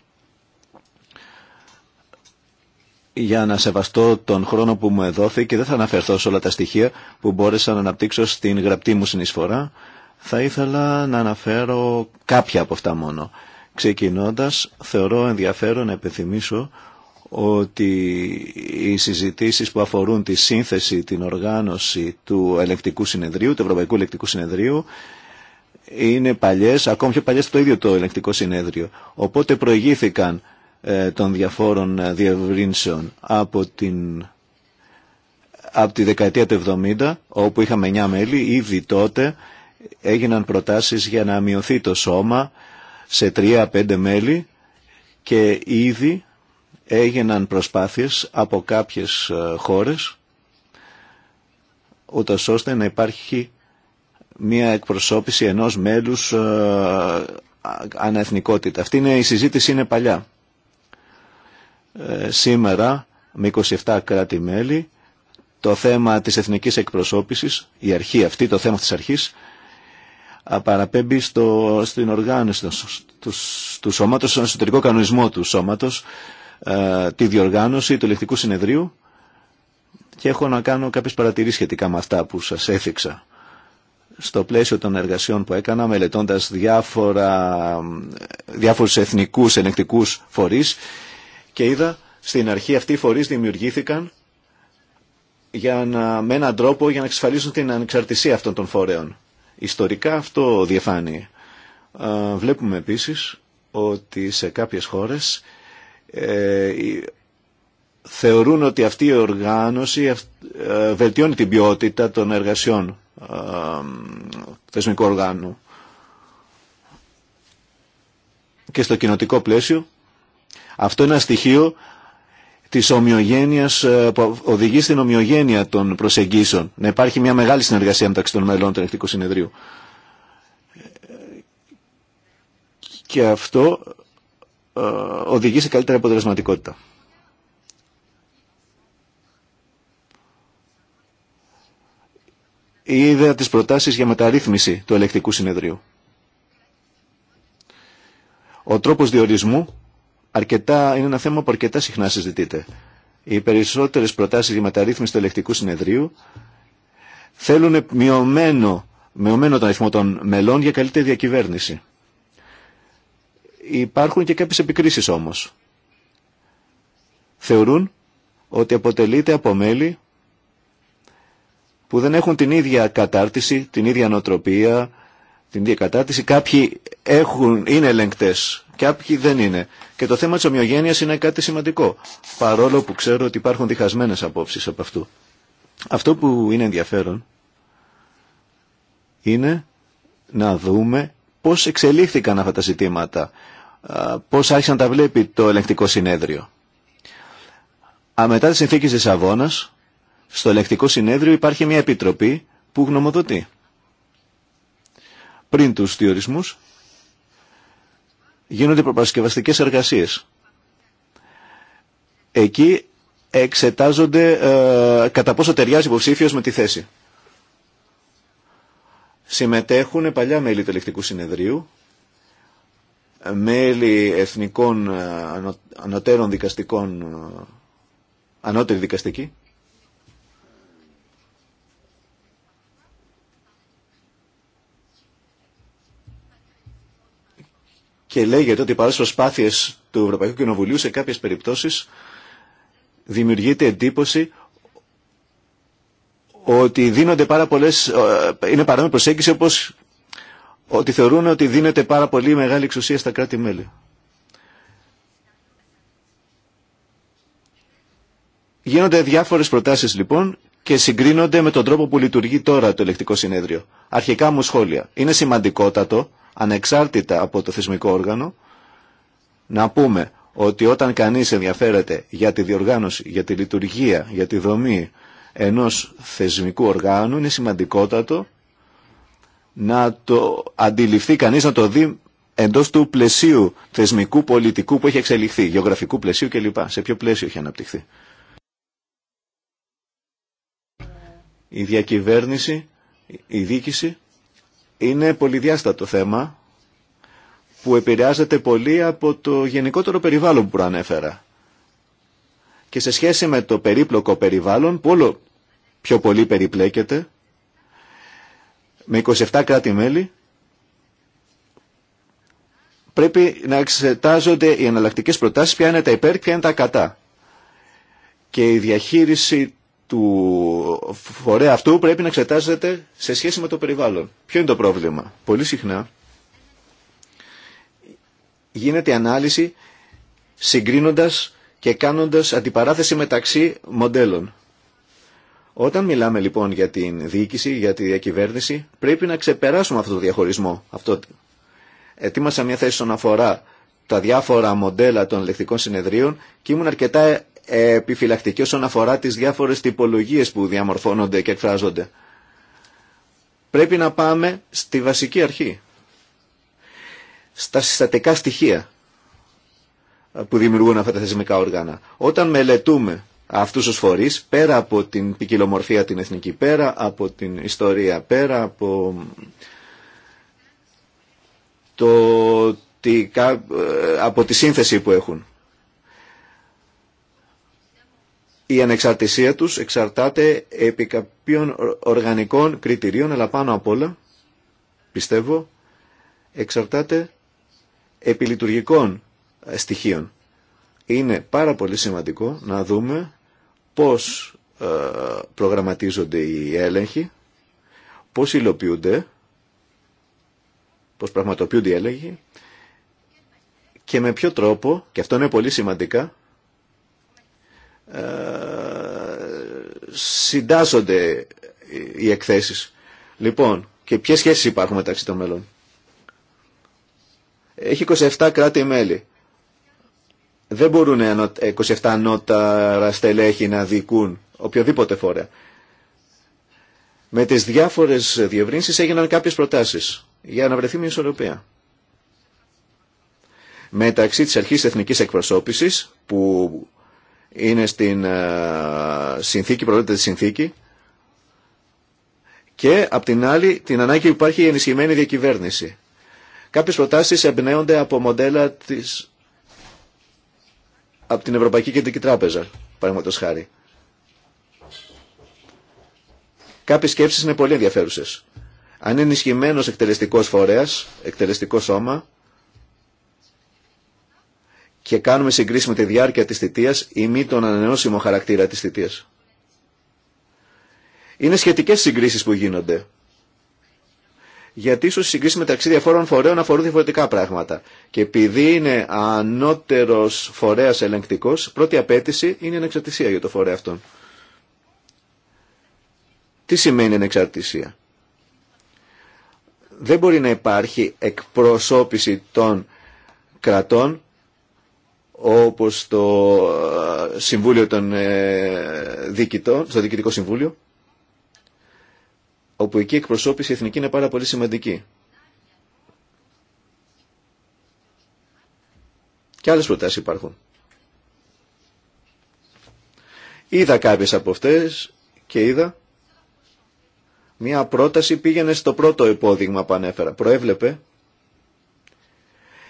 για να σεβαστώ τον χρόνο που μου εδόθη και δεν θα αναφερθώ σε όλα τα στοιχεία που μπόρεσα να αναπτύξω στην γραπτή μου συνεισφορά. Θα ήθελα να αναφέρω κάποια από αυτά μόνο. Ξεκινώντας, θεωρώ ενδιαφέρον να επιθυμίσω ότι οι συζητήσεις που αφορούν τη σύνθεση, την οργάνωση του ελεκτικού συνεδρίου, του Ευρωπαϊκού Ελεκτικού Συνεδρίου, είναι παλιές, ακόμη πιο παλιές το ίδιο το ελεκτικό συνέδριο. Οπότε προηγήθηκαν ε, των διαφόρων ε, διευρύνσεων από, την, από τη δεκαετία του 70, όπου είχαμε 9 μέλη, ήδη τότε έγιναν προτάσεις για να μειωθεί το σώμα σε 3-5 μέλη και ήδη έγιναν προσπάθειες από κάποιες ε, χώρες ούτως ώστε να υπάρχει μια εκπροσώπηση ενός μέλους ε, αναεθνικότητα. Αυτή είναι, η συζήτηση είναι παλιά. Ε, σήμερα με 27 κράτη-μέλη το θέμα της εθνικής εκπροσώπησης, η αρχή αυτή, το θέμα της αρχής, παραπέμπει στο, στην οργάνωση του, του σώματος, στον εσωτερικό κανονισμό του σώματος ε, τη διοργάνωση του ελεκτικού συνεδρίου και έχω να κάνω κάποιες παρατηρήσεις σχετικά με αυτά που σας έφυξα Στο πλαίσιο των εργασιών που έκανα, μελετώντας διάφορα, διάφορους εθνικούς ελεκτικούς φορείς και είδα στην αρχή αυτοί οι φορείς δημιουργήθηκαν για να, με έναν τρόπο για να εξασφαλίσουν την ανεξαρτησία αυτών των φορέων. Ιστορικά αυτό διαφάνει. Ε, βλέπουμε επίσης ότι σε κάποιες χώρες ε, θεωρούν ότι αυτή η οργάνωση ε, βελτιώνει την ποιότητα των εργασιών ε, θεσμικού οργάνου. Και στο κοινοτικό πλαίσιο αυτό είναι ένα στοιχείο της ομοιογένειας που οδηγεί στην ομοιογένεια των προσεγγίσεων. Να υπάρχει μια μεγάλη συνεργασία μεταξύ των μελών του Ελεκτικού Συνεδρίου. Και αυτό ε, οδηγεί σε καλύτερη αποτελεσματικότητα. Η ιδέα της προτάσεις για μεταρρύθμιση του ελεκτικού συνεδρίου. Ο τρόπος διορισμού αρκετά, είναι ένα θέμα που αρκετά συχνά συζητείται. Οι περισσότερες προτάσεις για μεταρρύθμιση του ελεκτικού συνεδρίου θέλουν μειωμένο, μειωμένο τον αριθμό των μελών για καλύτερη διακυβέρνηση. Υπάρχουν και κάποιες επικρίσεις όμως. Θεωρούν ότι αποτελείται από μέλη που δεν έχουν την ίδια κατάρτιση, την ίδια νοοτροπία, την ίδια κατάρτιση. Κάποιοι έχουν, είναι και κάποιοι δεν είναι. Και το θέμα της ομοιογένειας είναι κάτι σημαντικό, παρόλο που ξέρω ότι υπάρχουν διχασμένες απόψεις από αυτού. Αυτό που είναι ενδιαφέρον είναι να δούμε πώς εξελίχθηκαν αυτά τα ζητήματα πώς άρχισε να τα βλέπει το ελεκτικό συνέδριο. Αμετά μετά τις της Αβώνας, στο ελεκτικό συνέδριο υπάρχει μια επιτροπή που γνωμοδοτεί. Πριν τους διορισμούς γίνονται προπαρασκευαστικές εργασίες. Εκεί εξετάζονται ε, κατά πόσο ταιριάζει υποψήφιος με τη θέση. Συμμετέχουν παλιά μέλη του ελεκτικού συνεδρίου μέλη εθνικών ε, ανωτέρων δικαστικών, ε, ανώτερη δικαστική. Και λέγεται ότι παρά προσπάθειε του Ευρωπαϊκού Κοινοβουλίου σε κάποιες περιπτώσεις δημιουργείται εντύπωση ότι δίνονται πάρα πολλές, ε, είναι παρόμοια προσέγγιση όπως ότι θεωρούν ότι δίνεται πάρα πολύ μεγάλη εξουσία στα κράτη-μέλη. Γίνονται διάφορες προτάσεις λοιπόν και συγκρίνονται με τον τρόπο που λειτουργεί τώρα το ελεκτικό συνέδριο. Αρχικά μου σχόλια. Είναι σημαντικότατο, ανεξάρτητα από το θεσμικό όργανο, να πούμε ότι όταν κανείς ενδιαφέρεται για τη διοργάνωση, για τη λειτουργία, για τη δομή ενός θεσμικού οργάνου, είναι σημαντικότατο να το αντιληφθεί κανείς, να το δει εντός του πλαισίου θεσμικού, πολιτικού που έχει εξελιχθεί, γεωγραφικού πλαισίου κλπ. Σε ποιο πλαίσιο έχει αναπτυχθεί. Η διακυβέρνηση, η δίκηση είναι πολυδιάστατο θέμα που επηρεάζεται πολύ από το γενικότερο περιβάλλον που προανέφερα. Και σε σχέση με το περίπλοκο περιβάλλον που όλο πιο πολύ περιπλέκεται, με 27 κράτη-μέλη πρέπει να εξετάζονται οι εναλλακτικέ προτάσεις, ποια είναι τα υπέρ, ποια είναι τα κατά. Και η διαχείριση του φορέα αυτού πρέπει να εξετάζεται σε σχέση με το περιβάλλον. Ποιο είναι το πρόβλημα. Πολύ συχνά γίνεται η ανάλυση συγκρίνοντας και κάνοντας αντιπαράθεση μεταξύ μοντέλων. Όταν μιλάμε λοιπόν για την διοίκηση, για τη διακυβέρνηση, πρέπει να ξεπεράσουμε αυτό το διαχωρισμό. Αυτό. Ετοίμασα μια θέση στον αφορά τα διάφορα μοντέλα των ελεκτικών συνεδρίων και ήμουν αρκετά επιφυλακτική όσον αφορά τις διάφορες τυπολογίες που διαμορφώνονται και εκφράζονται. Πρέπει να πάμε στη βασική αρχή, στα συστατικά στοιχεία που δημιουργούν αυτά τα θεσμικά όργανα. Όταν μελετούμε αυτούς τους φορείς, πέρα από την ποικιλομορφία την εθνική, πέρα από την ιστορία, πέρα από το, τη, ε, από τη σύνθεση που έχουν. Η ανεξαρτησία τους εξαρτάται επί κάποιων οργανικών κριτηρίων, αλλά πάνω απ' όλα, πιστεύω, εξαρτάται επί στοιχείων. Είναι πάρα πολύ σημαντικό να δούμε πώς ε, προγραμματίζονται οι έλεγχοι, πώς υλοποιούνται, πώς πραγματοποιούνται οι έλεγχοι και με ποιο τρόπο, και αυτό είναι πολύ σημαντικά, ε, συντάσσονται οι εκθέσεις. Λοιπόν, και ποιες σχέσεις υπάρχουν μεταξύ των μέλων. Έχει 27 κράτη-μέλη δεν μπορούν 27 ανώταρα στελέχη να δικούν οποιοδήποτε φορέα. Με τις διάφορες διευρύνσεις έγιναν κάποιες προτάσεις για να βρεθεί μια ισορροπία. Μεταξύ της αρχής εθνικής εκπροσώπησης που είναι στην ε, συνθήκη, προβλέπεται τη συνθήκη και απ' την άλλη την ανάγκη που υπάρχει η ενισχυμένη διακυβέρνηση. Κάποιες προτάσεις εμπνέονται από μοντέλα της από την Ευρωπαϊκή Κεντρική Τράπεζα, παραδείγματο χάρη. Κάποιε σκέψει είναι πολύ ενδιαφέρουσε. Αν είναι ενισχυμένο εκτελεστικό φορέα, εκτελεστικό σώμα, και κάνουμε συγκρίση με τη διάρκεια της θητεία ή μη τον ανανεώσιμο χαρακτήρα της θητεία. Είναι σχετικέ συγκρίσει που γίνονται γιατί ίσω οι συγκρίσει μεταξύ διαφόρων φορέων αφορούν διαφορετικά πράγματα. Και επειδή είναι ανώτερο φορέα ελεγκτικό, πρώτη απέτηση είναι η ανεξαρτησία για το φορέα αυτόν. Τι σημαίνει ανεξαρτησία. Δεν μπορεί να υπάρχει εκπροσώπηση των κρατών όπως το ε, Συμβούλιο των ε, δικητών, στο Διοικητικό Συμβούλιο όπου εκεί η εκπροσώπηση εθνική είναι πάρα πολύ σημαντική. Και άλλες προτάσεις υπάρχουν. Είδα κάποιες από αυτές και είδα μια πρόταση πήγαινε στο πρώτο υπόδειγμα που ανέφερα. Προέβλεπε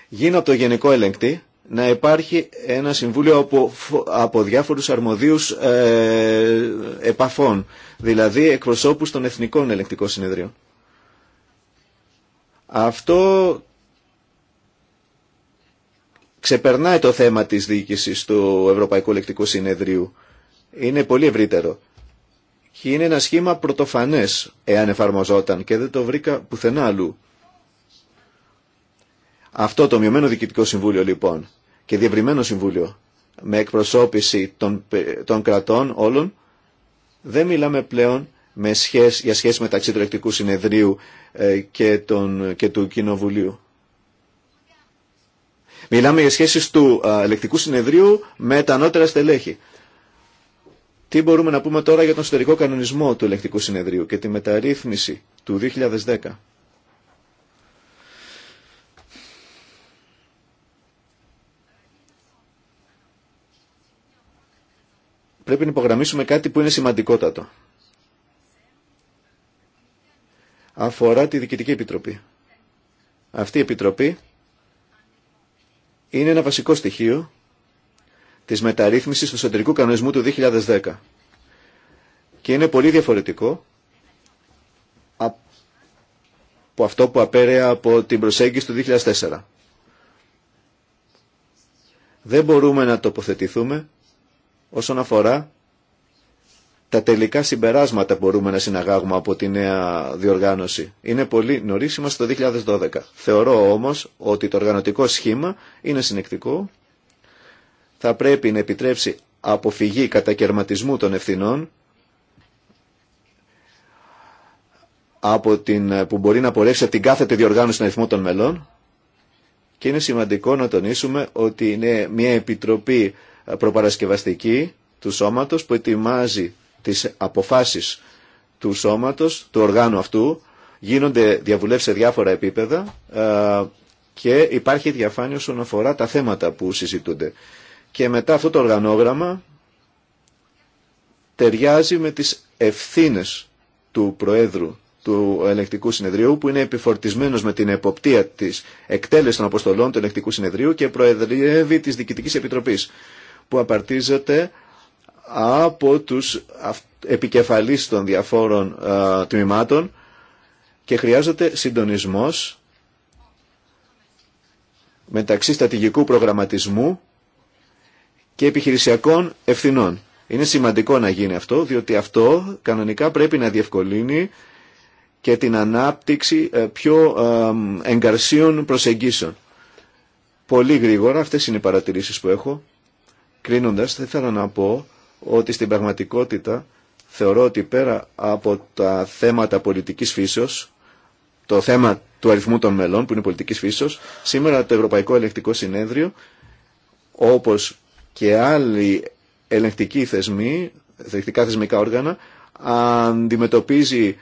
γίνω από το γενικό ελεγκτή να υπάρχει ένα συμβούλιο από, από διάφορους αρμοδίους ε, επαφών, δηλαδή εκπροσώπους των Εθνικών Ελεκτικών Συνεδρίων. Αυτό ξεπερνάει το θέμα της διοίκησης του Ευρωπαϊκού Ελεκτικού Συνεδρίου. Είναι πολύ ευρύτερο. Και είναι ένα σχήμα πρωτοφανές εάν εφαρμοζόταν και δεν το βρήκα πουθενά αλλού. Αυτό το μειωμένο διοικητικό συμβούλιο λοιπόν και διευρυμένο συμβούλιο με εκπροσώπηση των, κρατών όλων δεν μιλάμε πλέον με σχέση, για σχέση μεταξύ του Ελεκτικού Συνεδρίου ε, και, τον, και του Κοινοβουλίου. Μιλάμε για σχέσεις του Ελεκτικού Συνεδρίου με τα ανώτερα στελέχη. Τι μπορούμε να πούμε τώρα για τον εσωτερικό κανονισμό του Ελεκτικού Συνεδρίου και τη μεταρρύθμιση του 2010. πρέπει να υπογραμμίσουμε κάτι που είναι σημαντικότατο. Αφορά τη Διοικητική Επιτροπή. Αυτή η Επιτροπή είναι ένα βασικό στοιχείο της μεταρρύθμισης του εσωτερικού κανονισμού του 2010 και είναι πολύ διαφορετικό από αυτό που απέρεα από την προσέγγιση του 2004. Δεν μπορούμε να τοποθετηθούμε όσον αφορά τα τελικά συμπεράσματα που μπορούμε να συναγάγουμε από τη νέα διοργάνωση. Είναι πολύ νωρίς, στο το 2012. Θεωρώ όμως ότι το οργανωτικό σχήμα είναι συνεκτικό, θα πρέπει να επιτρέψει αποφυγή κατακαιρματισμού των ευθυνών από την, που μπορεί να πορεύσει από την κάθετη διοργάνωση των αριθμών των μελών και είναι σημαντικό να τονίσουμε ότι είναι μια επιτροπή προπαρασκευαστική του σώματος που ετοιμάζει τις αποφάσεις του σώματος, του οργάνου αυτού, γίνονται διαβουλεύσεις σε διάφορα επίπεδα ε, και υπάρχει διαφάνεια όσον αφορά τα θέματα που συζητούνται. Και μετά αυτό το οργανόγραμμα ταιριάζει με τις ευθύνες του Προέδρου του Ελεκτικού Συνεδρίου που είναι επιφορτισμένος με την εποπτεία της εκτέλεσης των αποστολών του Ελεκτικού Συνεδρίου και προεδρεύει της Διοικητικής Επιτροπής που απαρτίζεται από τους επικεφαλείς των διαφόρων τμήματων και χρειάζεται συντονισμός μεταξύ στατηγικού προγραμματισμού και επιχειρησιακών ευθυνών. Είναι σημαντικό να γίνει αυτό, διότι αυτό κανονικά πρέπει να διευκολύνει και την ανάπτυξη ε, πιο ε, εγκαρσίων προσεγγίσεων. Πολύ γρήγορα, αυτές είναι οι παρατηρήσεις που έχω. Κλείνοντας, θα ήθελα να πω ότι στην πραγματικότητα θεωρώ ότι πέρα από τα θέματα πολιτικής φύσεως, το θέμα του αριθμού των μελών που είναι πολιτικής φύσεως, σήμερα το Ευρωπαϊκό Ελεκτικό Συνέδριο, όπως και άλλοι ελεκτικοί θεσμοί, ελεκτικά θεσμικά όργανα, αντιμετωπίζει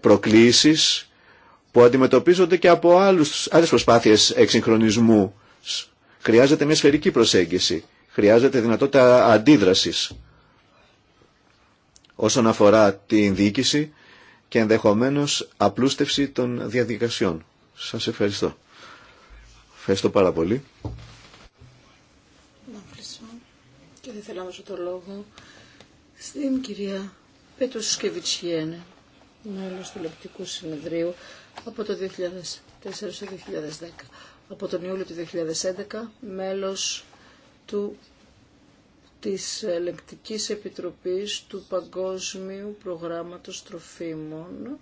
προκλήσεις που αντιμετωπίζονται και από άλλους, άλλες προσπάθειες εξυγχρονισμού Χρειάζεται μια σφαιρική προσέγγιση. Χρειάζεται δυνατότητα αντίδρασης όσον αφορά την διοίκηση και ενδεχομένως απλούστευση των διαδικασιών. Σας ευχαριστώ. Ευχαριστώ πάρα πολύ. Να και δεν θέλαμε να δώσω το λόγο στην κυρία Πέτρο Σκεβιτσιένε, μέλος του Λεπτικού Συνεδρίου από το 2004 στο 2010 από τον Ιούλιο του 2011 μέλος του, της Ελεκτικής Επιτροπής του Παγκόσμιου Προγράμματος Τροφίμων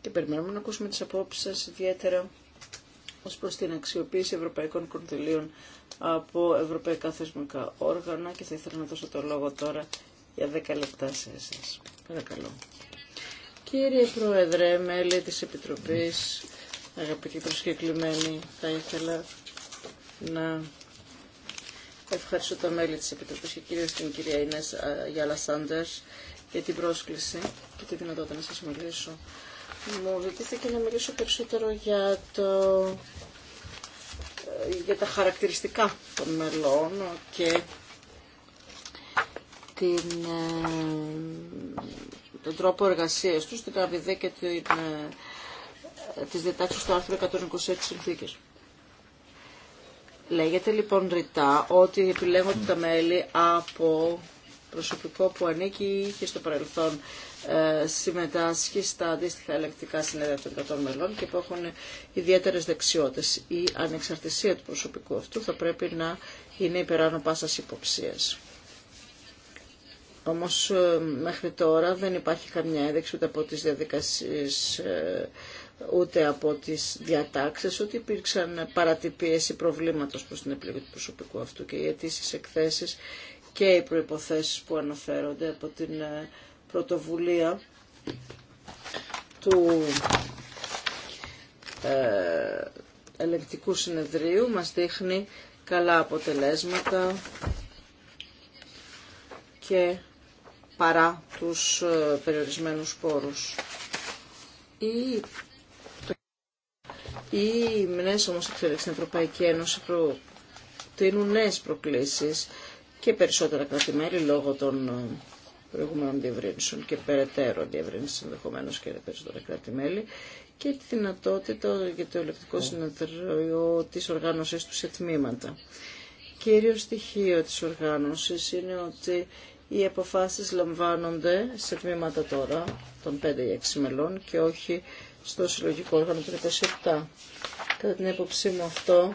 και περιμένουμε να ακούσουμε τις απόψεις σας ιδιαίτερα ως προς την αξιοποίηση ευρωπαϊκών κονδυλίων από ευρωπαϊκά θεσμικά όργανα και θα ήθελα να δώσω το λόγο τώρα για 10 λεπτά σε εσάς. Παρακαλώ. Κύριε Πρόεδρε, μέλη της Επιτροπής, Αγαπητοί προσκεκλημένοι, θα ήθελα να ευχαριστώ τα μέλη της Επιτροπής και κυρίως την κυρία Ινές ε, Γιάλα Σάντερς για την πρόσκληση και τη δυνατότητα να σας μιλήσω. Μου ζητήθηκε να μιλήσω περισσότερο για, το, ε, τα χαρακτηριστικά των μελών και ε, τον τρόπο εργασίας τους, την καβιδέ και την τις διατάξεις του άρθρου 126 συνθήκες. Λέγεται λοιπόν ρητά ότι επιλέγονται τα μέλη από προσωπικό που ανήκει είχε στο παρελθόν ε, συμμετάσχει στα αντίστοιχα ελεκτικά συνέδρια των κρατών μελών και που έχουν ιδιαίτερες δεξιότητες. Η ανεξαρτησία του προσωπικού αυτού θα πρέπει να είναι υπεράνω πάσας υποψίας. Όμως ε, μέχρι τώρα δεν υπάρχει καμιά ένδειξη από τις διαδικασίες ε, ούτε από τις διατάξεις, ότι υπήρξαν παρατυπίες ή προβλήματος προς την επιλογή του προσωπικού αυτού και οι αιτήσει εκθέσεις και οι προϋποθέσεις που αναφέρονται από την ε, πρωτοβουλία του ε, ελεγκτικού συνεδρίου μας δείχνει καλά αποτελέσματα και παρά τους ε, περιορισμένους πόρους. Η οι νέες όμως εξέλιξεις στην Ευρωπαϊκή Ένωση προτείνουν νέες προκλήσεις και περισσότερα κράτη-μέλη λόγω των ε, προηγούμενων διευρύνσεων και περαιτέρω διευρύνσεων ενδεχομένω και περισσότερα και τη δυνατότητα για το ελεκτικό συνεδριό της οργάνωσης του σε τμήματα. Κύριο στοιχείο της οργάνωσης είναι ότι οι αποφάσεις λαμβάνονται σε τμήματα τώρα των 5 ή 6 μελών και όχι στο συλλογικό όργανο του 27. Κατά την έποψή μου αυτό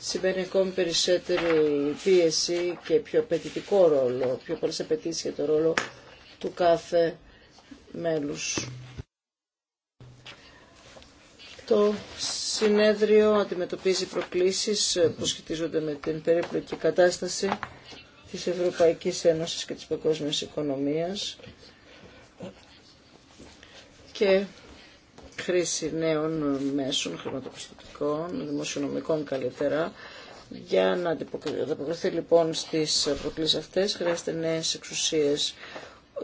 συμβαίνει ακόμη περισσότερη πίεση και πιο απαιτητικό ρόλο, πιο πολλέ απαιτήσει για το ρόλο του κάθε μέλους. Το συνέδριο αντιμετωπίζει προκλήσεις που σχετίζονται με την περίπλοκη κατάσταση της Ευρωπαϊκής Ένωσης και της παγκόσμιας οικονομίας και χρήση νέων μέσων χρηματοπιστωτικών, δημοσιονομικών καλύτερα. Για να ανταποκριθεί λοιπόν στις προκλήσεις αυτές χρειάζεται νέε εξουσίες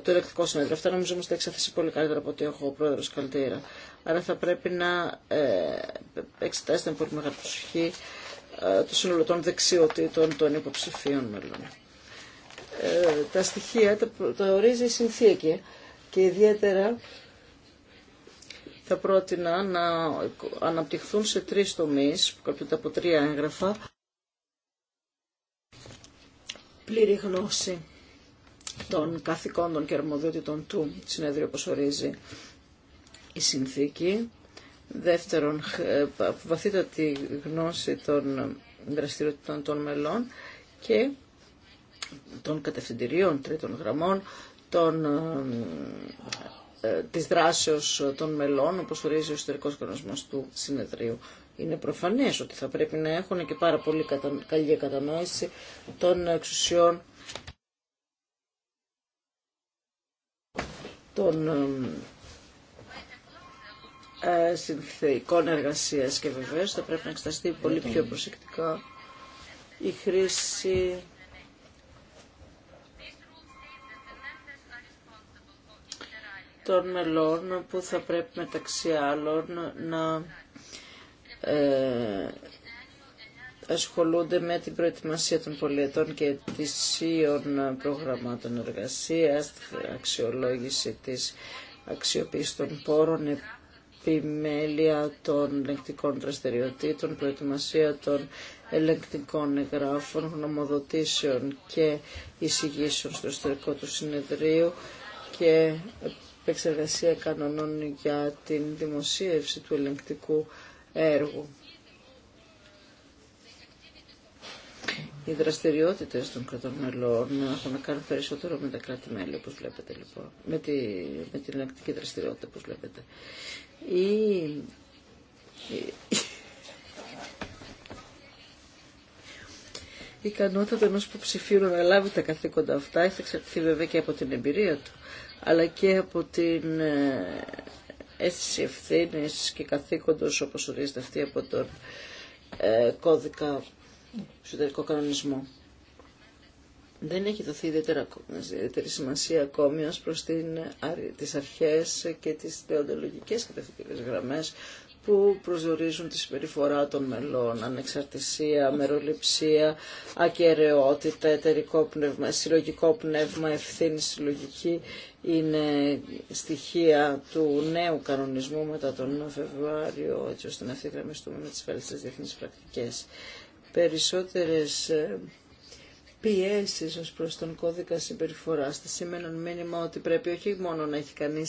το ελεκτικό συνέδριο. Αυτά νομίζω ότι τα πολύ καλύτερα από ό,τι έχω ο πρόεδρος Καλτήρα. Άρα θα πρέπει να ε, εξετάσετε με πολύ μεγάλη προσοχή ε, το σύνολο των δεξιοτήτων των υποψηφίων μελών. Ε, τα στοιχεία τα, τα ορίζει η συνθήκη και ιδιαίτερα θα πρότεινα να αναπτυχθούν σε τρεις τομείς, που κάποιο από τρία έγγραφα, πλήρη γνώση των καθηκόντων και αρμοδιότητων του συνέδριου, όπως ορίζει η συνθήκη. Δεύτερον, ε, βαθύτατη γνώση των δραστηριοτήτων των μελών και των κατευθυντηρίων τρίτων γραμμών, των ε, ε, της δράσεως των μελών, όπως ορίζει ο ιστορικός κανονισμός του συνεδρίου. Είναι προφανές ότι θα πρέπει να έχουν και πάρα πολύ καλή κατανόηση των εξουσιών των ε, ε, συνθηκών εργασίας και βεβαίως θα πρέπει να εξεταστεί πολύ πιο προσεκτικά η χρήση των μελών που θα πρέπει μεταξύ άλλων να ε, ασχολούνται με την προετοιμασία των πολιτών και ετησίων προγραμμάτων εργασίας, αξιολόγηση της αξιοποίηση των πόρων, επιμέλεια των ελεγκτικών δραστηριοτήτων, προετοιμασία των ελεγκτικών εγγράφων, γνωμοδοτήσεων και εισηγήσεων στο ιστορικό του συνεδρίου και επεξεργασία κανονών για την δημοσίευση του ελεγκτικού έργου. Οι δραστηριότητε των κρατών μελών έχουν να κάνουν περισσότερο με τα κράτη-μέλη, όπω βλέπετε λοιπόν, με, τη, με την ελεγκτική δραστηριότητα, όπω βλέπετε. Η, η, η ικανότητα ενό υποψηφίου να λάβει τα καθήκοντα αυτά θα εξαρτηθεί βέβαια και από την εμπειρία του αλλά και από την ε, αίσθηση ευθύνη και καθήκοντος όπως ορίζεται αυτή από τον ε, κώδικα εσωτερικό κανονισμό. Δεν έχει δοθεί ιδιαίτερη σημασία ακόμη ως προς την, ε, τις αρχές και τις θεοντολογικές κατευθυντικές γραμμές που προσδιορίζουν τη συμπεριφορά των μελών, ανεξαρτησία, μεροληψία, ακαιρεότητα, εταιρικό πνεύμα, συλλογικό πνεύμα, ευθύνη συλλογική είναι στοιχεία του νέου κανονισμού μετά τον Φεβρουάριο, έτσι ώστε να ευθυγραμμιστούμε με τις της διεθνείς πρακτικές. Περισσότερες ε, πιέσει ω προ τον κώδικα συμπεριφορά. Θα σήμαιναν μήνυμα ότι πρέπει όχι μόνο να έχει κανεί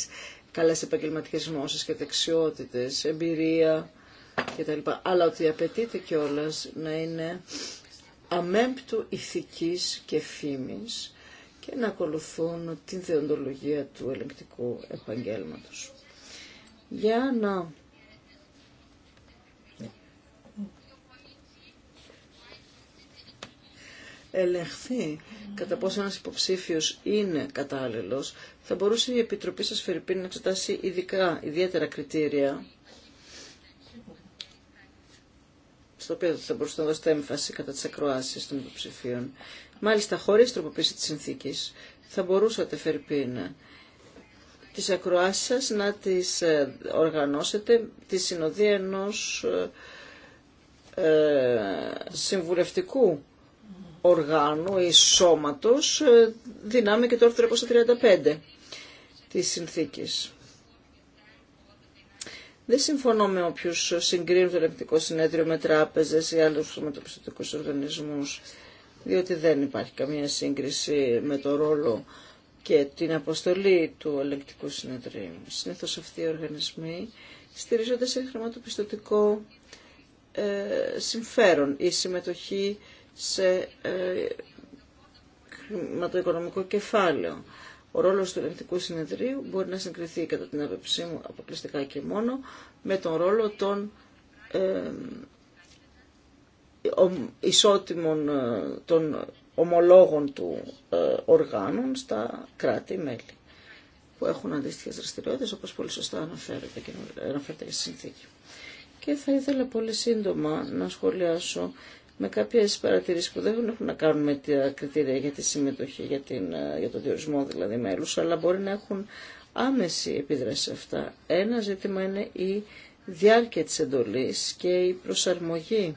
καλές επαγγελματικές γνώσεις και δεξιότητε, εμπειρία κτλ. Αλλά ότι απαιτείται κιόλα να είναι αμέμπτου ηθικής και φήμης και να ακολουθούν την δεοντολογία του ελεγκτικού επαγγέλματος. Για να ελεγχθεί κατά πόσο ένας υποψήφιος είναι κατάλληλος, θα μπορούσε η Επιτροπή σας Φερρυπίν να εξετάσει ειδικά, ιδιαίτερα κριτήρια, στο οποίο θα μπορούσε να δώσετε έμφαση κατά τις ακροάσεις των υποψηφίων. Μάλιστα, χωρίς τροποποίηση της συνθήκης, θα μπορούσατε, Φερρυπίν, τις ακροάσεις σας να τις ε, οργανώσετε τη συνοδεία ενός ε, ε συμβουλευτικού οργάνου ή σώματος ε, δυνάμει και το άρθρο 335 της συνθήκης. Δεν συμφωνώ με όποιους συγκρίνουν το ελεγκτικό συνέδριο με τράπεζες ή άλλου χρηματοπιστωτικού οργανισμού, διότι δεν υπάρχει καμία σύγκριση με το ρόλο και την αποστολή του ελεγκτικού συνεδρίου. Συνήθω, αυτοί οι οργανισμοί στηρίζονται σε χρηματοπιστωτικό ε, συμφέρον. Η συμμετοχή σε ε, χρηματοοικονομικό κεφάλαιο. Ο ρόλος του ελεγκτικού συνεδρίου μπορεί να συγκριθεί κατά την άποψή μου αποκλειστικά και μόνο με τον ρόλο των ε, ισότιμων ε, των ομολόγων του ε, οργάνων στα κράτη-μέλη που έχουν αντίστοιχε δραστηριότητε, όπως πολύ σωστά αναφέρεται και αναφέρεται και στη συνθήκη. Και θα ήθελα πολύ σύντομα να σχολιάσω με κάποιες παρατηρήσεις που δεν έχουν να κάνουν με τα κριτήρια για τη συμμετοχή, για, την, ε, για το διορισμό δηλαδή μέλους, αλλά μπορεί να έχουν άμεση επίδραση σε αυτά. Ένα ζήτημα είναι η διάρκεια της εντολής και η προσαρμογή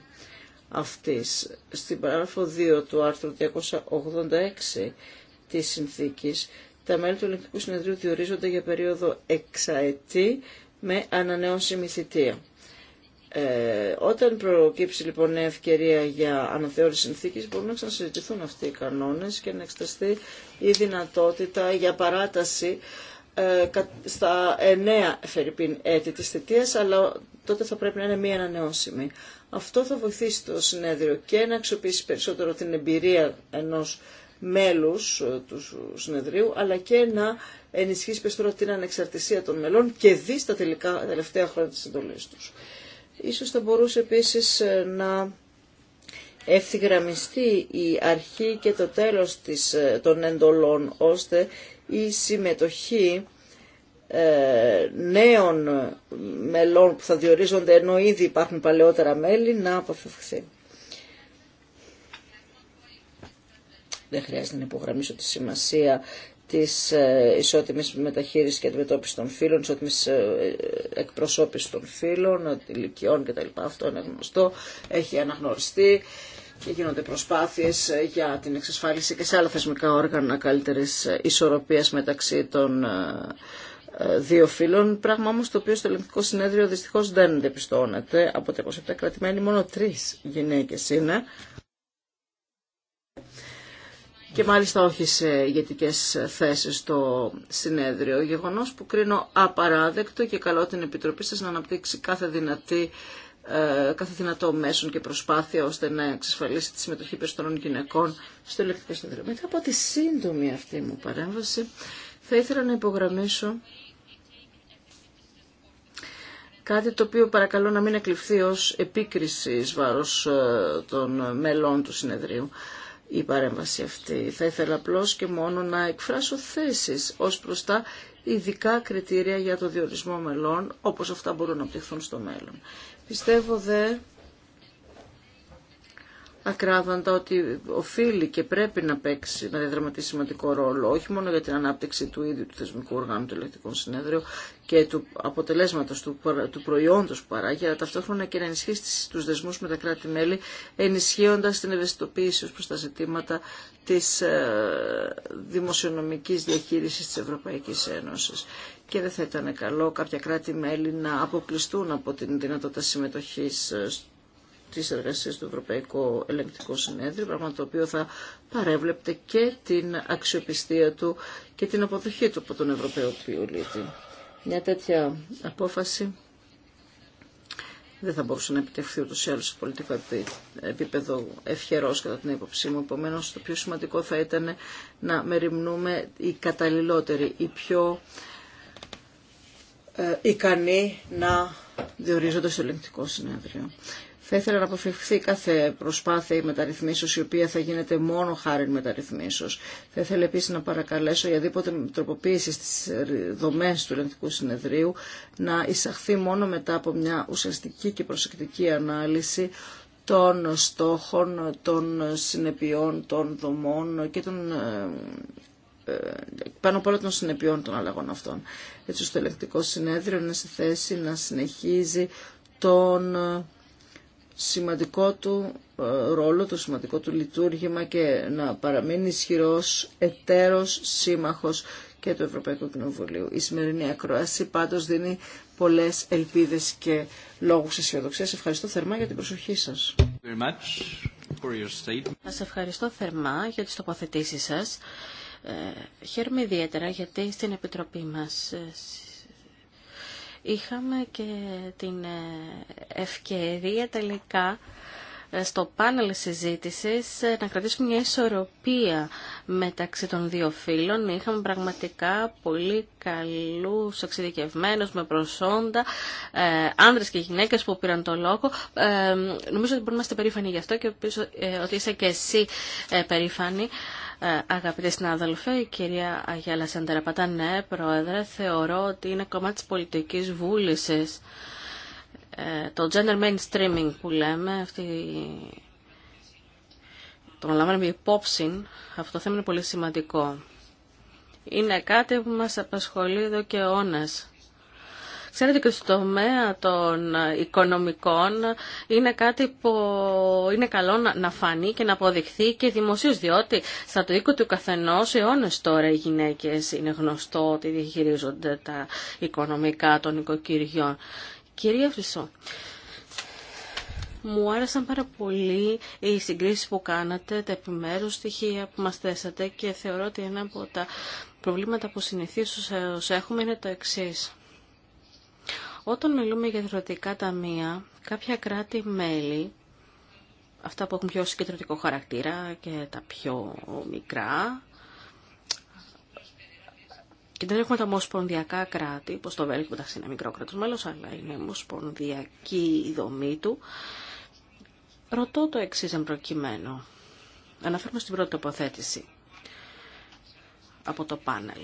αυτής. Στην παράγραφο 2 του άρθρου 286 της συνθήκης, τα μέλη του Ελληνικού Συνεδρίου διορίζονται για περίοδο εξαετή με ανανεώσιμη θητεία. Ε, όταν προκύψει λοιπόν νέα ευκαιρία για αναθεώρηση συνθήκη, μπορούν να ξανασυζητηθούν αυτοί οι κανόνε και να εξεταστεί η δυνατότητα για παράταση ε, στα εννέα φερρυπίν έτη τη θητεία, αλλά τότε θα πρέπει να είναι μία ανανεώσιμη. Αυτό θα βοηθήσει το συνέδριο και να αξιοποιήσει περισσότερο την εμπειρία ενός μέλους ε, του συνεδρίου, αλλά και να ενισχύσει περισσότερο την ανεξαρτησία των μελών και δει στα τελικά, τελευταία χρόνια τη εντολή του. Ίσως θα μπορούσε επίσης ε, να ευθυγραμμιστεί η αρχή και το τέλος της, ε, των εντολών, ώστε η συμμετοχή ε, νέων μελών που θα διορίζονται ενώ ήδη υπάρχουν παλαιότερα μέλη να αποφευχθεί. Δεν χρειάζεται να υπογραμμίσω τη σημασία της ε, ισότιμης μεταχείρισης και αντιμετώπιση των φύλων, ισότιμης ε, εκπροσώπησης των φύλων, ηλικιών κτλ. Αυτό είναι γνωστό, έχει αναγνωριστεί και γίνονται προσπάθειες ε, για την εξασφάλιση και σε άλλα θεσμικά όργανα καλύτερης ισορροπίας μεταξύ των δύο φύλων, πράγμα όμως το οποίο στο Ελληνικό Συνέδριο δυστυχώς δεν διαπιστώνεται. Από τα 27 κρατημένοι μόνο τρεις γυναίκες είναι και μάλιστα όχι σε ηγετικέ θέσεις στο συνέδριο. Γεγονός που κρίνω απαράδεκτο και καλώ την Επιτροπή σας να αναπτύξει κάθε δυνατή ε, κάθε δυνατό μέσον και προσπάθεια ώστε να εξασφαλίσει τη συμμετοχή περισσότερων γυναικών στο ηλεκτρικό συνέδριο. Μετά από τη σύντομη αυτή μου παρέμβαση θα ήθελα να υπογραμμίσω κάτι το οποίο παρακαλώ να μην εκλειφθεί ως επίκριση εις βάρος ε, των μελών του συνεδρίου η παρέμβαση αυτή. Θα ήθελα απλώ και μόνο να εκφράσω θέσεις ως προς τα ειδικά κριτήρια για το διορισμό μελών, όπως αυτά μπορούν να πτυχθούν στο μέλλον. Πιστεύω δε ακράδαντα ότι οφείλει και πρέπει να παίξει, να διαδραματίσει σημαντικό ρόλο, όχι μόνο για την ανάπτυξη του ίδιου του θεσμικού οργάνου του ελεκτικού συνέδριου και του αποτελέσματο του, του προϊόντος που παράγει, αλλά ταυτόχρονα και να ενισχύσει του δεσμού με τα κράτη-μέλη, ενισχύοντα την ευαισθητοποίηση ω προ τα ζητήματα της ε, δημοσιονομική διαχείριση τη Ευρωπαϊκή Ένωση. Και δεν θα ήταν καλό κάποια κράτη-μέλη να αποκλειστούν από την δυνατότητα συμμετοχή. Ε, της εργασίας του Ευρωπαϊκού Ελεγκτικού Συνέδριου, πράγμα το οποίο θα παρέβλεπτε και την αξιοπιστία του και την αποδοχή του από τον Ευρωπαίο πολίτη. Μια τέτοια απόφαση δεν θα μπορούσε να επιτευχθεί ούτως ή άλλως σε πολιτικό επίπεδο ευχερός κατά την έποψή μου. επομένως το πιο σημαντικό θα ήταν να μεριμνούμε οι καταλληλότεροι, οι πιο ε, ικανοί να διορίζονται στο ελεγκτικό συνέδριο. Θα ήθελα να αποφευχθεί κάθε προσπάθεια μεταρρυθμίσεως η οποία θα γίνεται μόνο χάρη μεταρρυθμίσεως. Θα ήθελα επίσης να παρακαλέσω για δίποτε τροποποίηση στις δομές του Ελληνικού συνεδρίου να εισαχθεί μόνο μετά από μια ουσιαστική και προσεκτική ανάλυση των στόχων, των συνεπειών, των δομών και των ε, ε, πάνω απ' όλα των συνεπειών των αλλαγών αυτών. Έτσι ώστε το ελεκτικό συνέδριο είναι σε θέση να συνεχίζει τον ε, σημαντικό του ε, ρόλο, το σημαντικό του λειτουργήμα και να παραμείνει ισχυρός εταίρος, σύμμαχος και του Ευρωπαϊκού Κοινοβουλίου. Η σημερινή ακροάση πάντως δίνει πολλές ελπίδες και λόγους αισιοδοξίας. Ευχαριστώ θερμά για την προσοχή σας. Σας ευχαριστώ θερμά για τις τοποθετήσεις σας. Ε, χαίρομαι ιδιαίτερα γιατί στην Επιτροπή μας ε, είχαμε και την ε, ευκαιρία τελικά ε, στο πάνελ συζήτησης ε, να κρατήσουμε μια ισορροπία μεταξύ των δύο φίλων. Είχαμε πραγματικά πολύ καλούς εξειδικευμένους με προσόντα, άνδρες και γυναίκες που πήραν το λόγο. νομίζω ότι μπορούμε να είστε περήφανοι γι' αυτό και ότι είσαι και εσύ περήφανη. Ε, αγαπητοί συνάδελφοι, η κυρία Αγιάλα Σαντεραπατά, ναι, πρόεδρε, θεωρώ ότι είναι κομμάτι της πολιτικής βούλησης. Ε, το gender mainstreaming που λέμε, αυτή, το λαμβάνουμε υπόψη, αυτό το θέμα είναι πολύ σημαντικό. Είναι κάτι που μας απασχολεί εδώ και αιώνας. Ξέρετε και στο τομέα των οικονομικών είναι κάτι που είναι καλό να φανεί και να αποδειχθεί και δημοσίω, διότι στα το οίκο του καθενό αιώνε τώρα οι γυναίκε είναι γνωστό ότι διαχειρίζονται τα οικονομικά των οικοκυριών. Κυρία Φρυσό, μου άρεσαν πάρα πολύ οι συγκρίσεις που κάνατε, τα επιμέρους στοιχεία που μας θέσατε και θεωρώ ότι ένα από τα προβλήματα που συνηθίσως ε, έχουμε είναι το εξής. Όταν μιλούμε για τα ταμεια ταμεία, κάποια κράτη-μέλη, αυτά που έχουν πιο συγκεντρωτικό χαρακτήρα και τα πιο μικρά, και δεν έχουμε τα ομοσπονδιακά κράτη, όπως το Βέλγιο, που είναι μικρό κράτος μέλος, αλλά είναι ομοσπονδιακή η δομή του. Ρωτώ το εξή εν Αναφέρουμε στην πρώτη τοποθέτηση από το πάνελ.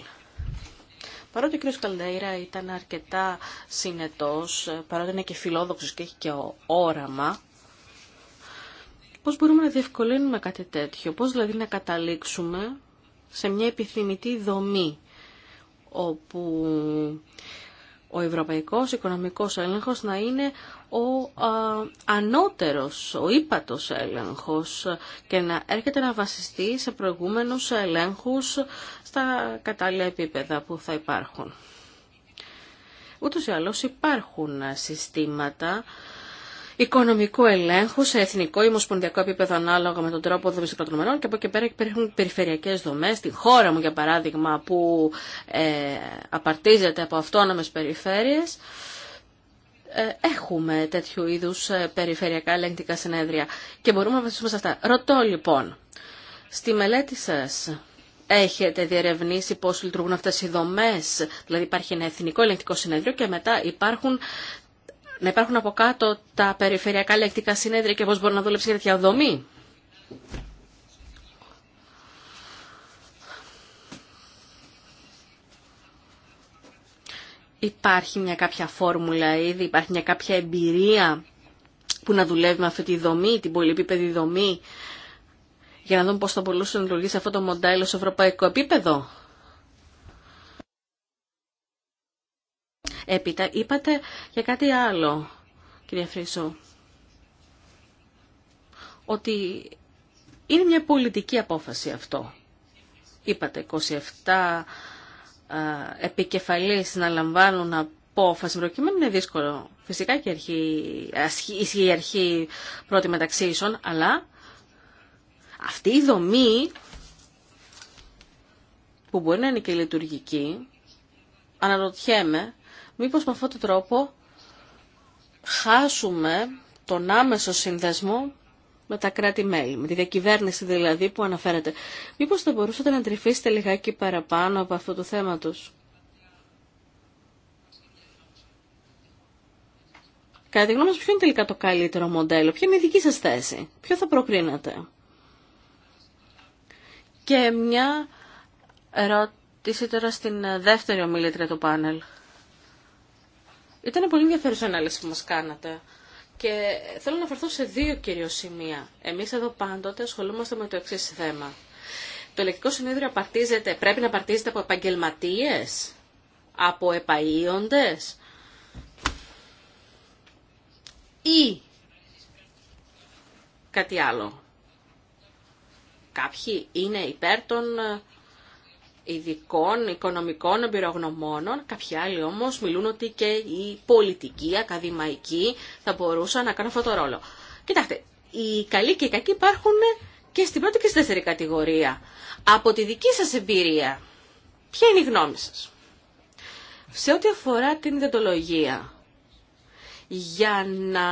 Παρότι ο κ. Καλδέιρα ήταν αρκετά συνετός, ε, παρότι είναι και φιλόδοξος και έχει και όραμα, πώς μπορούμε να διευκολύνουμε κάτι τέτοιο, πώς δηλαδή να καταλήξουμε σε μια επιθυμητή δομή, όπου ο ευρωπαϊκός οικονομικός έλεγχος να είναι ο α, ανώτερος, ο ύπατος έλεγχος και να έρχεται να βασιστεί σε προηγούμενους ελέγχους στα κατάλληλα επίπεδα που θα υπάρχουν. Ούτως ή άλλως υπάρχουν συστήματα οικονομικού ελέγχου σε εθνικό ή μοσπονδιακό επίπεδο ανάλογα με τον τρόπο δομή των κρατουμενών και από εκεί πέρα υπάρχουν περιφερειακέ δομέ. στην χώρα μου, για παράδειγμα, που ε, απαρτίζεται από αυτόνομε περιφέρειε, ε, έχουμε τέτοιου είδου ε, περιφερειακά ελεγκτικά συνέδρια και μπορούμε να βασίσουμε σε αυτά. Ρωτώ λοιπόν, στη μελέτη σα. Έχετε διερευνήσει πώς λειτουργούν αυτές οι δομές, δηλαδή υπάρχει ένα εθνικό ελεγκτικό συνέδριο και μετά υπάρχουν να υπάρχουν από κάτω τα περιφερειακά λεκτικά συνέδρια και πώς μπορεί να δουλέψει για τέτοια δομή. Υπάρχει μια κάποια φόρμουλα ήδη, υπάρχει μια κάποια εμπειρία που να δουλεύει με αυτή τη δομή, την πολυεπίπεδη δομή, για να δούμε πώς θα μπορούσε να λειτουργήσει αυτό το μοντέλο σε ευρωπαϊκό επίπεδο. Έπειτα είπατε για κάτι άλλο, κυρία Φρύσο, ότι είναι μια πολιτική απόφαση αυτό. Είπατε 27 επικεφαλής να λαμβάνουν απόφαση. Προκειμένου είναι δύσκολο. Φυσικά και ισχύει η αρχή πρώτη μεταξύ ίσων, αλλά αυτή η δομή που μπορεί να είναι και λειτουργική, αναρωτιέμαι μήπως με αυτόν τον τρόπο χάσουμε τον άμεσο συνδεσμό με τα κράτη-μέλη, με τη διακυβέρνηση δηλαδή που αναφέρατε. Μήπως θα μπορούσατε να τρυφήσετε λιγάκι παραπάνω από αυτό το θέμα τους. Κατά τη γνώμη ποιο είναι τελικά το καλύτερο μοντέλο, ποια είναι η δική σας θέση, ποιο θα προκρίνατε. Και μια ερώτηση τώρα στην δεύτερη ομιλήτρια του πάνελ. Ήταν πολύ ενδιαφέρουσα ανάλυση που μας κάνατε. Και θέλω να αφαιρθώ σε δύο κυρίω σημεία. Εμείς εδώ πάντοτε ασχολούμαστε με το εξή θέμα. Το ελεκτικό συνέδριο απαρτίζεται, πρέπει να απαρτίζεται από επαγγελματίε, από επαΐοντες ή κάτι άλλο. Κάποιοι είναι υπέρ των ε, ειδικών, οικονομικών εμπειρογνωμόνων. Κάποιοι άλλοι όμως μιλούν ότι και οι πολιτικοί, ακαδημαϊκοί θα μπορούσαν να κάνουν αυτό το ρόλο. Κοιτάξτε, οι καλοί και οι κακοί υπάρχουν και στην πρώτη και στη δεύτερη κατηγορία. Από τη δική σας εμπειρία, ποια είναι η γνώμη σας. Σε ό,τι αφορά την ιδεοντολογία, για να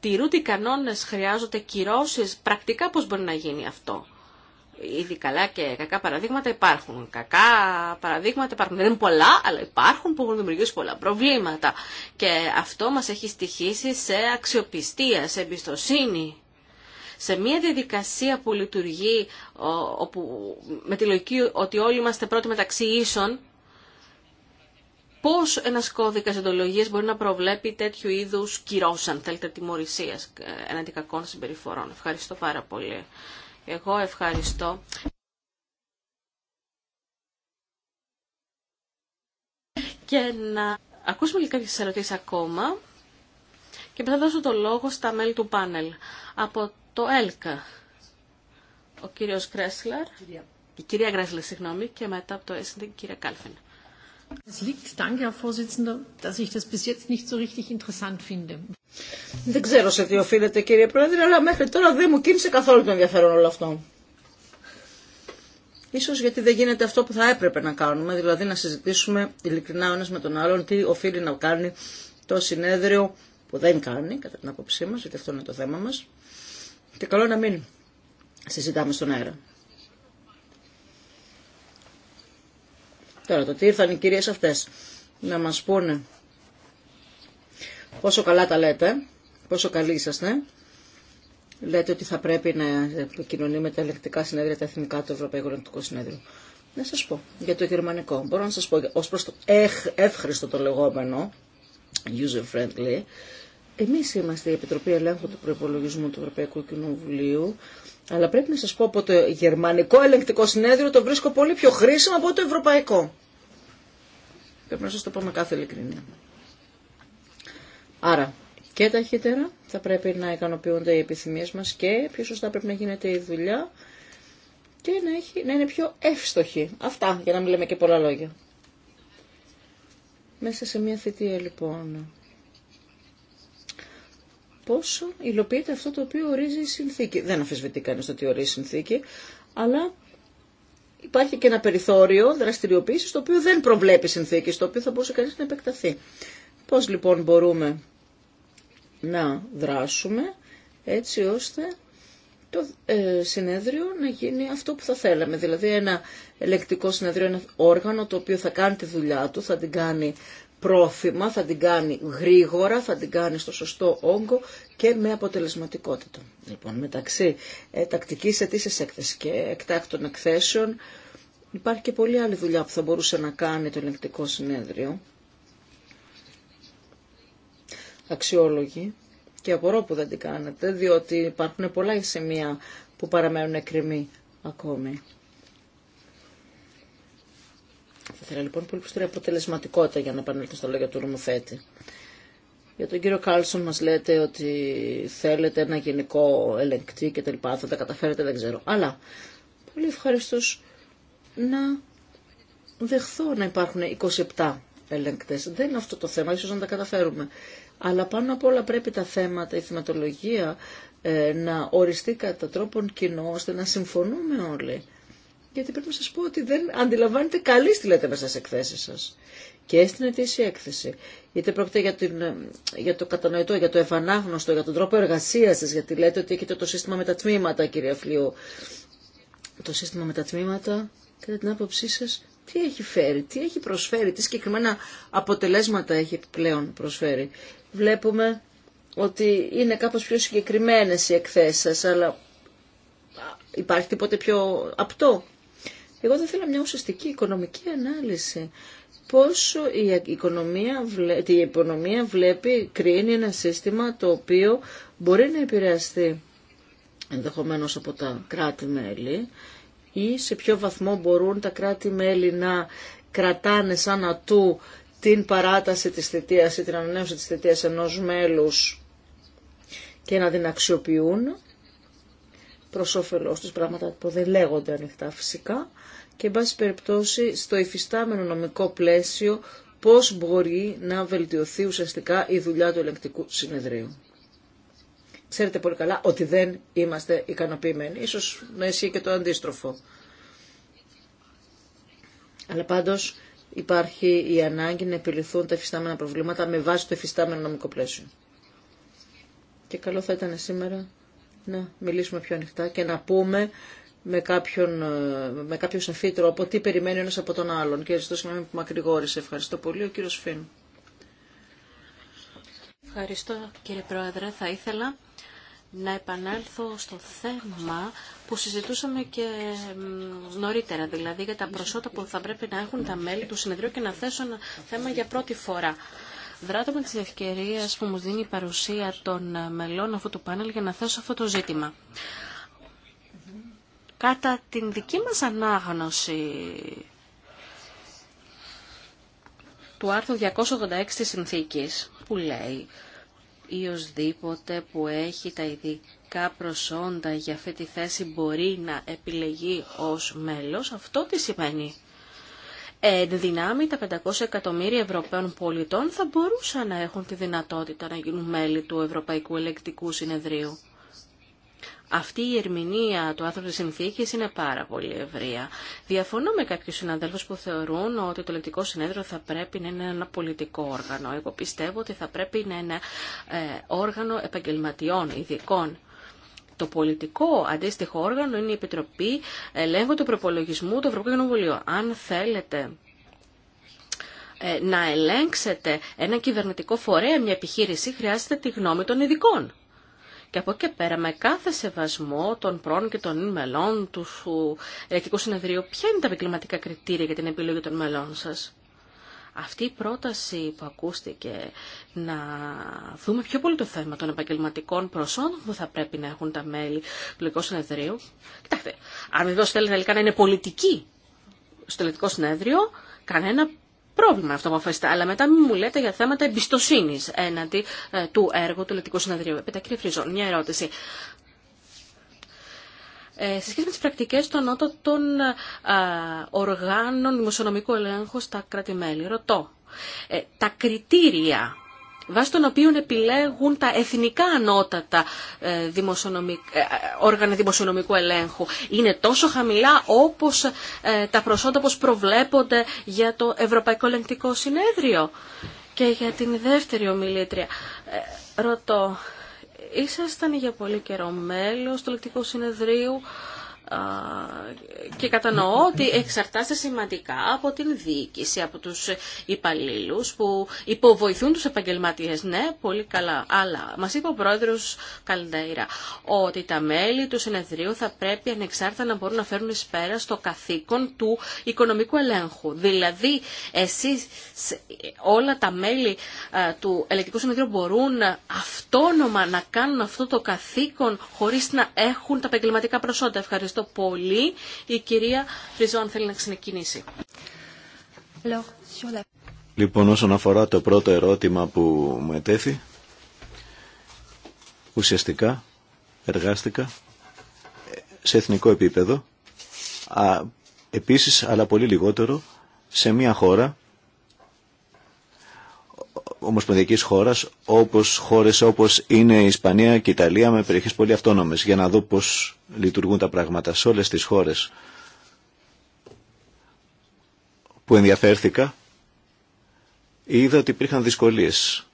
τηρούνται οι κανόνες χρειάζονται κυρώσεις, πρακτικά πώς μπορεί να γίνει αυτό ήδη καλά και κακά παραδείγματα υπάρχουν. Κακά παραδείγματα υπάρχουν. Δεν είναι πολλά, αλλά υπάρχουν που έχουν δημιουργήσει πολλά προβλήματα. Και αυτό μας έχει στοιχήσει σε αξιοπιστία, σε εμπιστοσύνη. Σε μια διαδικασία που λειτουργεί όπου, με τη λογική ότι όλοι είμαστε πρώτοι μεταξύ ίσων, πώς ένας κώδικας εντολογίας μπορεί να προβλέπει τέτοιου είδους κυρώσαν, θέλετε, τιμωρησίας εναντί κακών συμπεριφορών. Ευχαριστώ πάρα πολύ. Εγώ ευχαριστώ. Και να ακούσουμε και κάποιες ερωτήσεις ακόμα και θα δώσω το λόγο στα μέλη του πάνελ. Από το ΕΛΚΑ, ο κύριος Κρέσλερ, η κυρία Γκρέσλερ, συγγνώμη, και μετά από το ΕΣΝΤ, η κυρία Κάλφιν. Δεν ξέρω σε τι οφείλεται κύριε Πρόεδρε, αλλά μέχρι τώρα δεν μου κίνησε καθόλου το ενδιαφέρον όλο αυτό. Ίσως γιατί δεν γίνεται αυτό που θα έπρεπε να κάνουμε, δηλαδή να συζητήσουμε ειλικρινά ο ένας με τον άλλον τι οφείλει να κάνει το συνέδριο που δεν κάνει, κατά την άποψή μας, γιατί αυτό είναι το θέμα μας. Και καλό να μην συζητάμε στον αέρα. Τώρα το τι ήρθαν οι κυρίες αυτές να μας πούνε πόσο καλά τα λέτε, πόσο καλή είσαστε. Λέτε ότι θα πρέπει να επικοινωνεί με τα ελεκτικά συνέδρια, τα εθνικά του Ευρωπαϊκού Ελεκτικού Συνέδριου. Να σας πω για το γερμανικό. Μπορώ να σας πω ως προς το εύχριστο το λεγόμενο, user friendly, εμείς είμαστε η Επιτροπή Ελέγχου του Προϋπολογισμού του Ευρωπαϊκού Κοινοβουλίου, αλλά πρέπει να σας πω από το γερμανικό ελεγκτικό συνέδριο το βρίσκω πολύ πιο χρήσιμο από το ευρωπαϊκό. Πρέπει να σας το πω με κάθε ειλικρινία. Άρα, και ταχύτερα θα πρέπει να ικανοποιούνται οι επιθυμίες μας και πιο σωστά πρέπει να γίνεται η δουλειά και να, έχει, να είναι πιο εύστοχη. Αυτά, για να μην λέμε και πολλά λόγια. Μέσα σε μια θητεία λοιπόν πόσο υλοποιείται αυτό το οποίο ορίζει η συνθήκη. Δεν αφισβητεί κανεί το τι ορίζει η συνθήκη, αλλά υπάρχει και ένα περιθώριο δραστηριοποίηση το οποίο δεν προβλέπει συνθήκη, στο οποίο θα μπορούσε κανεί να επεκταθεί. Πώ λοιπόν μπορούμε να δράσουμε έτσι ώστε το ε, συνέδριο να γίνει αυτό που θα θέλαμε. Δηλαδή ένα ελεκτικό συνέδριο, ένα όργανο το οποίο θα κάνει τη δουλειά του, θα την κάνει πρόθυμα, θα την κάνει γρήγορα, θα την κάνει στο σωστό όγκο και με αποτελεσματικότητα. Λοιπόν, μεταξύ ε, τακτικής αιτήσεις έκθεση και εκτάκτων εκθέσεων υπάρχει και πολλή άλλη δουλειά που θα μπορούσε να κάνει το ελεγκτικό συνέδριο. Αξιόλογοι. Και απορώ που δεν την κάνετε, διότι υπάρχουν πολλά σημεία που παραμένουν εκκρεμή ακόμη. Θα ήθελα λοιπόν πολύ περισσότερη αποτελεσματικότητα για να επανέλθω στα λόγια του νομοθέτη. Για τον κύριο Κάλσον μας λέτε ότι θέλετε ένα γενικό ελεγκτή και τα θα τα καταφέρετε, δεν ξέρω. Αλλά πολύ ευχαριστώ να δεχθώ να υπάρχουν 27 ελεγκτές. Δεν είναι αυτό το θέμα, ίσως να τα καταφέρουμε. Αλλά πάνω απ' όλα πρέπει τα θέματα, η θεματολογία ε, να οριστεί κατά τρόπον κοινό ώστε να συμφωνούμε όλοι γιατί πρέπει να σας πω ότι δεν αντιλαμβάνετε καλή τι λέτε μέσα στις εκθέσεις σας. Και στην η έκθεση. Είτε πρόκειται για, την, για το κατανοητό, για το ευανάγνωστο, για τον τρόπο εργασίας σας, γιατί λέτε ότι έχετε το σύστημα με τα τμήματα, κύριε Φλίου. Το σύστημα με τα τμήματα, κατά την άποψή σας, τι έχει φέρει, τι έχει προσφέρει, τι συγκεκριμένα αποτελέσματα έχει πλέον προσφέρει. Βλέπουμε ότι είναι κάπως πιο συγκεκριμένες οι εκθέσεις σας, αλλά υπάρχει τίποτε πιο απτό. Εγώ θα ήθελα μια ουσιαστική οικονομική ανάλυση πόσο η οικονομία, η οικονομία βλέπει, κρίνει ένα σύστημα το οποίο μπορεί να επηρεαστεί ενδεχομένως από τα κράτη-μέλη ή σε ποιο βαθμό μπορούν τα κράτη-μέλη να κρατάνε σαν ατού την παράταση της θητείας ή την ανανέωση της θητείας ενός μέλους και να την αξιοποιούν προ όφελό του, πράγματα που δεν λέγονται ανοιχτά φυσικά και εν πάση περιπτώσει στο υφιστάμενο νομικό πλαίσιο πώς μπορεί να βελτιωθεί ουσιαστικά η δουλειά του ελεγκτικού συνεδρίου. Ξέρετε πολύ καλά ότι δεν είμαστε ικανοποιημένοι, ίσως να ισχύει και το αντίστροφο. Αλλά πάντως υπάρχει η ανάγκη να επιληθούν τα εφιστάμενα προβλήματα με βάση το εφιστάμενο νομικό πλαίσιο. Και καλό θα ήταν σήμερα να μιλήσουμε πιο ανοιχτά και να πούμε με κάποιον, ε, με κάποιο σαφή τρόπο τι περιμένει ένας από τον άλλον. Και ζητώ συγγνώμη που μακρηγόρησε. Ευχαριστώ πολύ. Ο κύριος Φίν. Ευχαριστώ κύριε Πρόεδρε. Θα ήθελα να επανέλθω στο θέμα που συζητούσαμε και νωρίτερα, δηλαδή για τα προσώτα που θα πρέπει να έχουν τα μέλη του συνεδρίου και να θέσω ένα θέμα για πρώτη φορά. Δράτω με τις ευκαιρίες που μου δίνει η παρουσία των μελών αυτού του πάνελ για να θέσω αυτό το ζήτημα. Κατά την δική μας ανάγνωση του άρθρου 286 της Συνθήκης που λέει ή οσδήποτε που έχει τα ειδικά προσόντα για αυτή τη θέση μπορεί να επιλεγεί ως μέλος, αυτό τι σημαίνει εν δυνάμει τα 500 εκατομμύρια Ευρωπαίων πολιτών θα μπορούσαν να έχουν τη δυνατότητα να γίνουν μέλη του Ευρωπαϊκού Ελεκτικού Συνεδρίου. Αυτή η ερμηνεία του άνθρωπου της συνθήκης είναι πάρα πολύ ευρεία. Διαφωνώ με κάποιους συναδέλφους που θεωρούν ότι το ελεκτικό συνέδριο θα πρέπει να είναι ένα πολιτικό όργανο. Εγώ πιστεύω ότι θα πρέπει να είναι ένα ε, όργανο επαγγελματιών, ειδικών το πολιτικό αντίστοιχο όργανο είναι η Επιτροπή Ελέγχου του Προπολογισμού του Ευρωπαϊκού Κοινοβουλίου. Αν θέλετε ε, να ελέγξετε ένα κυβερνητικό φορέα, μια επιχείρηση, χρειάζεται τη γνώμη των ειδικών. Και από εκεί πέρα, με κάθε σεβασμό των πρώων και των μελών του ε, Ελεκτικού Συνεδρίου, ποια είναι τα επικλιματικά κριτήρια για την επιλογή των μελών σας. Αυτή η πρόταση που ακούστηκε να δούμε πιο πολύ το θέμα των επαγγελματικών προσόντων που θα πρέπει να έχουν τα μέλη του Λογικού Συνεδρίου. Κοιτάξτε, αν βεβαίω θέλει τελικά να είναι πολιτική στο Λογικό Συνέδριο, κανένα πρόβλημα αυτό που αποφασιστά. Αλλά μετά μην μου λέτε για θέματα εμπιστοσύνη έναντι ε, του έργου του Λογικού Συνεδρίου. Επίτα, κύριε Φρυζόν, μια ερώτηση. Ε, σε σχέση με τις πρακτικές των ε, οργάνων δημοσιονομικού ελέγχου στα κράτη-μέλη. Ρωτώ, ε, τα κριτήρια βάσει των οποίων επιλέγουν τα εθνικά ανώτατα δημοσιονομικ... όργανα δημοσιονομικού ελέγχου. Είναι τόσο χαμηλά όπως τα προσόντα όπως προβλέπονται για το Ευρωπαϊκό Ελεγκτικό Συνέδριο. Και για την δεύτερη ομιλήτρια. ρωτώ, ήσασταν για πολύ καιρό μέλος του Λεκτικού Συνεδρίου και κατανοώ ότι εξαρτάται σημαντικά από την διοίκηση, από τους υπαλλήλου που υποβοηθούν τους επαγγελματίες. Ναι, πολύ καλά. Αλλά μας είπε ο πρόεδρος Καλντέιρα ότι τα μέλη του συνεδρίου θα πρέπει ανεξάρτητα να μπορούν να φέρουν εις πέρα στο καθήκον του οικονομικού ελέγχου. Δηλαδή, εσείς όλα τα μέλη του ελεκτικού συνεδρίου μπορούν αυτόνομα να κάνουν αυτό το καθήκον χωρίς να έχουν τα επαγγελματικά προσόντα. Ευχαριστώ. Ευχαριστώ πολύ. Η κυρία αν θέλει να ξεκινήσει. Λοιπόν, όσον αφορά το πρώτο ερώτημα που μου ετέθη, ουσιαστικά εργάστηκα σε εθνικό επίπεδο, α, επίσης αλλά πολύ λιγότερο σε μια χώρα ομοσπονδιακής χώρας όπως χώρες όπως είναι η Ισπανία και η Ιταλία με περιοχές πολύ αυτόνομες για να δω πώς λειτουργούν τα πράγματα σε όλες τις χώρες που ενδιαφέρθηκα είδα ότι υπήρχαν δυσκολίες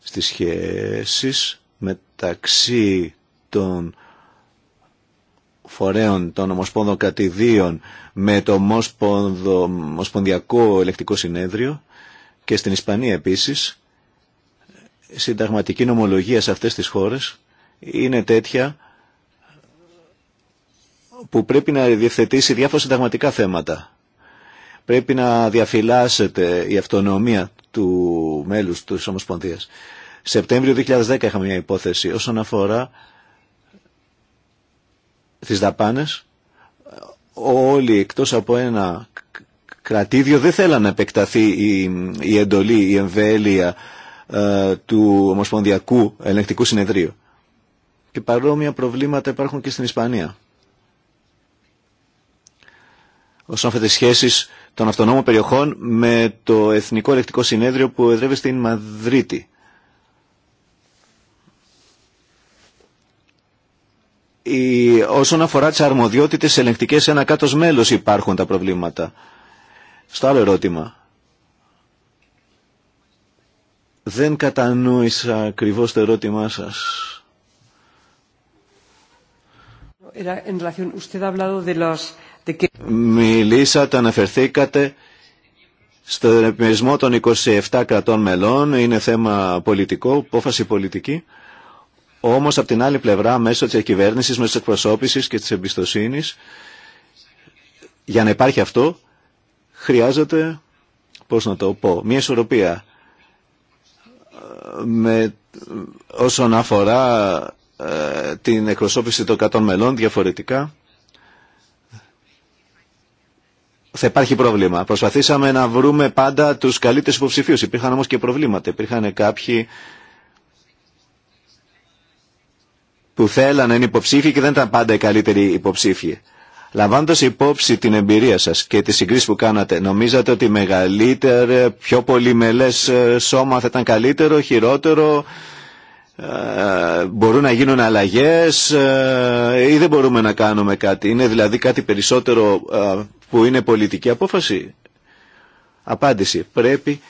στις σχέσεις μεταξύ των φορέων των Ομοσπόνδων Κατηδίων με το Ομοσπονδιακό Ελεκτικό Συνέδριο και στην Ισπανία επίσης η συνταγματική νομολογία σε αυτές τις χώρες είναι τέτοια που πρέπει να διευθετήσει διάφορα συνταγματικά θέματα. Πρέπει να διαφυλάσσεται η αυτονομία του μέλους της Ομοσπονδίας. Σεπτέμβριο 2010 είχαμε μια υπόθεση όσον αφορά τις δαπάνες. Όλοι εκτός από ένα κρατήδιο δεν θέλανε να επεκταθεί η, η εντολή, η εμβέλεια ε, του Ομοσπονδιακού Ελεγκτικού Συνεδρίου. Και παρόμοια προβλήματα υπάρχουν και στην Ισπανία. Όσον αφορά τι σχέσει των αυτονόμων περιοχών με το Εθνικό Ελεκτικό Συνέδριο που εδρεύει στην Μαδρίτη. Η, όσον αφορά τι αρμοδιότητες ελεγκτικές σε ένα κάτω μέλο υπάρχουν τα προβλήματα. Στο άλλο ερώτημα. Δεν κατανόησα ακριβώς το ερώτημά σας. Μιλήσατε, αναφερθήκατε στον επιμερισμό των 27 κρατών μελών. Είναι θέμα πολιτικό, απόφαση πολιτική. Όμως, από την άλλη πλευρά, μέσω της κυβέρνησης, μέσω της εκπροσώπησης και τη εμπιστοσύνης, για να υπάρχει αυτό, χρειάζεται, πώς να το πω, μια ισορροπία ε, με, όσον αφορά ε, την εκπροσώπηση των 100 μελών διαφορετικά. Θα υπάρχει πρόβλημα. Προσπαθήσαμε να βρούμε πάντα τους καλύτερους υποψηφίους. Υπήρχαν όμως και προβλήματα. Υπήρχαν κάποιοι που θέλανε να είναι υποψήφοι και δεν ήταν πάντα οι καλύτεροι υποψήφοι. Λαμβάνοντας υπόψη την εμπειρία σας και τις συγκρίσεις που κάνατε, νομίζατε ότι μεγαλύτερο, πιο πολυμελές ε, σώμα θα ήταν καλύτερο, χειρότερο, ε, μπορούν να γίνουν αλλαγές ε, ή δεν μπορούμε να κάνουμε κάτι. Είναι δηλαδή κάτι περισσότερο που είναι πολιτική απόφαση. Απάντηση. Πρέπει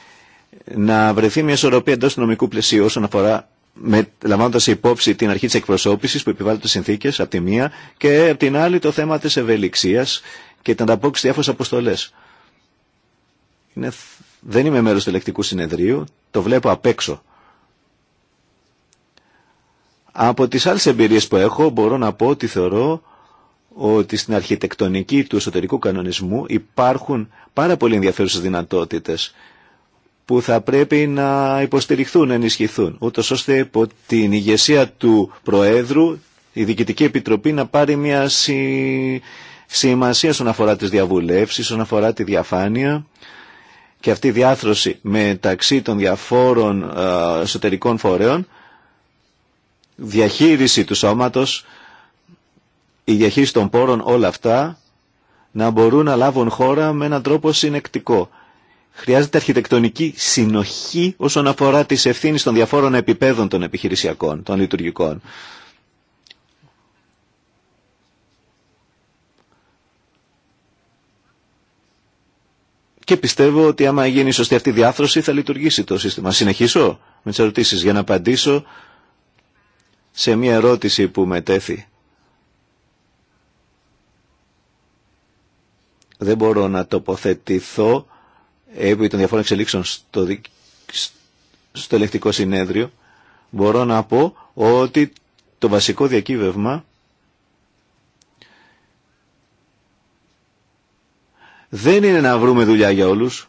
να βρεθεί μια ισορροπία εντό νομικού πλαισίου όσον αφορά με, λαμβάνοντας υπόψη την αρχή της εκπροσώπησης που επιβάλλονται συνθήκες από τη μία και από την άλλη το θέμα της ευελιξίας και την ανταπόκριση διάφορες αποστολές. Είναι, δεν είμαι μέλος του ελεκτικού συνεδρίου, το βλέπω απ' έξω. Από τις άλλες εμπειρίες που έχω μπορώ να πω ότι θεωρώ ότι στην αρχιτεκτονική του εσωτερικού κανονισμού υπάρχουν πάρα πολύ ενδιαφέρουσες δυνατότητες που θα πρέπει να υποστηριχθούν, να ενισχυθούν, ούτως ώστε υπό την ηγεσία του Προέδρου η Διοικητική Επιτροπή να πάρει μια σημασία στον αφορά τις διαβουλεύσεις, στον αφορά τη διαφάνεια και αυτή η διάθρωση μεταξύ των διαφόρων εσωτερικών φορέων, διαχείριση του σώματος, η διαχείριση των πόρων, όλα αυτά να μπορούν να λάβουν χώρα με έναν τρόπο συνεκτικό. Χρειάζεται αρχιτεκτονική συνοχή όσον αφορά τις ευθύνε των διαφόρων επιπέδων των επιχειρησιακών, των λειτουργικών. Και πιστεύω ότι άμα γίνει σωστή αυτή η διάθρωση θα λειτουργήσει το σύστημα. Συνεχίσω με τις ερωτήσεις για να απαντήσω σε μια ερώτηση που μετέθη. Δεν μπορώ να τοποθετηθώ επί των διαφόρων εξελίξεων στο, στο ελεκτικό συνέδριο, μπορώ να πω ότι το βασικό διακύβευμα δεν είναι να βρούμε δουλειά για όλους.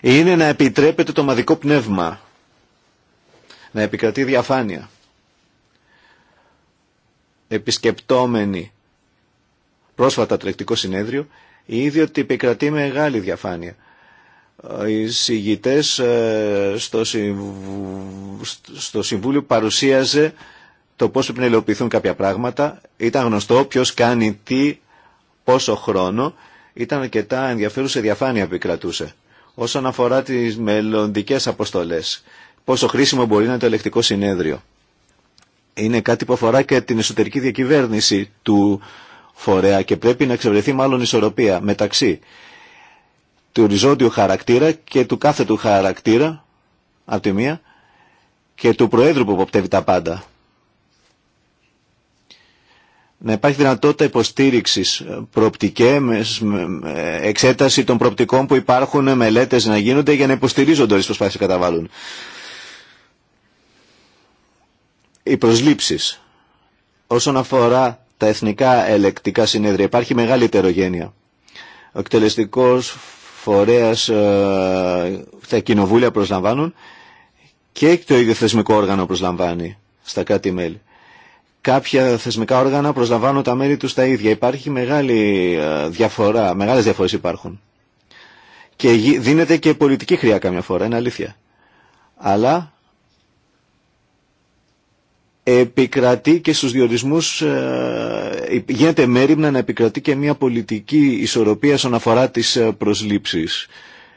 Είναι να επιτρέπεται το μαδικό πνεύμα, να επικρατεί διαφάνεια. Επισκεπτόμενοι πρόσφατα το ελεκτικό συνέδριο, ήδη ότι επικρατεί μεγάλη διαφάνεια. Ε, οι συγητές ε, στο, στο Συμβούλιο παρουσίαζε το πώς πρέπει να υλοποιηθούν κάποια πράγματα. Ήταν γνωστό ποιος κάνει τι, πόσο χρόνο. Ήταν αρκετά ενδιαφέρουσα διαφάνεια που κρατούσε. Όσον αφορά τις μελλοντικές αποστολές, πόσο χρήσιμο μπορεί να είναι το ελεκτικό συνέδριο. Είναι κάτι που αφορά και την εσωτερική διακυβέρνηση του, φορέα και πρέπει να εξευρεθεί μάλλον ισορροπία μεταξύ του οριζόντιου χαρακτήρα και του κάθετου χαρακτήρα από τη μία και του Προέδρου που αποπτεύει τα πάντα. Να υπάρχει δυνατότητα υποστήριξης προοπτικέ, εξέταση των προοπτικών που υπάρχουν, μελέτες να γίνονται για να υποστηρίζονται όλες τις προσπάθειες που καταβάλουν. Οι προσλήψεις όσον αφορά τα εθνικά ελεκτικά συνέδρια. Υπάρχει μεγάλη ετερογένεια. Ο εκτελεστικός φορέας ε, τα κοινοβούλια προσλαμβάνουν και το ίδιο θεσμικό όργανο προσλαμβάνει στα κάτι μελη Κάποια θεσμικά όργανα προσλαμβάνουν τα μέλη τους τα ίδια. Υπάρχει μεγάλη ε, διαφορά, μεγάλες διαφορές υπάρχουν. Και δίνεται και πολιτική χρειά καμιά φορά, είναι αλήθεια. Αλλά επικρατεί και στους διορισμούς ε, γίνεται μέρημνα να επικρατεί και μια πολιτική ισορροπία στον αφορά τις ε, προσλήψεις.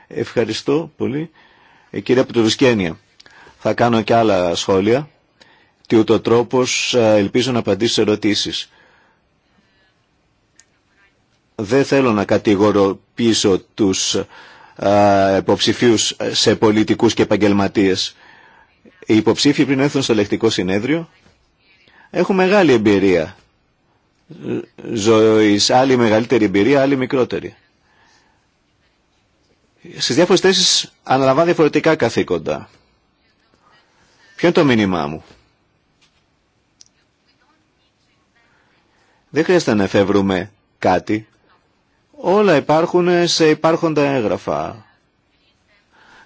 Ευχαριστώ πολύ. Ε, κυρία θα κάνω και άλλα σχόλια. Τι ούτω τρόπος ε, ελπίζω να απαντήσω σε ερωτήσεις. Δεν θέλω να κατηγοροποιήσω τους υποψηφίους σε πολιτικούς και επαγγελματίες οι υποψήφοι πριν έρθουν στο λεκτικό συνέδριο έχουν μεγάλη εμπειρία ζωής, άλλη μεγαλύτερη εμπειρία, άλλη μικρότερη. Στις διάφορες θέσεις αναλαμβάνει διαφορετικά καθήκοντα. Ποιο είναι το μήνυμά μου. Δεν χρειάζεται να εφεύρουμε κάτι. Όλα υπάρχουν σε υπάρχοντα έγγραφα.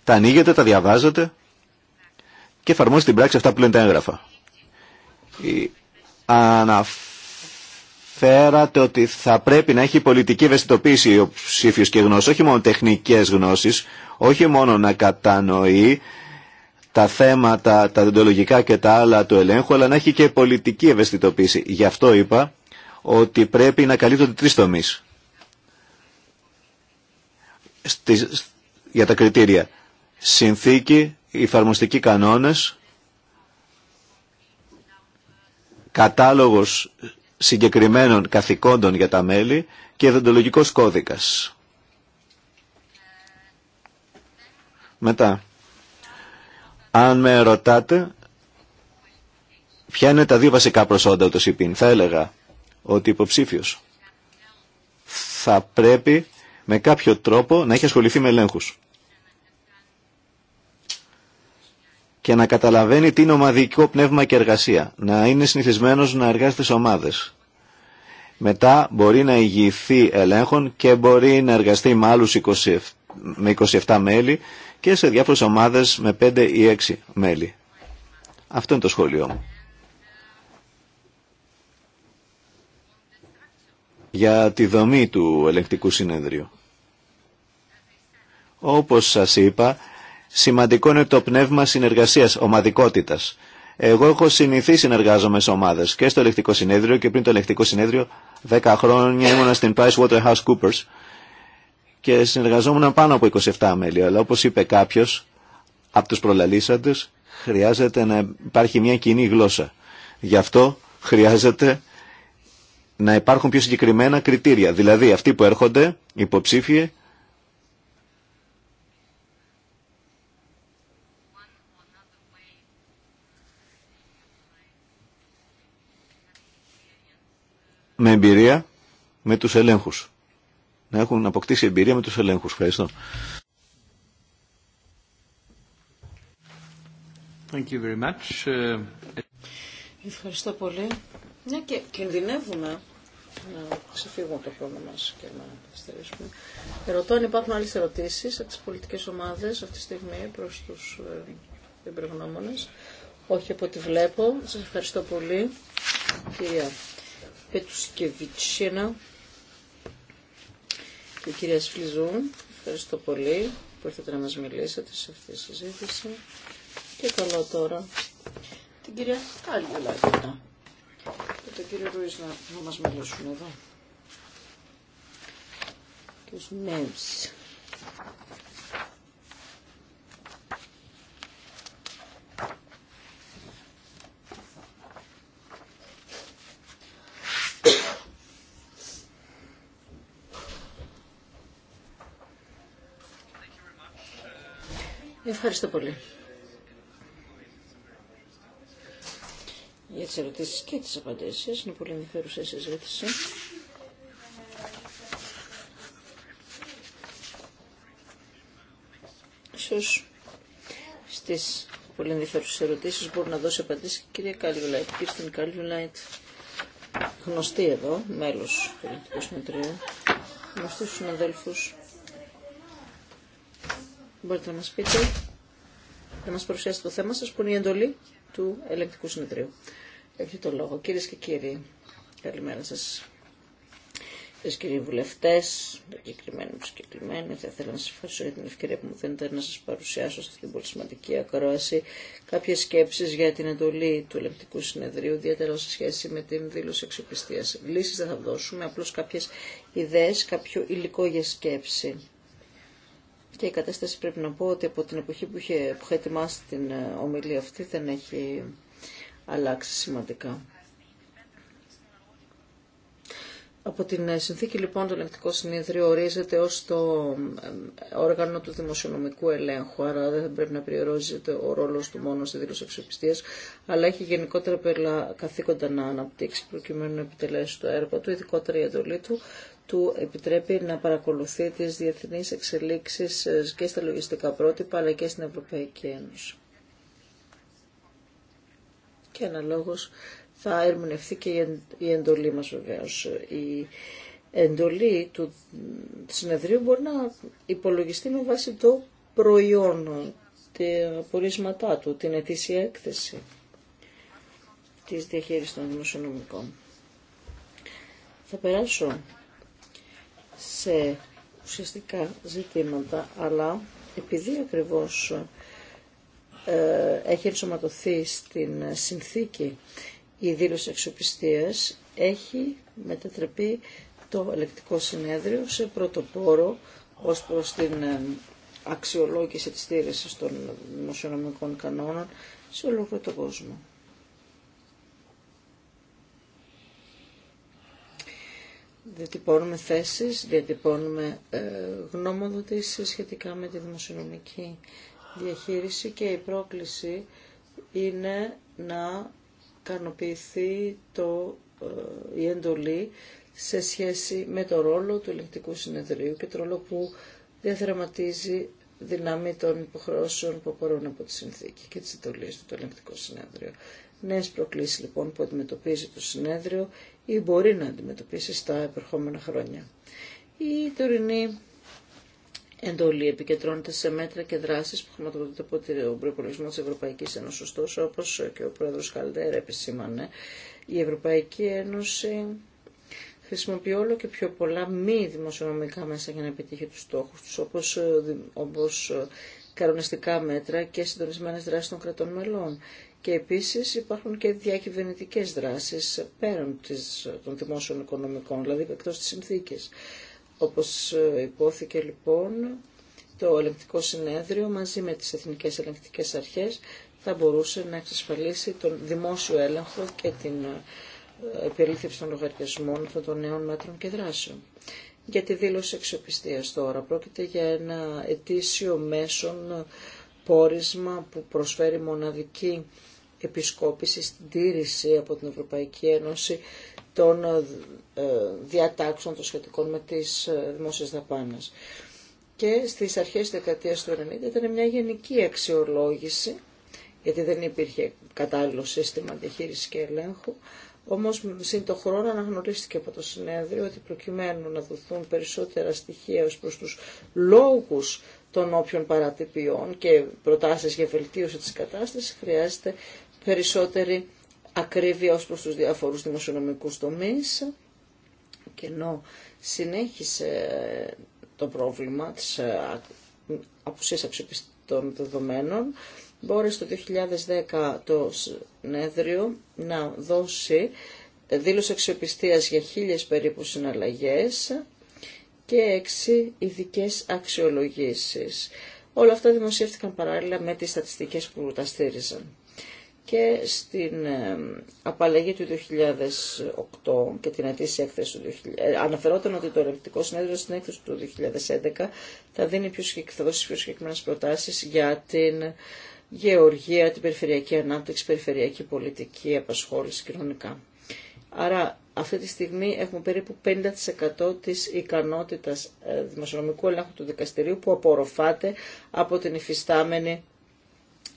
Τα ανοίγετε, τα διαβάζετε και εφαρμόζει στην πράξη αυτά που λένε τα έγγραφα. Αναφέρατε ότι θα πρέπει να έχει πολιτική ευαισθητοποίηση ο ψήφιο και γνώση, όχι μόνο τεχνικές γνώσεις. όχι μόνο να κατανοεί τα θέματα, τα διοντολογικά και τα άλλα του ελέγχου, αλλά να έχει και πολιτική ευαισθητοποίηση. Γι' αυτό είπα ότι πρέπει να καλύπτονται τρει τομεί για τα κριτήρια. Συνθήκη οι εφαρμοστικοί κανόνες, κατάλογος συγκεκριμένων καθηκόντων για τα μέλη και δοντολογικός κώδικας. Μετά, αν με ρωτάτε ποια είναι τα δύο βασικά προσόντα του ΣΥΠΗΝ, θα έλεγα ότι υποψήφιος θα πρέπει με κάποιο τρόπο να έχει ασχοληθεί με ελέγχους. και να καταλαβαίνει τι είναι ομαδικό πνεύμα και εργασία. Να είναι συνηθισμένος να εργάζεται σε ομάδες. Μετά μπορεί να ηγηθεί ελέγχων και μπορεί να εργαστεί με με 27 μέλη και σε διάφορες ομάδες με 5 ή 6 μέλη. Αυτό είναι το σχόλιο μου. Για τη δομή του ελεγκτικού συνέδριου. Όπως σας είπα, Σημαντικό είναι το πνεύμα συνεργασίας, ομαδικότητας. Εγώ έχω συνηθίσει να εργάζομαι σε ομάδε και στο ελεκτικό συνέδριο και πριν το ελεκτικό συνέδριο. 10 χρόνια ήμουνα στην PricewaterhouseCoopers και συνεργαζόμουν πάνω από 27 μέλη. Αλλά όπω είπε κάποιο από του προλαλήσαντε, χρειάζεται να υπάρχει μια κοινή γλώσσα. Γι' αυτό χρειάζεται να υπάρχουν πιο συγκεκριμένα κριτήρια. Δηλαδή αυτοί που έρχονται υποψήφιοι με εμπειρία με τους ελέγχους. Να έχουν αποκτήσει εμπειρία με τους ελέγχους. Ευχαριστώ. Thank you very much. Ευχαριστώ πολύ. Μια ναι, και κινδυνεύουμε να ξεφύγουμε το χρόνο μας και να καθυστερήσουμε. Ερωτώ αν υπάρχουν άλλες ερωτήσεις από τις πολιτικές ομάδες αυτή τη στιγμή προς τους ε, εμπεριγνώμονες. Όχι από ό,τι βλέπω. Σας ευχαριστώ πολύ. Κυρία Πετουσκεβιτσίνα και κυρία Σφλιζού. Ευχαριστώ πολύ που ήρθατε να μας μιλήσετε σε αυτή τη συζήτηση. Και καλό τώρα την κυρία Κάλλιουλα και τον κύριο Ρουίς να, να μας μιλήσουν εδώ. Κύριος Νέβης. Ευχαριστώ πολύ. Για τις ερωτήσεις και τις απαντήσεις. Είναι πολύ ενδιαφέρουσα η συζήτηση. Ίσως στις πολύ ενδιαφέρουσες ερωτήσεις μπορεί να δώσει απαντήσεις και η κυρία Κάλιουλάιτ. Η Κύρστην Κάλιουλάιτ, γνωστή εδώ, μέλος του Ελληνικού Συνεδρίου, γνωστή στους συναδέλφους Μπορείτε να μας πείτε, να μας παρουσιάσετε το θέμα σας, που είναι η εντολή του ελεγκτικού συνεδρίου. Έχετε το λόγο. Κυρίες και κύριοι, καλημέρα σας. Κυρίες και κύριοι βουλευτές, συγκεκριμένοι συγκεκριμένοι, θα ήθελα να σας ευχαριστώ για την ευκαιρία που μου δίνετε να σας παρουσιάσω στην την πολύ σημαντική ακρόαση κάποιες σκέψεις για την εντολή του ελεγκτικού συνεδρίου, ιδιαίτερα σε σχέση με την δήλωση εξοπιστίας Λύσεις δεν θα δώσουμε, απλώς κάποιες ιδέες, κάποιο υλικό για σκέψη. Και η κατάσταση πρέπει να πω ότι από την εποχή που είχε, που ετοιμάσει την ε, ομιλία αυτή δεν έχει αλλάξει σημαντικά. Από την ε, συνθήκη λοιπόν το ελεγκτικό συνέδριο ορίζεται ως το ε, όργανο του δημοσιονομικού ελέγχου, άρα δεν πρέπει να περιορίζεται ο ρόλος του μόνο στη δήλωση αλλά έχει γενικότερα καθήκοντα να αναπτύξει προκειμένου να επιτελέσει το έργο του, ειδικότερα η εντολή του του επιτρέπει να παρακολουθεί τις διεθνεί εξελίξεις ε, και στα λογιστικά πρότυπα αλλά και στην Ευρωπαϊκή Ένωση. Και αναλόγως θα ερμηνευτεί και η εντολή μας βεβαίως. Η εντολή του συνεδρίου μπορεί να υπολογιστεί με βάση το προϊόν, τα πορίσματά του, την ετήσια έκθεση της διαχείριση των δημοσιονομικών. Θα περάσω σε ουσιαστικά ζητήματα, αλλά επειδή ακριβώς ε, έχει ενσωματωθεί στην συνθήκη η δήλωση αξιοπιστία, έχει μετατραπεί το ελεκτικό συνέδριο σε πρωτοπόρο ως προς την ε, αξιολόγηση της στήριξης των δημοσιονομικών κανόνων σε ολόκληρο τον κόσμο. διατυπώνουμε θέσεις, διατυπώνουμε ε, γνώμοδοτήσεις σχετικά με τη δημοσιονομική διαχείριση και η πρόκληση είναι να κανοποιηθεί το, ε, η εντολή σε σχέση με το ρόλο του ελεκτικού συνεδρίου και το ρόλο που διαθεραματίζει δυνάμει των υποχρεώσεων που απορρούν από τη συνθήκη και τις εντολές του το συνεδρίου. Νέες προκλήσεις λοιπόν που αντιμετωπίζει το συνέδριο ή μπορεί να αντιμετωπίσει στα επερχόμενα χρόνια. Η τωρινή εντολή επικεντρώνεται σε μέτρα και δράσεις που χρηματοδοτείται από τον προπολογισμό της Ευρωπαϊκής Ένωσης. Ωστόσο, όπως και ο πρόεδρος Καλδέρα επισήμανε, η Ευρωπαϊκή Ένωση χρησιμοποιεί όλο και πιο πολλά μη δημοσιονομικά μέσα για να επιτύχει τους στόχους τους, όπως, ε, όπως ε, κανονιστικά μέτρα και συντονισμένες δράσεις των κρατών μελών. Και επίσης υπάρχουν και διακυβερνητικές δράσεις πέραν της, των δημόσιων οικονομικών, δηλαδή εκτός της συνθήκης. Όπως ε, υπόθηκε λοιπόν, το ελεγκτικό συνέδριο μαζί με τις εθνικές ελεγκτικές αρχές θα μπορούσε να εξασφαλίσει τον δημόσιο έλεγχο και την ε, επιλήθευση των λογαριασμών των νέων μέτρων και δράσεων. Για τη δήλωση αξιοπιστίας τώρα πρόκειται για ένα ετήσιο μέσον ε, πόρισμα που προσφέρει μοναδική επισκόπηση στην τήρηση από την Ευρωπαϊκή Ένωση των ε, διατάξεων των σχετικών με τις ε, δημόσιες δαπάνες. Και στις αρχές της δεκαετίας του 1990 ήταν μια γενική αξιολόγηση, γιατί δεν υπήρχε κατάλληλο σύστημα διαχείρισης και ελέγχου, όμως σύν το χρόνο αναγνωρίστηκε από το συνέδριο ότι προκειμένου να δοθούν περισσότερα στοιχεία ως προς τους λόγους των όποιων παρατυπιών και προτάσεις για βελτίωση της κατάστασης χρειάζεται περισσότερη ακρίβεια ως προς τους διαφορούς δημοσιονομικούς τομείς και ενώ συνέχισε το πρόβλημα της ε, απουσίας αξιοπιστών δεδομένων, μπόρεσε το 2010 το συνέδριο να δώσει δήλωση αξιοπιστίας για χίλιες περίπου συναλλαγές και έξι ειδικέ αξιολογήσεις. Όλα αυτά δημοσιεύτηκαν παράλληλα με τις στατιστικές που τα στήριζαν και στην ε, απαλλαγή του 2008 και την αιτήση έκθεση του 2000, ε, αναφερόταν ότι το ερευνητικό συνέδριο στην έκθεση του 2011 θα, δίνει πιο, θα δώσει πιο συγκεκριμένε προτάσεις για την γεωργία, την περιφερειακή ανάπτυξη, περιφερειακή πολιτική, απασχόληση κοινωνικά. Άρα αυτή τη στιγμή έχουμε περίπου 50% της ικανότητας ε, δημοσιονομικού ελέγχου του δικαστηρίου που απορροφάται από την υφιστάμενη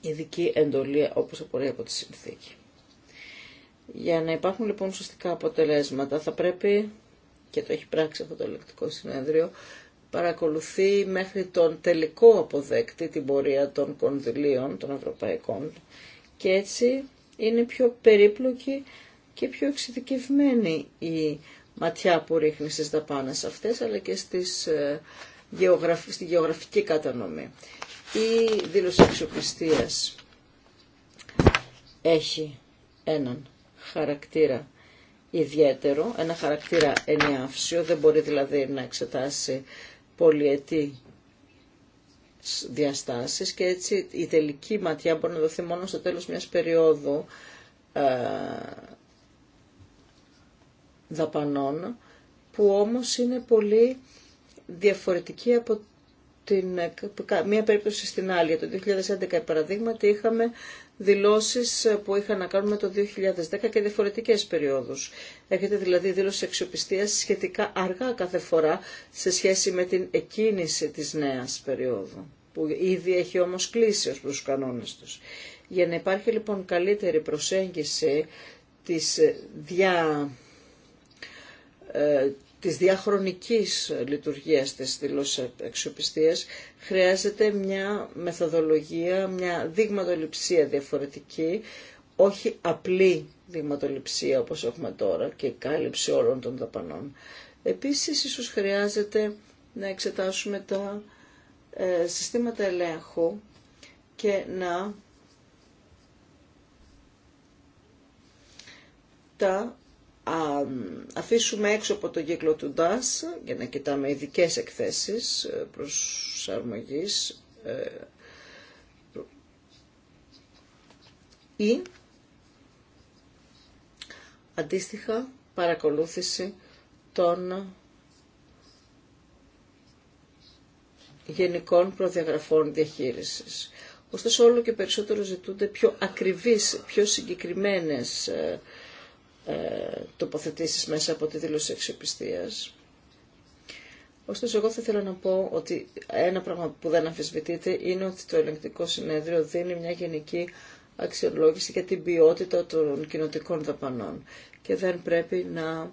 ειδική εντολή όπως απορρέει από τη συνθήκη. Για να υπάρχουν λοιπόν σωστικά αποτελέσματα θα πρέπει, και το έχει πράξει αυτό το ελεκτικό συνέδριο, παρακολουθεί μέχρι τον τελικό αποδέκτη την πορεία των κονδυλίων των ευρωπαϊκών και έτσι είναι πιο περίπλοκη και πιο εξειδικευμένη η ματιά που ρίχνει στις δαπάνες αυτές αλλά και στις, ε, στη γεωγραφική κατανομή. Η δήλωση αξιοπιστίας έχει έναν χαρακτήρα ιδιαίτερο, ένα χαρακτήρα ενιαύσιο, δεν μπορεί δηλαδή να εξετάσει πολυετή διαστάσεις και έτσι η τελική ματιά μπορεί να δοθεί μόνο στο τέλος μιας περίοδου ε, δαπανών που όμως είναι πολύ διαφορετική από την μία περίπτωση στην άλλη. Για το 2011, παραδείγματι, είχαμε δηλώσεις που είχαν να κάνουν με το 2010 και διαφορετικές περιόδους. Έχετε δηλαδή δήλωση αξιοπιστίας σχετικά αργά κάθε φορά σε σχέση με την εκκίνηση της νέας περίοδου, που ήδη έχει όμως κλείσει ως προς τους κανόνες τους. Για να υπάρχει λοιπόν καλύτερη προσέγγιση της δια ε, της διαχρονικής λειτουργίας της δηλώσης αξιοπιστίας χρειάζεται μια μεθοδολογία, μια δειγματοληψία διαφορετική, όχι απλή δειγματοληψία όπως έχουμε τώρα και κάλυψη όλων των δαπανών. Επίσης ίσως χρειάζεται να εξετάσουμε τα ε, συστήματα ελέγχου και να τα αφήσουμε έξω από το κύκλο του DAS για να κοιτάμε ειδικέ εκθέσεις ε, προσαρμογής ε, ή αντίστοιχα παρακολούθηση των γενικών προδιαγραφών διαχείρισης. Ωστόσο όλο και περισσότερο ζητούνται πιο ακριβείς, πιο συγκεκριμένες ε, ε, τοποθετήσεις μέσα από τη δήλωση αξιοπιστίας. Ωστόσο, εγώ θα ήθελα να πω ότι ένα πράγμα που δεν αμφισβητείται είναι ότι το ελεγκτικό συνέδριο δίνει μια γενική αξιολόγηση για την ποιότητα των κοινοτικών δαπανών και δεν πρέπει να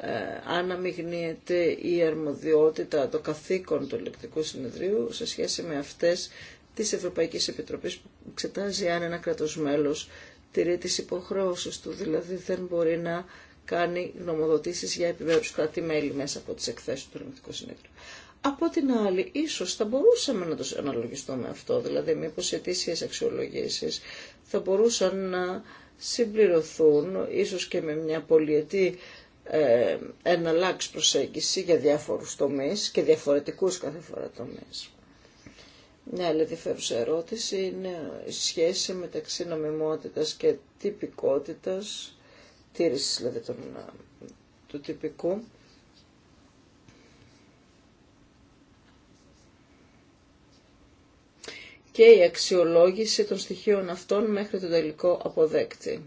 ε, αναμειγνύεται η αρμοδιότητα, το καθήκων του ελεγκτικού συνεδρίου σε σχέση με αυτές της Ευρωπαϊκής Επιτροπής που εξετάζει αν ένα κράτος μέλος τηρεί τις υποχρεώσεις του, δηλαδή δεν μπορεί να κάνει γνωμοδοτήσεις για επιμέρου κρατη μέσα από τις εκθέσεις του Ελληνικού Συνέδριου. Από την άλλη, ίσως θα μπορούσαμε να το αναλογιστούμε αυτό, δηλαδή με οι αιτήσει αξιολογήσεις θα μπορούσαν να συμπληρωθούν, ίσως και με μια πολυετή ε, προσέγγιση για διάφορους τομείς και διαφορετικούς κάθε φορά τομείς. Μια ναι, άλλη ενδιαφέρουσα ερώτηση είναι η σχέση μεταξύ νομιμότητας και τυπικότητας, τήρησης δηλαδή του τυπικού. και η αξιολόγηση των στοιχείων αυτών μέχρι τον τελικό αποδέκτη.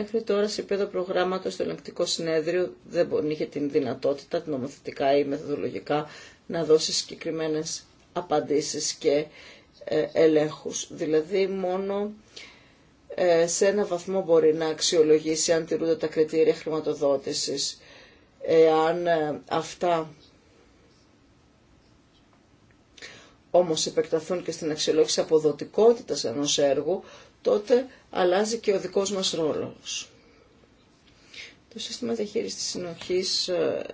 Μέχρι τώρα σε επίπεδο προγράμματος το ελεγκτικό συνέδριο δεν είχε την δυνατότητα νομοθετικά ή μεθοδολογικά να δώσει συγκεκριμένε απαντήσεις και ε, ελέγχους. Δηλαδή μόνο ε, σε ένα βαθμό μπορεί να αξιολογήσει αν τηρούνται τα κριτήρια χρηματοδότησης, εάν ε, αυτά όμως επεκταθούν και στην αξιολόγηση αποδοτικότητας ενός έργου, τότε αλλάζει και ο δικός μας ρόλος. Το σύστημα διαχείρισης της συνοχής ε,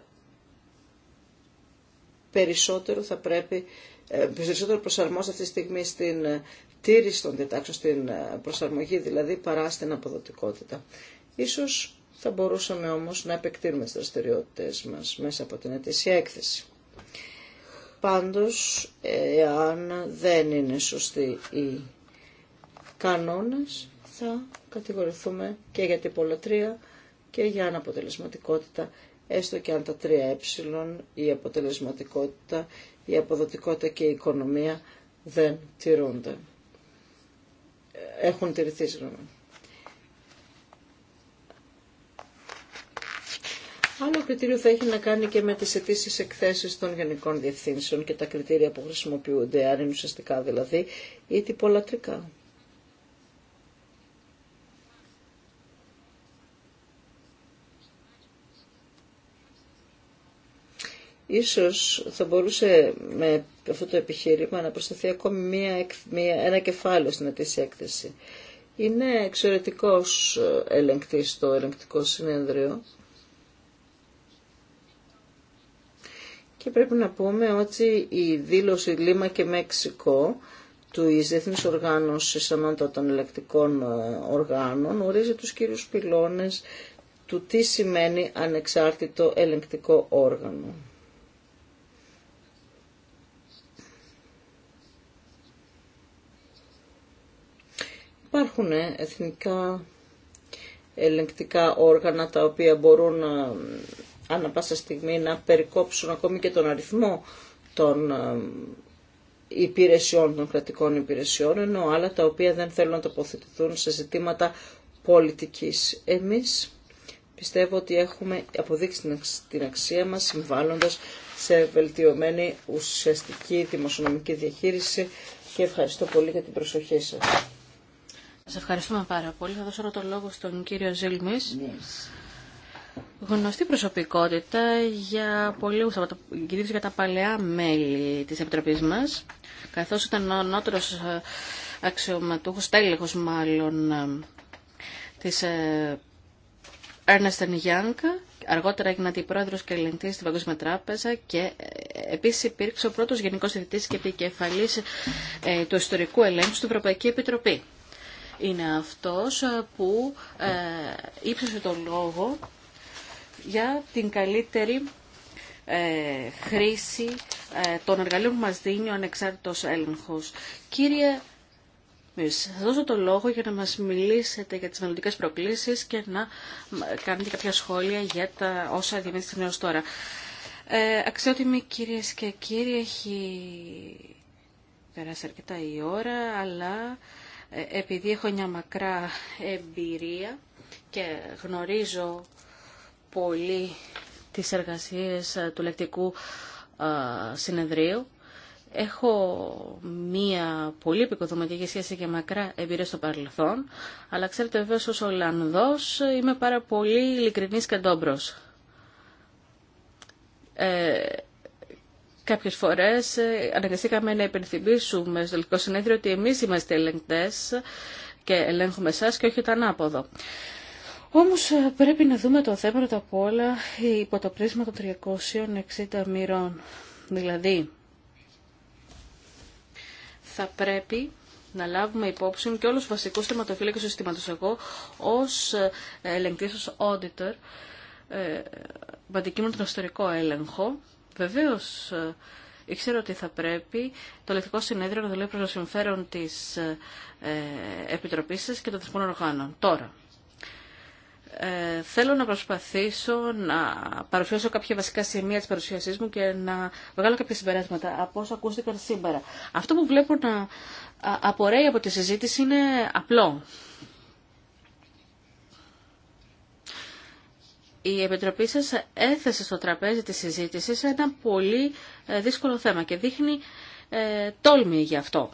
περισσότερο θα πρέπει, ε, περισσότερο προσαρμόζεται αυτή τη στιγμή στην ε, τήρηση των διατάξεων, στην προσαρμογή δηλαδή παρά στην αποδοτικότητα. Ίσως θα μπορούσαμε όμως να επεκτείνουμε τις δραστηριότητες μας μέσα από την αιτήσια έκθεση. Πάντως, εάν δεν είναι σωστή η κανόνες θα κατηγορηθούμε και για τυπολατρία και για αναποτελεσματικότητα, έστω και αν τα τρία ε, η αποτελεσματικότητα, η αποδοτικότητα και η οικονομία δεν τηρούνται. Έχουν τηρηθεί, συγγνώμη. Άλλο κριτήριο θα έχει να κάνει και με τις αιτήσει εκθέσεις των γενικών διευθύνσεων και τα κριτήρια που χρησιμοποιούνται, αν είναι ουσιαστικά δηλαδή, ή τυπολατρικά. Ίσως θα μπορούσε με αυτό το επιχείρημα να προσθεθεί ακόμη μία, μία, ένα κεφάλαιο στην ετήσια έκθεση. Είναι εξαιρετικός ε, ελεγκτής το ελεγκτικό συνέδριο. Και πρέπει να πούμε ότι η δήλωση Λίμα και Μεξικό του Διεθνής Οργάνωσης Ανώντα των Ελεκτικών ε, Οργάνων ορίζει τους κύριους πυλώνες του τι σημαίνει ανεξάρτητο ελεγκτικό όργανο. Υπάρχουν ε, εθνικά ελεγκτικά όργανα τα οποία μπορούν ε, ανά πάσα στιγμή να περικόψουν ακόμη και τον αριθμό των ε, υπηρεσιών, των κρατικών υπηρεσιών, ενώ άλλα τα οποία δεν θέλουν να τοποθετηθούν σε ζητήματα πολιτικής. Εμείς πιστεύω ότι έχουμε αποδείξει την αξία μας συμβάλλοντας σε βελτιωμένη ουσιαστική δημοσιονομική διαχείριση και ευχαριστώ πολύ για την προσοχή σας. Σας ευχαριστούμε πάρα πολύ. Θα δώσω το λόγο στον κύριο Ζήλμης. Yes. Γνωστή προσωπικότητα για πολλούς από τα, για τα παλαιά μέλη της Επιτροπής μας, καθώς ήταν ο νότερος ε, αξιωματούχος, τέλεχος μάλλον, ε, της ε, Ernest Γιάνκα. αργότερα έγινε αντιπρόεδρος και ελεγκτή στην Παγκόσμια Τράπεζα και επίσης υπήρξε ο πρώτος γενικός διευθυντής και επικεφαλής του ιστορικού ελέγχου στην Ευρωπαϊκή Επιτροπή είναι αυτός ε, που ε, ύψωσε τον λόγο για την καλύτερη ε, χρήση των εργαλείων που μας δίνει ο ανεξάρτητος έλεγχος. Κύριε θα δώσω το λόγο για να μας μιλήσετε για τις μελλοντικέ προκλήσεις και να κάνετε κάποια σχόλια για τα όσα στην έως τώρα. Ε, αξιότιμοι κυρίες και κύριοι, έχει περάσει αρκετά η ώρα, αλλά ε, επειδή έχω μια μακρά εμπειρία και γνωρίζω πολύ τις εργασίες ε, του λεκτικού ε, συνεδρίου, έχω μία πολύ επικοδομητική σχέση και μακρά εμπειρία στο παρελθόν, αλλά ξέρετε βέβαια ως Ολλανδός είμαι πάρα πολύ ειλικρινής και ντόμπρος. Ε, Κάποιες φορές ε, αναγκαστήκαμε να υπενθυμίσουμε στο Ελληνικό Συνέδριο ότι εμείς είμαστε ελεγκτέ και ελέγχουμε εσά και όχι τα ανάποδο. Όμως ε, πρέπει να δούμε το θέμα πρώτα απ' όλα υπό το πρίσμα των 360 μοιρών. Δηλαδή, θα πρέπει να λάβουμε υπόψη και όλους τους βασικούς θεματοφύλακες του συστήματος. Εγώ ως ε, ελεγκτής, ως auditor, με αντικείμενο τον ιστορικό έλεγχο, Βεβαίως, ε, ήξερα ότι θα πρέπει το ελεκτικό συνέδριο να δουλεύει προς το συμφέρον της ε, Επιτροπής σας και των θεσμών οργάνων. Τώρα, ε, θέλω να προσπαθήσω να παρουσιάσω κάποια βασικά σημεία της παρουσίασής μου και να βγάλω κάποια συμπεράσματα από όσα ακούστηκαν σήμερα. Αυτό που βλέπω να απορρέει από τη συζήτηση είναι απλό. η Επιτροπή σας έθεσε στο τραπέζι της συζήτησης ένα πολύ ε, δύσκολο θέμα και δείχνει ε, τόλμη γι' αυτό.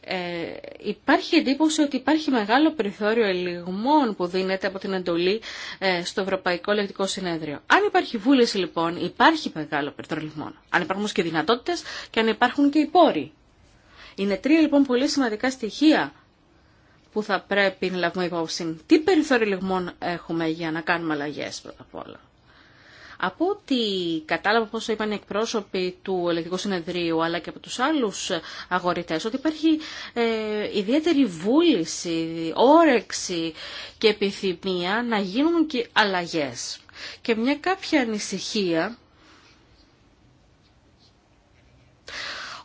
Ε, υπάρχει εντύπωση ότι υπάρχει μεγάλο περιθώριο ελιγμών που δίνεται από την εντολή ε, στο Ευρωπαϊκό Λεκτικό Συνέδριο. Αν υπάρχει βούληση λοιπόν, υπάρχει μεγάλο περιθώριο ελιγμών. Αν υπάρχουν και δυνατότητες και αν υπάρχουν και οι πόροι. Είναι τρία λοιπόν πολύ σημαντικά στοιχεία που θα πρέπει να λάβουμε υπόψη. Τι περιθώριο λεγμών έχουμε για να κάνουμε αλλαγέ πρώτα απ' όλα. Από ό,τι κατάλαβα πως είπαν οι εκπρόσωποι του Ελεκτικού Συνεδρίου αλλά και από τους άλλους αγορητές ότι υπάρχει ε, ιδιαίτερη βούληση, όρεξη και επιθυμία να γίνουν και αλλαγές. Και μια κάποια ανησυχία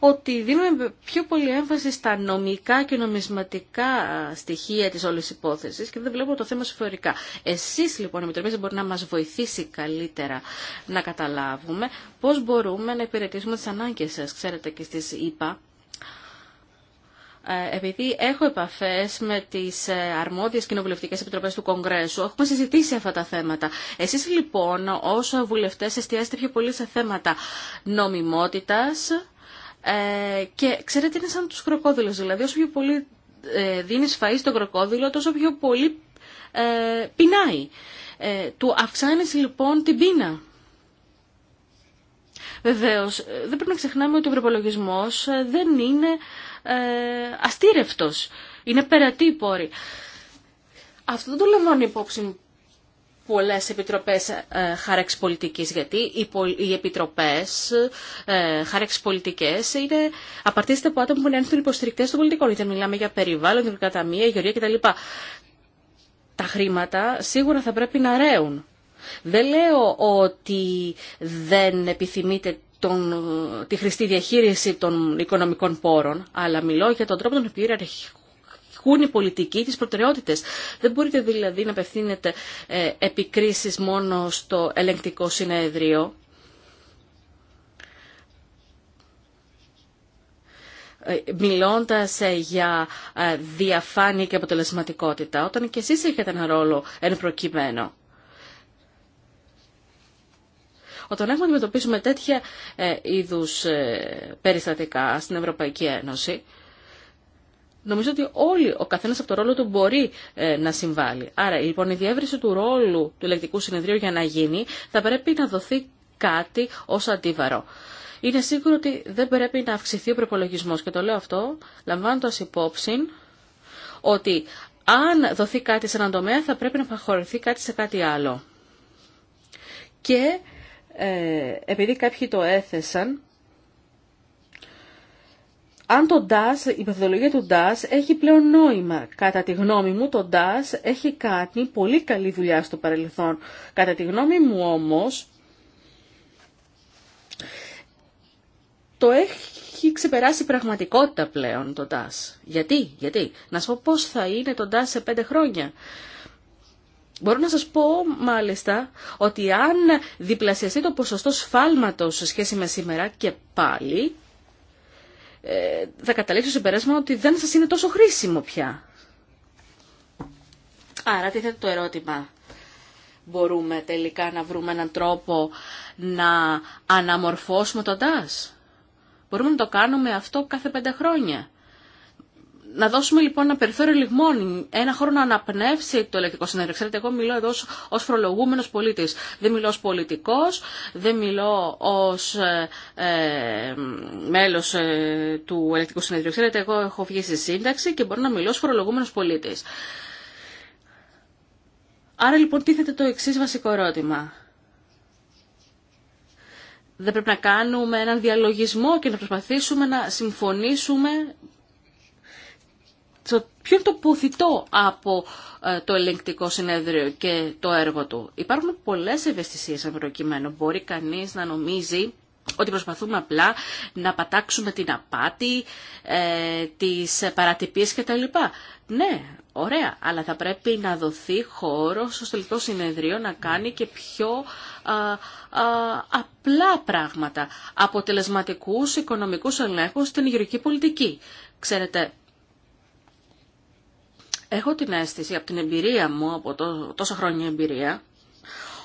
ότι δίνουμε πιο πολύ έμφαση στα νομικά και νομισματικά στοιχεία της όλης υπόθεσης και δεν βλέπουμε το θέμα σωφορικά. Εσείς λοιπόν, η Επιτροπή μπορεί να μας βοηθήσει καλύτερα να καταλάβουμε πώς μπορούμε να υπηρετήσουμε τις ανάγκες σας. Ξέρετε και στις είπα, ε, επειδή έχω επαφέ με τι ε, αρμόδιε κοινοβουλευτικέ επιτροπέ του Κογκρέσου, έχουμε συζητήσει αυτά τα θέματα. Εσεί λοιπόν, όσο βουλευτέ, εστιάζετε πιο πολύ σε θέματα νομιμότητα ε, και ξέρετε είναι σαν τους κροκόδηλου. δηλαδή όσο πιο πολύ ε, δίνεις φαΐ στον κροκόδιλο τόσο πιο πολύ ε, πεινάει. Ε, του αυξάνει λοιπόν την πείνα. Βεβαίω, ε, δεν πρέπει να ξεχνάμε ότι ο προπολογισμό ε, δεν είναι ε, αστήρευτος. Είναι περατή πόρη. Αυτό δεν το λαμβάνω υπόψη πολλές επιτροπές ε, χάραξης πολιτικής, γιατί οι, οι επιτροπές ε, πολιτικές είναι, απαρτίζεται από άτομα που είναι άνθρωποι υποστηρικτές των πολιτικών, είτε μιλάμε για περιβάλλον, δημιουργικά ταμεία, γεωργία κτλ. Τα χρήματα σίγουρα θα πρέπει να ρέουν. Δεν λέω ότι δεν επιθυμείτε τον, τη χρηστή διαχείριση των οικονομικών πόρων, αλλά μιλώ για τον τρόπο τον οποίο ασκούν οι πολιτικοί τις προτεραιότητες. Δεν μπορείτε δηλαδή να απευθύνετε ε, επικρίσεις μόνο στο ελεγκτικό συνέδριο. Ε, μιλώντας ε, για διαφάνεια και αποτελεσματικότητα, όταν και εσείς έχετε ένα ρόλο εν προκειμένου. Όταν έχουμε αντιμετωπίσουμε τέτοια είδους περιστατικά στην Ευρωπαϊκή Ένωση, Νομίζω ότι όλοι, ο καθένας από το ρόλο του μπορεί ε, να συμβάλλει. Άρα λοιπόν η διεύρυνση του ρόλου του ελεκτικού συνεδρίου για να γίνει θα πρέπει να δοθεί κάτι ως αντίβαρο. Είναι σίγουρο ότι δεν πρέπει να αυξηθεί ο προπολογισμό και το λέω αυτό λαμβάνοντας υπόψη ότι αν δοθεί κάτι σε έναν τομέα θα πρέπει να προχωρηθεί κάτι σε κάτι άλλο. Και ε, επειδή κάποιοι το έθεσαν, αν το DAS, η μεθοδολογία του DAS έχει πλέον νόημα. Κατά τη γνώμη μου το DAS έχει κάνει πολύ καλή δουλειά στο παρελθόν. Κατά τη γνώμη μου όμως το έχει ξεπεράσει πραγματικότητα πλέον το DAS. Γιατί, γιατί. Να σου πω πώς θα είναι το DAS σε πέντε χρόνια. Μπορώ να σας πω μάλιστα ότι αν διπλασιαστεί το ποσοστό σφάλματος σε σχέση με σήμερα και πάλι ε, θα καταλήξω στο συμπεράσμα ότι δεν σας είναι τόσο χρήσιμο πια. Άρα τι τίθεται το ερώτημα. Μπορούμε τελικά να βρούμε έναν τρόπο να αναμορφώσουμε τον τάς; Μπορούμε να το κάνουμε αυτό κάθε πέντε χρόνια να δώσουμε λοιπόν ένα περιθώριο λιγμόνι, ένα χώρο να αναπνεύσει το ελεκτικό συνέδριο. Ξέρετε, εγώ μιλώ εδώ ω φορολογούμενο πολίτη. Δεν μιλώ ω πολιτικό, δεν μιλώ ω ε, ε μέλο ε, του ελεκτικού συνέδριου. Ξέρετε, εγώ έχω βγει στη σύνταξη και μπορώ να μιλώ ω φορολογούμενο πολίτη. Άρα λοιπόν τίθεται το εξή βασικό ερώτημα. Δεν πρέπει να κάνουμε έναν διαλογισμό και να προσπαθήσουμε να συμφωνήσουμε ποιο είναι το πουθητό από ε, το ελεγκτικό συνέδριο και το έργο του. Υπάρχουν πολλές ευαισθησίες εν προκειμένου. Μπορεί κανείς να νομίζει ότι προσπαθούμε απλά να πατάξουμε την απάτη, ε, τις παρατυπίες κτλ. Ναι, ωραία, αλλά θα πρέπει να δοθεί χώρο στο τελικό συνεδρίο να κάνει και πιο απλά πράγματα. Αποτελεσματικούς οικονομικούς ελέγχους στην υγειορική πολιτική. Ξέρετε, έχω την αίσθηση από την εμπειρία μου, από το, τόσα χρόνια εμπειρία,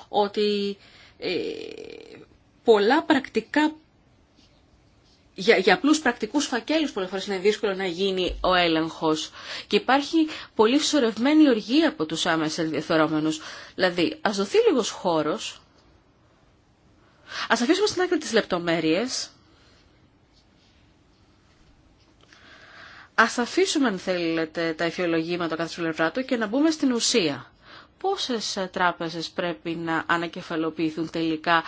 ότι ε, πολλά πρακτικά για, για απλούς πρακτικούς φακέλους πολλές φορές είναι δύσκολο να γίνει ο έλεγχος και υπάρχει πολύ φυσορευμένη οργή από τους άμεσα ενδιαφερόμενους. Δηλαδή, ας δοθεί λίγος χώρος, ας αφήσουμε στην άκρη τις λεπτομέρειες Α αφήσουμε, αν θέλετε, τα εφιολογήματα κάθε πλευρά του και να μπούμε στην ουσία. Πόσες ε, τράπεζες πρέπει να ανακεφαλοποιηθούν τελικά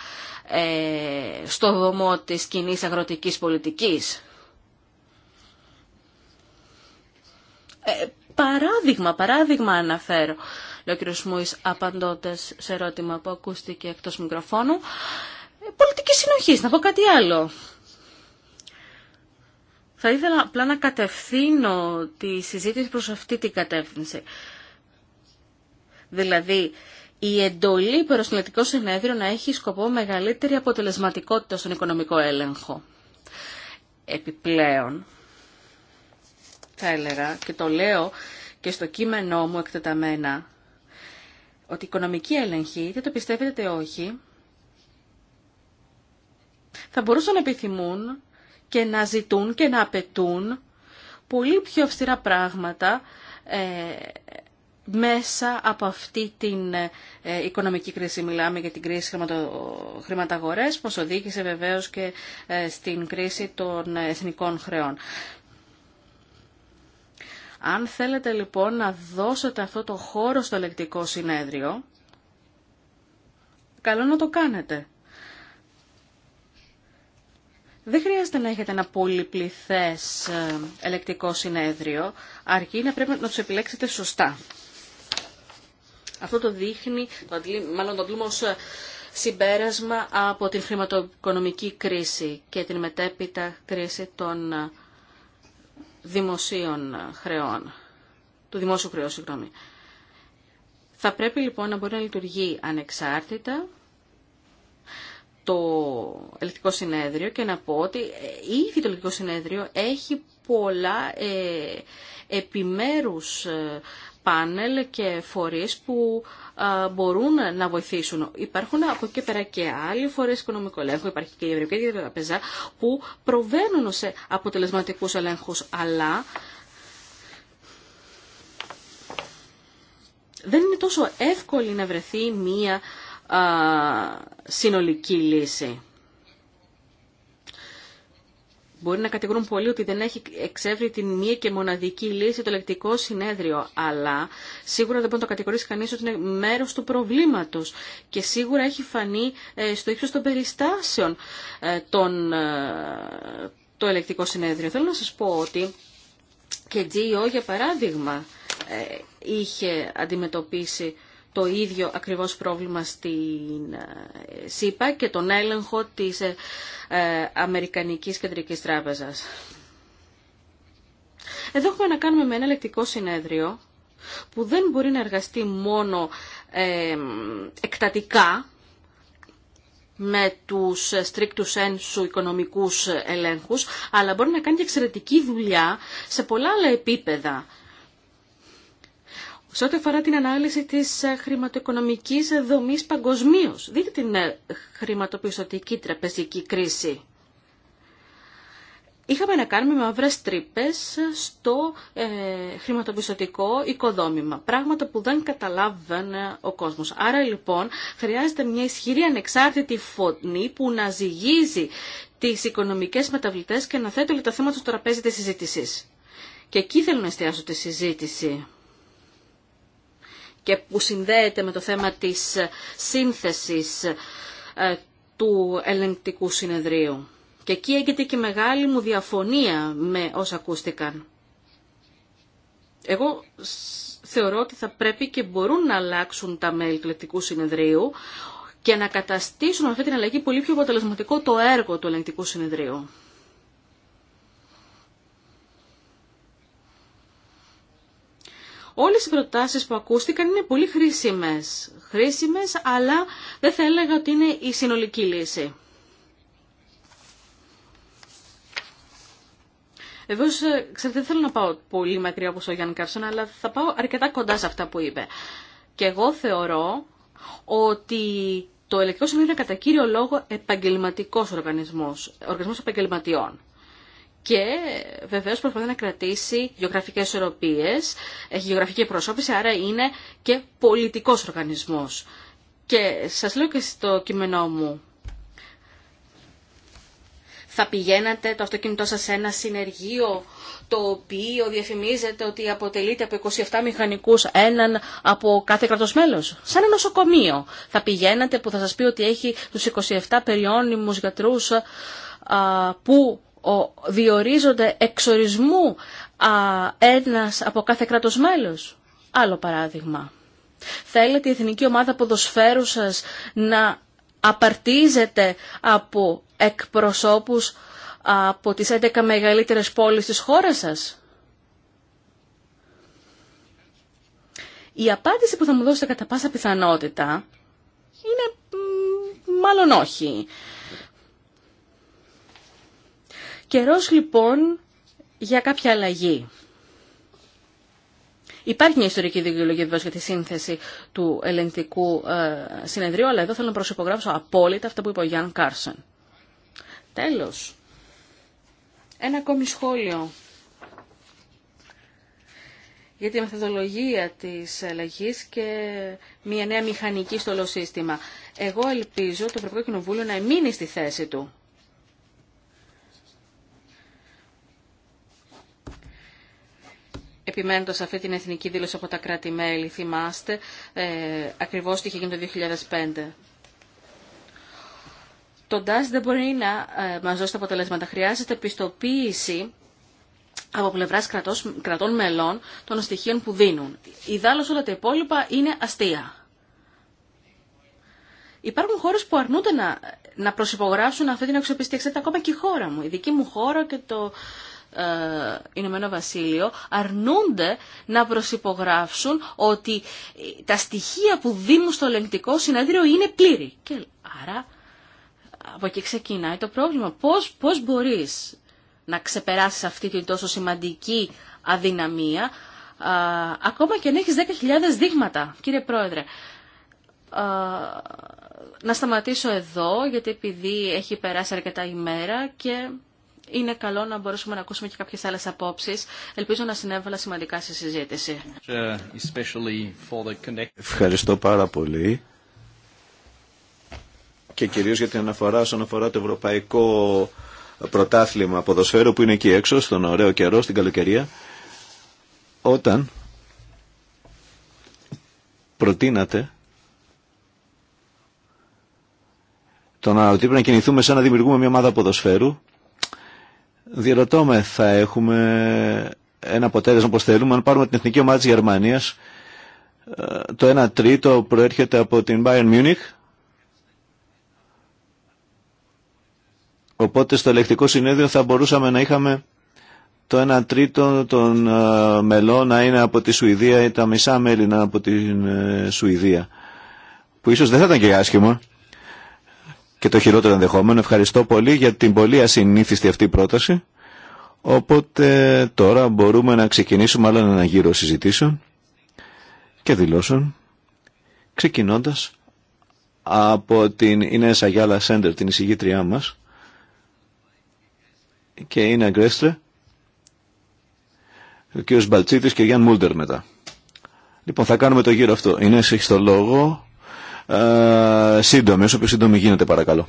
ε, στο δωμό της κοινή αγροτικής πολιτικής. Ε, παράδειγμα, παράδειγμα αναφέρω, λέει ο κ. Μούης απαντώντα σε ερώτημα που ακούστηκε εκτός μικροφώνου. Ε, πολιτική συνοχή, να πω κάτι άλλο. Θα ήθελα απλά να κατευθύνω τη συζήτηση προς αυτή την κατεύθυνση. Δηλαδή, η εντολή προς το Συνέδριο να έχει σκοπό μεγαλύτερη αποτελεσματικότητα στον οικονομικό έλεγχο. Επιπλέον, θα έλεγα και το λέω και στο κείμενό μου εκτεταμένα, ότι η οικονομική έλεγχη, δεν το πιστεύετε όχι, θα μπορούσαν να επιθυμούν και να ζητούν και να απαιτούν πολύ πιο αυστηρά πράγματα ε, μέσα από αυτή την ε, οικονομική κρίση. Μιλάμε για την κρίση χρηματαγορές, που οδήγησε βεβαίως και ε, στην κρίση των εθνικών χρεών. Αν θέλετε λοιπόν να δώσετε αυτό το χώρο στο λεκτικό συνέδριο, καλό να το κάνετε. Δεν χρειάζεται να έχετε ένα πολυπληθές ε, ελεκτικό συνέδριο, αρκεί να πρέπει να τους επιλέξετε σωστά. Αυτό το δείχνει, το μάλλον το αντλούμε ως ε, συμπέρασμα από την χρηματοοικονομική κρίση και την μετέπειτα κρίση των ε, δημοσίων χρεών, του δημόσιου χρεού, συγγνώμη. Θα πρέπει λοιπόν να μπορεί να λειτουργεί ανεξάρτητα το ελεκτικό συνέδριο και να πω ότι ήδη το ελεκτικό συνέδριο έχει πολλά ε, επιμέρους ε, πάνελ και φορείς που ε, μπορούν να βοηθήσουν. Υπάρχουν από εκεί πέρα και άλλοι φορείς οικονομικού ελέγχου, υπάρχει και η Ευρωπαϊκή Τραπεζά που προβαίνουν σε αποτελεσματικούς ελέγχους, αλλά δεν είναι τόσο εύκολη να βρεθεί μία συνολική λύση. Μπορεί να κατηγορούν πολλοί ότι δεν έχει εξεύρει την μία και μοναδική λύση το ελεκτικό συνέδριο, αλλά σίγουρα δεν μπορεί να το κατηγορήσει κανεί ότι είναι μέρο του προβλήματο και σίγουρα έχει φανεί ε, στο ύψο των περιστάσεων ε, τον, ε, το ελεκτικό συνέδριο. Θέλω να σα πω ότι και GEO, για παράδειγμα, είχε αντιμετωπίσει το ίδιο ακριβώς πρόβλημα στην ε, ΣΥΠΑ και τον έλεγχο της ε, ε, Αμερικανικής Κεντρικής Τράπεζας. Εδώ έχουμε να κάνουμε με ένα ελεκτικό συνέδριο που δεν μπορεί να εργαστεί μόνο εκτατικά με τους στρίκτους ένσου οικονομικούς ελέγχους, αλλά μπορεί να κάνει και εξαιρετική δουλειά σε πολλά άλλα επίπεδα σε ό,τι αφορά την ανάλυση της ε, χρηματοοικονομικής δομής παγκοσμίω. Δείτε την ε, χρηματοπιστωτική τραπεζική κρίση. Είχαμε να κάνουμε μαύρες τρύπε στο ε, χρηματοπιστωτικό οικοδόμημα, πράγματα που δεν καταλάβαινε ο κόσμος. Άρα λοιπόν χρειάζεται μια ισχυρή ανεξάρτητη φωνή που να ζυγίζει τις οικονομικές μεταβλητές και να θέτει όλα τα θέματα στο τραπέζι της συζήτησης. Και εκεί θέλω να εστιάσω τη συζήτηση και που συνδέεται με το θέμα της σύνθεσης ε, του ελεγκτικού συνεδρίου. Και εκεί έγινε και μεγάλη μου διαφωνία με όσα ακούστηκαν. Εγώ θεωρώ ότι θα πρέπει και μπορούν να αλλάξουν τα μέλη του ελεγκτικού συνεδρίου και να καταστήσουν αυτή την αλλαγή πολύ πιο αποτελεσματικό το έργο του ελεγκτικού συνεδρίου. Όλες οι προτάσεις που ακούστηκαν είναι πολύ χρήσιμες. Χρήσιμες, αλλά δεν θα έλεγα ότι είναι η συνολική λύση. Εδώ ξέρετε, δεν θέλω να πάω πολύ μακριά όπως ο Γιάννη Κάρσον, αλλά θα πάω αρκετά κοντά σε αυτά που είπε. Και εγώ θεωρώ ότι το ελεκτικό συνέδριο είναι κατά κύριο λόγο επαγγελματικός οργανισμός, οργανισμός επαγγελματιών και βεβαίω προσπαθεί να κρατήσει γεωγραφικέ ισορροπίε, έχει γεωγραφική προσώπηση άρα είναι και πολιτικό οργανισμό. Και σα λέω και στο κείμενό μου. Θα πηγαίνατε το αυτοκίνητό σας σε ένα συνεργείο το οποίο διαφημίζεται ότι αποτελείται από 27 μηχανικούς έναν από κάθε κρατός μέλος. Σαν ένα νοσοκομείο. Θα πηγαίνατε που θα σας πει ότι έχει τους 27 περιώνυμους γιατρούς που διορίζονται εξορισμού α, ένας από κάθε κράτος μέλος. Άλλο παράδειγμα. Θέλετε η Εθνική Ομάδα Ποδοσφαίρου σας να απαρτίζεται από εκπροσώπους από τις 11 μεγαλύτερες πόλεις της χώρας σας. Η απάντηση που θα μου δώσετε κατά πάσα πιθανότητα είναι μάλλον όχι. Καιρός λοιπόν για κάποια αλλαγή. Υπάρχει μια ιστορική δικαιολογία βεβαίω για τη σύνθεση του ελεγκτικού ε, συνεδρίου, αλλά εδώ θέλω να προσυπογράψω απόλυτα αυτά που είπε ο Γιάνν Κάρσον. Τέλος, ένα ακόμη σχόλιο για τη μεθοδολογία της αλλαγή και μια νέα μηχανική στο σύστημα. Εγώ ελπίζω το Ευρωπαϊκό Κοινοβούλιο να εμείνει στη θέση του επιμένοντα αυτή την εθνική δήλωση από τα κράτη-μέλη, θυμάστε, ε, ακριβώς τι είχε γίνει το 2005. Το DAS δεν μπορεί να ε, μας δώσει τα αποτελέσματα. Χρειάζεται πιστοποίηση από πλευράς κρατών μελών των στοιχείων που δίνουν. Ιδάλω όλα τα υπόλοιπα είναι αστεία. Υπάρχουν χώρες που αρνούνται να, να προσυπογράψουν αυτή την αξιοπιστία. Ξέρετε, ακόμα και η χώρα μου, η δική μου χώρα και το ε, Ηνωμένο Βασίλειο αρνούνται να προσυπογράψουν ότι τα στοιχεία που δίνουν στο ελεγκτικό συνέδριο είναι πλήρη. Και άρα από εκεί ξεκινάει το πρόβλημα. Πώς, πώς μπορείς να ξεπεράσεις αυτή την τόσο σημαντική αδυναμία, ακόμα και αν έχεις 10.000 δείγματα, κύριε Πρόεδρε. να σταματήσω εδώ, γιατί επειδή έχει περάσει αρκετά ημέρα και είναι καλό να μπορούσαμε να ακούσουμε και κάποιες άλλες απόψεις. Ελπίζω να συνέβαλα σημαντικά στη συζήτηση. Ευχαριστώ πάρα πολύ και κυρίως για την αναφορά όσον αφορά το ευρωπαϊκό πρωτάθλημα ποδοσφαίρου που είναι εκεί έξω στον ωραίο καιρό, στην καλοκαιρία όταν προτείνατε το να ότι να κινηθούμε σαν να δημιουργούμε μια ομάδα ποδοσφαίρου Διερωτώ θα έχουμε ένα αποτέλεσμα όπως θέλουμε. Αν πάρουμε την εθνική ομάδα της Γερμανίας, ε, το 1 τρίτο προέρχεται από την Bayern Munich. Οπότε στο ελεκτικό συνέδριο θα μπορούσαμε να είχαμε το 1 τρίτο των ε, μελών να είναι από τη Σουηδία ή τα μισά μέλη να από τη ε, Σουηδία. Που ίσως δεν θα ήταν και άσχημα και το χειρότερο ενδεχόμενο. Ευχαριστώ πολύ για την πολύ ασυνήθιστη αυτή πρόταση. Οπότε τώρα μπορούμε να ξεκινήσουμε άλλο ένα γύρο συζητήσεων και δηλώσεων, ξεκινώντας από την Ινέα Σαγιάλα Σέντερ, την εισηγήτριά μας, και είναι Γκρέστρε ο κ. Μπαλτσίτης και ο Γιάνν Μούλτερ μετά. Λοιπόν, θα κάνουμε το γύρο αυτό. είναι έχει το λόγο. Ε, σύντομη, όσο πιο σύντομη γίνεται παρακαλώ.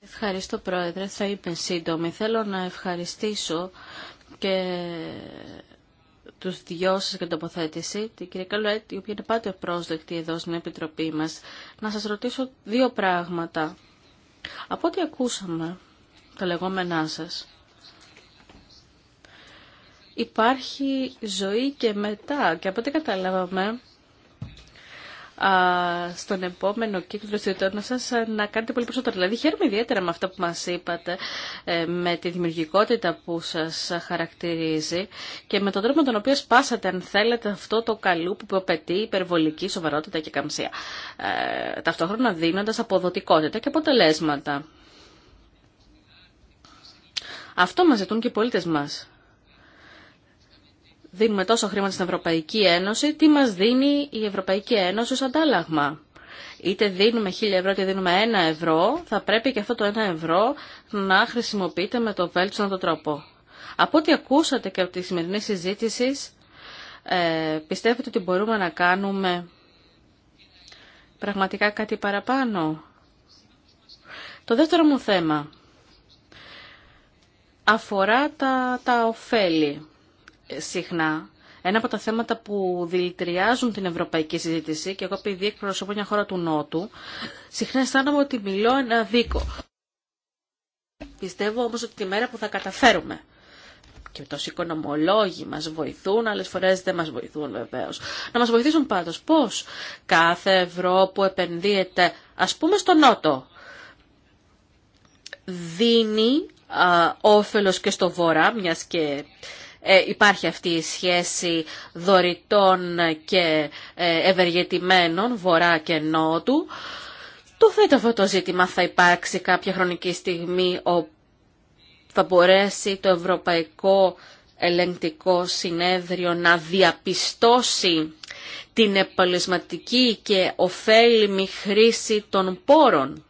Ευχαριστώ Πρόεδρε, θα είμαι σύντομη. Θέλω να ευχαριστήσω και τους δυο σας για την τοποθέτηση, την κυρία Καλουέτ, η οποία είναι πάντα πρόσδεκτη εδώ στην Επιτροπή μας, να σας ρωτήσω δύο πράγματα. Από ό,τι ακούσαμε τα λεγόμενά σας, υπάρχει ζωή και μετά και από ό,τι καταλάβαμε στον επόμενο κύκλο δραστηριοτήτων σας ε, να κάνετε πολύ περισσότερο. Δηλαδή χαίρομαι ιδιαίτερα με αυτά που μας είπατε, ε, με τη δημιουργικότητα που σας χαρακτηρίζει και με τον τρόπο με τον οποίο σπάσατε, αν θέλετε, αυτό το καλού που απαιτεί υπερβολική σοβαρότητα και καμψία. Ε, ταυτόχρονα δίνοντας αποδοτικότητα και αποτελέσματα. Αυτό μας ζητούν και οι πολίτες μας δίνουμε τόσο χρήματα στην Ευρωπαϊκή Ένωση, τι μας δίνει η Ευρωπαϊκή Ένωση ως αντάλλαγμα. Είτε δίνουμε 1.000 ευρώ, είτε δίνουμε 1 ευρώ, θα πρέπει και αυτό το 1 ευρώ να χρησιμοποιείται με το βέλτιστο τον τρόπο. Από ό,τι ακούσατε και από τη σημερινή συζήτηση, ε, πιστεύετε ότι μπορούμε να κάνουμε πραγματικά κάτι παραπάνω. Το δεύτερο μου θέμα αφορά τα, τα ωφέλη συχνά ένα από τα θέματα που δηλητηριάζουν την ευρωπαϊκή συζήτηση και εγώ επειδή εκπροσωπώ μια χώρα του Νότου, συχνά αισθάνομαι ότι μιλώ ένα δίκο. Πιστεύω όμως ότι τη μέρα που θα καταφέρουμε και το οικονομολόγοι μας βοηθούν, άλλες φορές δεν μας βοηθούν βεβαίως. Να μας βοηθήσουν πάντως πώς κάθε ευρώ που επενδύεται, ας πούμε στο Νότο, δίνει α, όφελος και στο Βορρά, μιας και ε, υπάρχει αυτή η σχέση δωρητών και ε, ευεργετημένων, βορρά και νότου. Το θέτω αυτό το ζήτημα, θα υπάρξει κάποια χρονική στιγμή όπου θα μπορέσει το Ευρωπαϊκό Ελεγκτικό Συνέδριο να διαπιστώσει την επαλισματική και ωφέλιμη χρήση των πόρων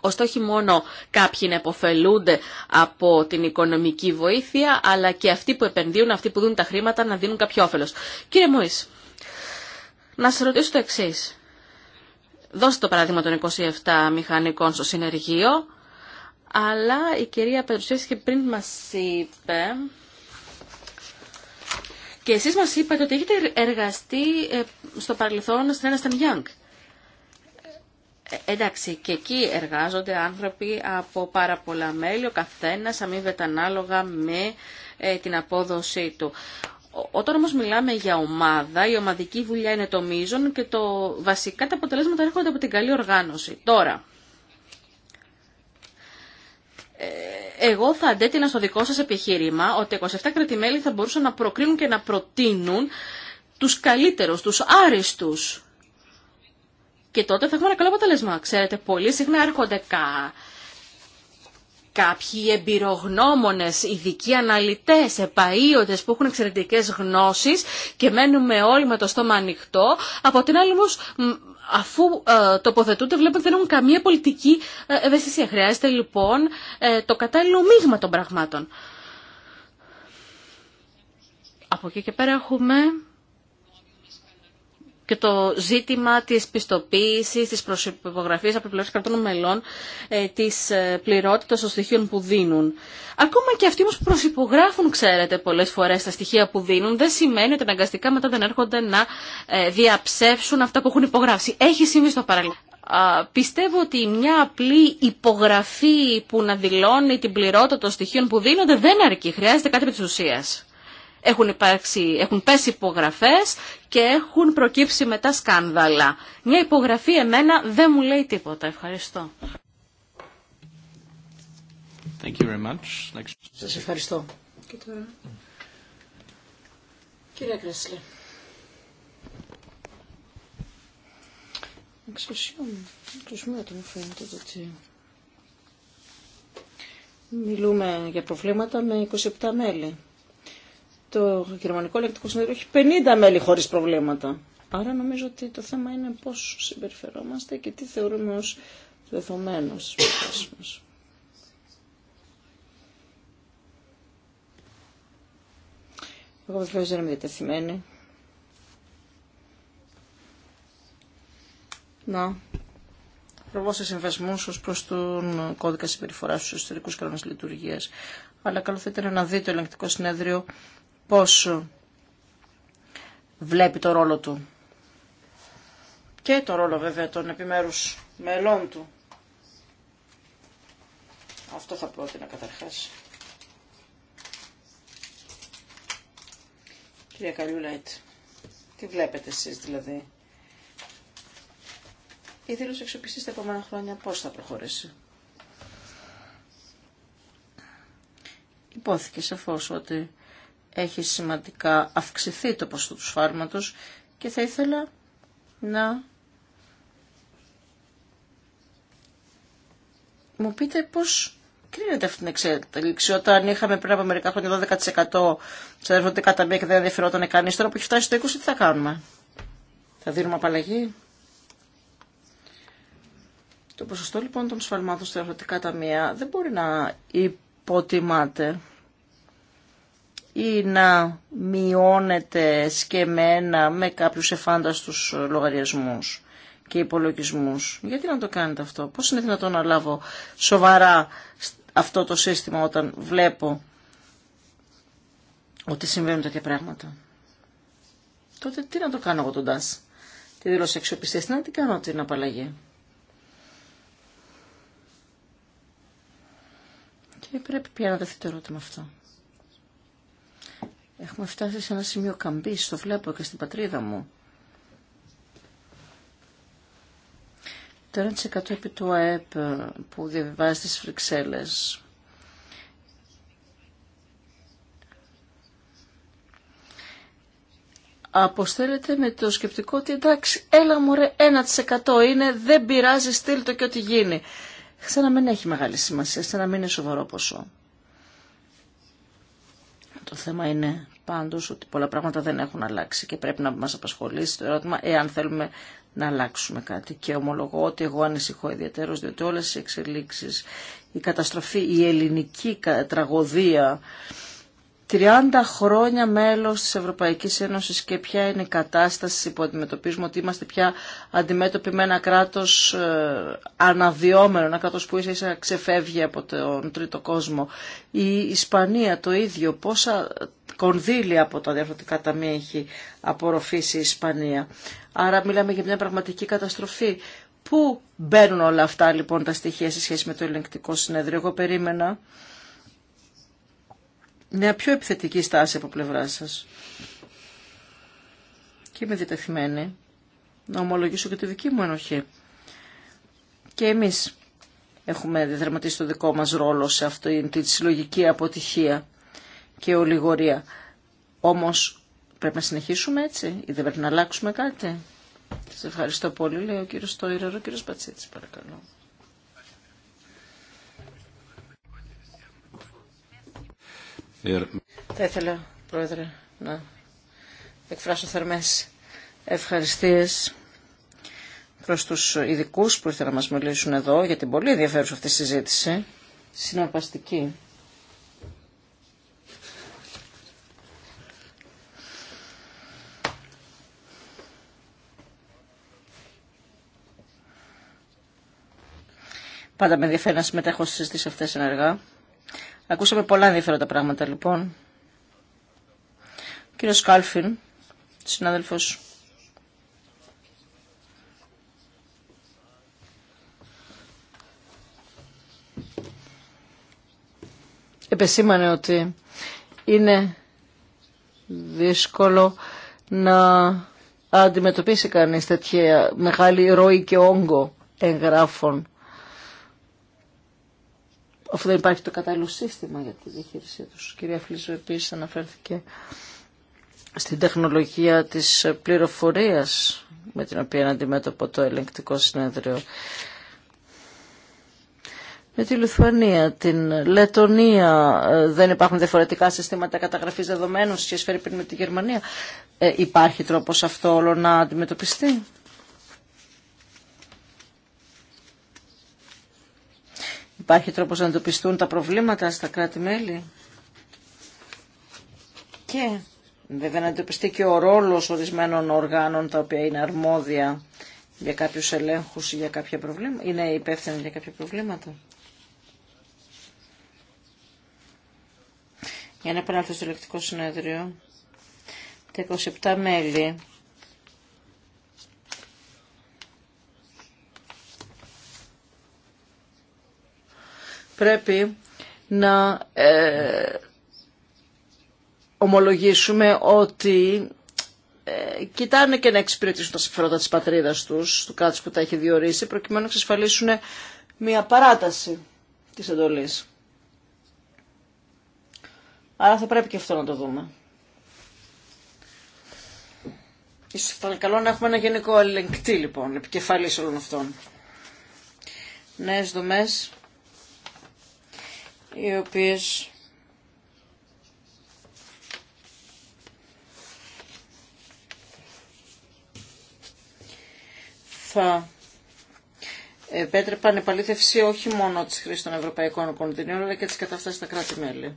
ώστε όχι μόνο κάποιοι να υποφελούνται από την οικονομική βοήθεια, αλλά και αυτοί που επενδύουν, αυτοί που δίνουν τα χρήματα να δίνουν κάποιο όφελος. Κύριε Μωής, να σας ρωτήσω το εξή. Δώστε το παράδειγμα των 27 μηχανικών στο συνεργείο, αλλά η κυρία Πετρουσιεύσκη πριν μας είπε... Και εσείς μας είπατε ότι έχετε εργαστεί ε, στο παρελθόν στην Ένασταν Γιάνγκ. Εντάξει, και εκεί εργάζονται άνθρωποι από πάρα πολλά μέλη, ο καθένας αμείβεται ανάλογα με ε, την απόδοσή του. Όταν όμως μιλάμε για ομάδα, η ομαδική δουλειά είναι το μείζον και το βασικά τα αποτελέσματα έρχονται από την καλή οργάνωση. Τώρα, ε, εγώ θα αντέτεινα στο δικό σας επιχείρημα ότι 27 κρατημέλη θα μπορούσαν να προκρίνουν και να προτείνουν τους καλύτερους, τους άριστους και τότε θα έχουμε ένα καλό αποτέλεσμα. Ξέρετε, πολύ συχνά έρχονται κάποιοι εμπειρογνώμονες, ειδικοί αναλυτές, επαΐοντες που έχουν εξαιρετικές γνώσεις και μένουμε όλοι με το στόμα ανοιχτό. Από την άλλη όμως, αφού ε, τοποθετούνται βλέπουμε ότι δεν έχουν καμία πολιτική ε, ευαισθησία. Χρειάζεται λοιπόν ε, το κατάλληλο μείγμα των πραγμάτων. Από εκεί και πέρα έχουμε και το ζήτημα της πιστοποίηση, της προσυπογραφής από πλευρά κρατών μελών, ε, της ε, πληρότητας των στοιχείων που δίνουν. Ακόμα και αυτοί όμως που προσυπογράφουν, ξέρετε, πολλές φορές τα στοιχεία που δίνουν, δεν σημαίνει ότι αναγκαστικά μετά δεν έρχονται να ε, διαψεύσουν αυτά που έχουν υπογράψει. Έχει συμβεί στο παρελθόν. Πιστεύω ότι μια απλή υπογραφή που να δηλώνει την πληρότητα των στοιχείων που δίνονται δεν αρκεί. Χρειάζεται κάτι με της ουσίας. Έχουν, υπάρξει, έχουν πέσει υπογραφές και έχουν προκύψει μετά σκάνδαλα. Μια υπογραφή εμένα δεν μου λέει τίποτα. Ευχαριστώ. Thank ευχαριστώ. Και τώρα... Κύριε Κρέσλε. φαίνεται μιλούμε για προβλήματα με 27 μέλη το Γερμανικό Ελεκτικό Συνέδριο έχει 50 μέλη χωρίς προβλήματα. Άρα νομίζω ότι το θέμα είναι πώς συμπεριφερόμαστε και τι θεωρούμε ως δεδομένο μας. Εγώ βεβαίω δεν είμαι διατεθειμένη. Να προβώ σε συμβασμού ω προ τον κώδικα συμπεριφορά στου εσωτερικού κανόνε λειτουργία. Αλλά καλό θα ήταν να δει το ελεγκτικό συνέδριο πώς βλέπει το ρόλο του και το ρόλο βέβαια των επιμέρους μελών του. Αυτό θα να καταρχάς. Κυρία Καλιούλαϊτ, τι βλέπετε εσείς δηλαδή. Η δήλωση εξοπιστής τα επόμενα χρόνια πώς θα προχωρήσει. Υπόθηκε σαφώς ότι έχει σημαντικά αυξηθεί το ποσό του φάρματος και θα ήθελα να μου πείτε πώς κρίνεται αυτή την εξέλιξη. Όταν είχαμε πριν από μερικά χρόνια 12% σε κατά μία και δεν ενδιαφερόταν κανείς, τώρα που έχει φτάσει στο 20% τι θα κάνουμε. Θα δίνουμε απαλλαγή. Το ποσοστό λοιπόν των σφαλμάτων στα ερωτικά ταμεία δεν μπορεί να υποτιμάται ή να μειώνεται σκεμμένα με κάποιους εφάνταστους λογαριασμούς και υπολογισμούς. Γιατί να το κάνετε αυτό, πώς είναι δυνατόν να λάβω σοβαρά αυτό το σύστημα όταν βλέπω ότι συμβαίνουν τέτοια πράγματα. Τότε τι να το κάνω εγώ τον ΤΑΣ, τη δήλωση αξιοπιστίας, τι να την κάνω την απαλλαγή. Και πρέπει πια να δεθεί το ερώτημα αυτό. Έχουμε φτάσει σε ένα σημείο καμπή, το βλέπω και στην πατρίδα μου. Το 1% επί του ΑΕΠ ε, που διαβιβάζει στις Φρυξέλλες. Αποστέλλεται με το σκεπτικό ότι εντάξει, έλα ρε, 1% είναι, δεν πειράζει, στείλ το και ό,τι γίνει. Σαν να μην έχει μεγάλη σημασία, σαν να μην είναι σοβαρό ποσό. Το θέμα είναι πάντως ότι πολλά πράγματα δεν έχουν αλλάξει και πρέπει να μας απασχολήσει το ερώτημα εάν θέλουμε να αλλάξουμε κάτι. Και ομολογώ ότι εγώ ανησυχώ ιδιαίτερως διότι όλες οι εξελίξεις, η καταστροφή, η ελληνική τραγωδία 30 χρόνια μέλος της Ευρωπαϊκής Ένωσης και ποια είναι η κατάσταση που αντιμετωπίζουμε ότι είμαστε πια αντιμέτωποι με ένα κράτος ε, αναδυόμενο, ένα κράτος που ίσα ίσα ξεφεύγει από τον τρίτο κόσμο. Η Ισπανία το ίδιο, πόσα κονδύλια από τα διαφορετικά ταμεία έχει απορροφήσει η Ισπανία. Άρα μιλάμε για μια πραγματική καταστροφή. Πού μπαίνουν όλα αυτά λοιπόν τα στοιχεία σε σχέση με το ελεγκτικό συνέδριο. Εγώ περίμενα μια πιο επιθετική στάση από πλευρά σας. Και είμαι διτεθειμένη να ομολογήσω και τη δική μου ενοχή. Και εμείς έχουμε διδραματίσει το δικό μας ρόλο σε αυτή τη συλλογική αποτυχία και ολιγορία. Όμως πρέπει να συνεχίσουμε έτσι ή δεν πρέπει να αλλάξουμε κάτι. Σας ευχαριστώ πολύ, λέει ο κύριος Στόιρερ, ο κύριος Πατσίτης, παρακαλώ. Θα ήθελα, Πρόεδρε, να εκφράσω θερμές ευχαριστίες προς τους ειδικού που ήρθαν να μας μιλήσουν εδώ για την πολύ ενδιαφέρουσα αυτή συζήτηση, συναρπαστική. Πάντα με ενδιαφέρει να συμμετέχω στις συζητήσεις αυτές ενεργά. Ακούσαμε πολλά ενδιαφέροντα πράγματα λοιπόν. Ο κύριος Κάλφιν, συνάδελφος επεσήμανε ότι είναι δύσκολο να αντιμετωπίσει κανείς τέτοια μεγάλη ροή και όγκο εγγράφων αφού δεν υπάρχει το κατάλληλο σύστημα για τη διαχείρισή τους. Η κυρία Φλίζο επίσης αναφέρθηκε στην τεχνολογία της πληροφορίας με την οποία είναι αντιμέτωπο το ελεγκτικό συνέδριο. Με τη Λιθουανία, την Λετωνία ε, δεν υπάρχουν διαφορετικά συστήματα καταγραφής δεδομένων σε πριν με τη Γερμανία. Ε, υπάρχει τρόπος αυτό όλο να αντιμετωπιστεί. Υπάρχει τρόπος να εντοπιστούν τα προβλήματα στα κράτη-μέλη. Και βέβαια να εντοπιστεί και ο ρόλος ορισμένων οργάνων τα οποία είναι αρμόδια για κάποιους ελέγχους ή για κάποια προβλήματα. Είναι υπεύθυνοι για κάποια προβλήματα. Για να επανέλθω στο ηλεκτρικό συνέδριο, τα 27 μέλη πρέπει να ε, ομολογήσουμε ότι ε, κοιτάνε και να εξυπηρετήσουν τα συμφέροντα της πατρίδας τους, του κράτους που τα έχει διορίσει, προκειμένου να εξασφαλίσουν μια παράταση της εντολής. Άρα θα πρέπει και αυτό να το δούμε. Ίσως θα είναι καλό να έχουμε ένα γενικό ελεγκτή λοιπόν, επικεφαλής όλων αυτών. Νέες δομές οι οποίες θα επέτρεπαν επαλήθευση όχι μόνο της χρήσης των ευρωπαϊκών κονδυλίων, αλλά και της κατάστασης στα κράτη-μέλη.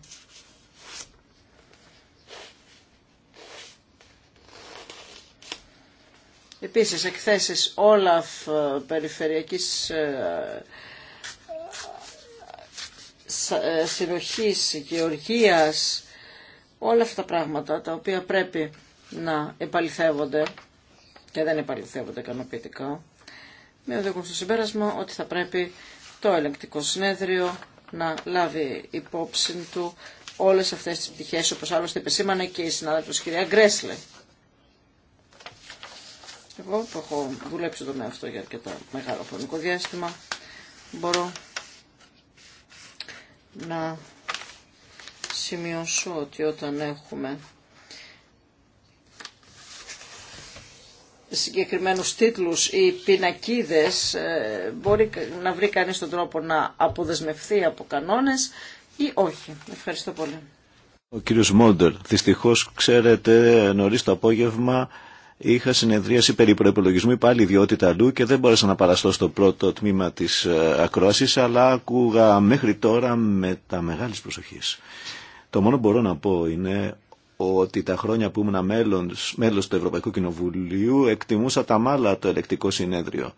Επίσης, εκθέσεις όλα ε, περιφερειακής ε, συνοχής, γεωργίας, όλα αυτά τα πράγματα τα οποία πρέπει να επαληθεύονται και δεν επαληθεύονται ικανοποιητικά, με οδηγούν στο συμπέρασμα ότι θα πρέπει το ελεγκτικό συνέδριο να λάβει υπόψη του όλες αυτές τις πτυχές, όπως άλλωστε επεσήμανε και η συνάδελφος κυρία Γκρέσλε. Εγώ που έχω δουλέψει το με αυτό για αρκετά μεγάλο χρονικό διάστημα, μπορώ να σημειώσω ότι όταν έχουμε συγκεκριμένους τίτλους ή πινακίδες ε, μπορεί να βρει κανείς τον τρόπο να αποδεσμευθεί από κανόνες ή όχι. Ευχαριστώ πολύ. Ο κύριος Μόντερ, δυστυχώς ξέρετε νωρίς το απόγευμα Είχα συνεδρίαση περί προπολογισμού, πάλι ιδιότητα αλλού και δεν μπόρεσα να παραστώ στο πρώτο τμήμα της ε, ακρόασης, αλλά ακούγα μέχρι τώρα με τα μεγάλη προσοχή. Το μόνο που μπορώ να πω είναι ότι τα χρόνια που ήμουν μέλος, του Ευρωπαϊκού Κοινοβουλίου εκτιμούσα τα μάλα το ελεκτικό συνέδριο.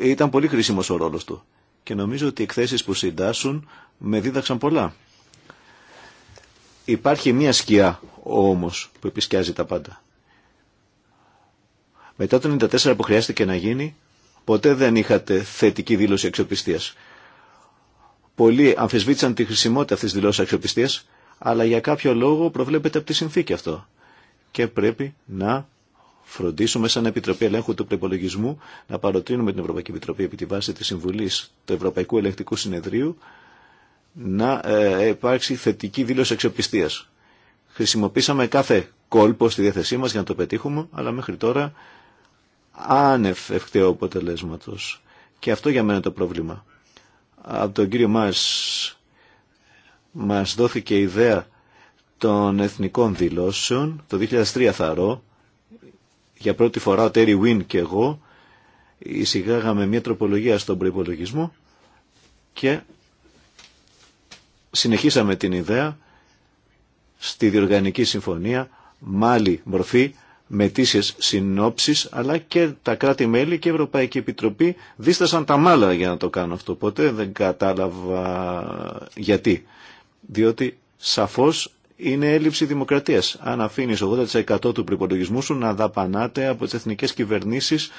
Ήταν πολύ χρήσιμος ο ρόλος του και νομίζω ότι οι εκθέσεις που συντάσσουν με δίδαξαν πολλά. Υπάρχει μία σκιά όμως που επισκιάζει τα πάντα. Μετά το 94 που χρειάστηκε να γίνει, ποτέ δεν είχατε θετική δήλωση αξιοπιστίας. Πολλοί αμφισβήτησαν τη χρησιμότητα αυτής της δηλώσης αξιοπιστίας, αλλά για κάποιο λόγο προβλέπεται από τη συνθήκη αυτό. Και πρέπει να φροντίσουμε σαν Επιτροπή Ελέγχου του Προπολογισμού να παροτρύνουμε την Ευρωπαϊκή Επιτροπή επί τη βάση της Συμβουλής του Ευρωπαϊκού Ελεγκτικού Συνεδρίου να ε, υπάρξει θετική δήλωση αξιοπιστίας. Χρησιμοποίησαμε κάθε κόλπο στη διάθεσή μας για να το πετύχουμε, αλλά μέχρι τώρα άνευ ευκταίο αποτελέσματο. Και αυτό για μένα το πρόβλημα. Από τον κύριο μας μας δόθηκε η ιδέα των εθνικών δηλώσεων, το 2003 θα ρω, για πρώτη φορά ο Τέρι Βιν και εγώ εισηγάγαμε μια τροπολογία στον προϋπολογισμό και συνεχίσαμε την ιδέα στη διοργανική συμφωνία μάλι μορφή με συνόψεις αλλά και τα κράτη-μέλη και η Ευρωπαϊκή Επιτροπή δίστασαν τα μάλα για να το κάνω αυτό. Ποτέ δεν κατάλαβα γιατί. Διότι σαφώς είναι έλλειψη δημοκρατίας. Αν αφήνεις 80% του προπολογισμού σου να δαπανάτε από τις εθνικές κυβερνήσεις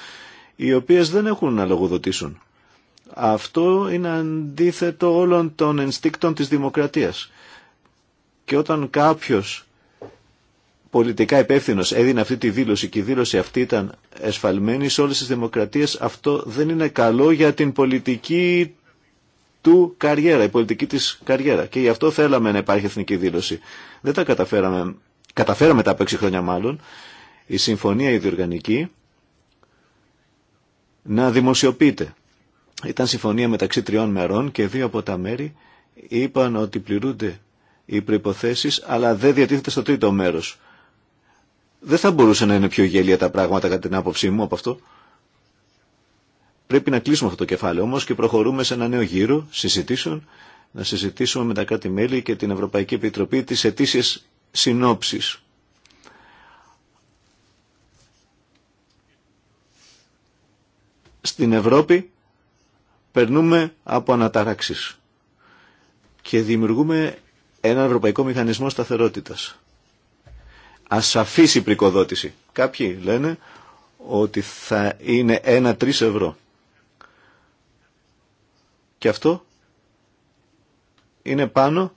οι οποίες δεν έχουν να λογοδοτήσουν. Αυτό είναι αντίθετο όλων των ενστίκτων της δημοκρατίας. Και όταν κάποιος πολιτικά υπεύθυνο έδινε αυτή τη δήλωση και η δήλωση αυτή ήταν εσφαλμένη σε όλες τις δημοκρατίες, αυτό δεν είναι καλό για την πολιτική του καριέρα, η πολιτική της καριέρα. Και γι' αυτό θέλαμε να υπάρχει εθνική δήλωση. Δεν τα καταφέραμε, καταφέραμε τα από έξι χρόνια μάλλον, η συμφωνία ιδιοργανική να δημοσιοποιείται. Ήταν συμφωνία μεταξύ τριών μερών και δύο από τα μέρη είπαν ότι πληρούνται οι προϋποθέσεις αλλά δεν διατίθεται στο τρίτο μέρος. Δεν θα μπορούσε να είναι πιο γέλια τα πράγματα κατά την άποψή μου από αυτό. Πρέπει να κλείσουμε αυτό το κεφάλαιο όμως και προχωρούμε σε ένα νέο γύρο συζητήσεων, να συζητήσουμε με τα κράτη-μέλη και την Ευρωπαϊκή Επιτροπή τις αιτήσιες συνόψεις. Στην Ευρώπη περνούμε από αναταράξεις και δημιουργούμε ένα ευρωπαϊκό μηχανισμό σταθερότητας. αφήσει η πρικοδότηση. Κάποιοι λένε ότι θα ειναι ένα 1-3 ευρώ. Και αυτό είναι πάνω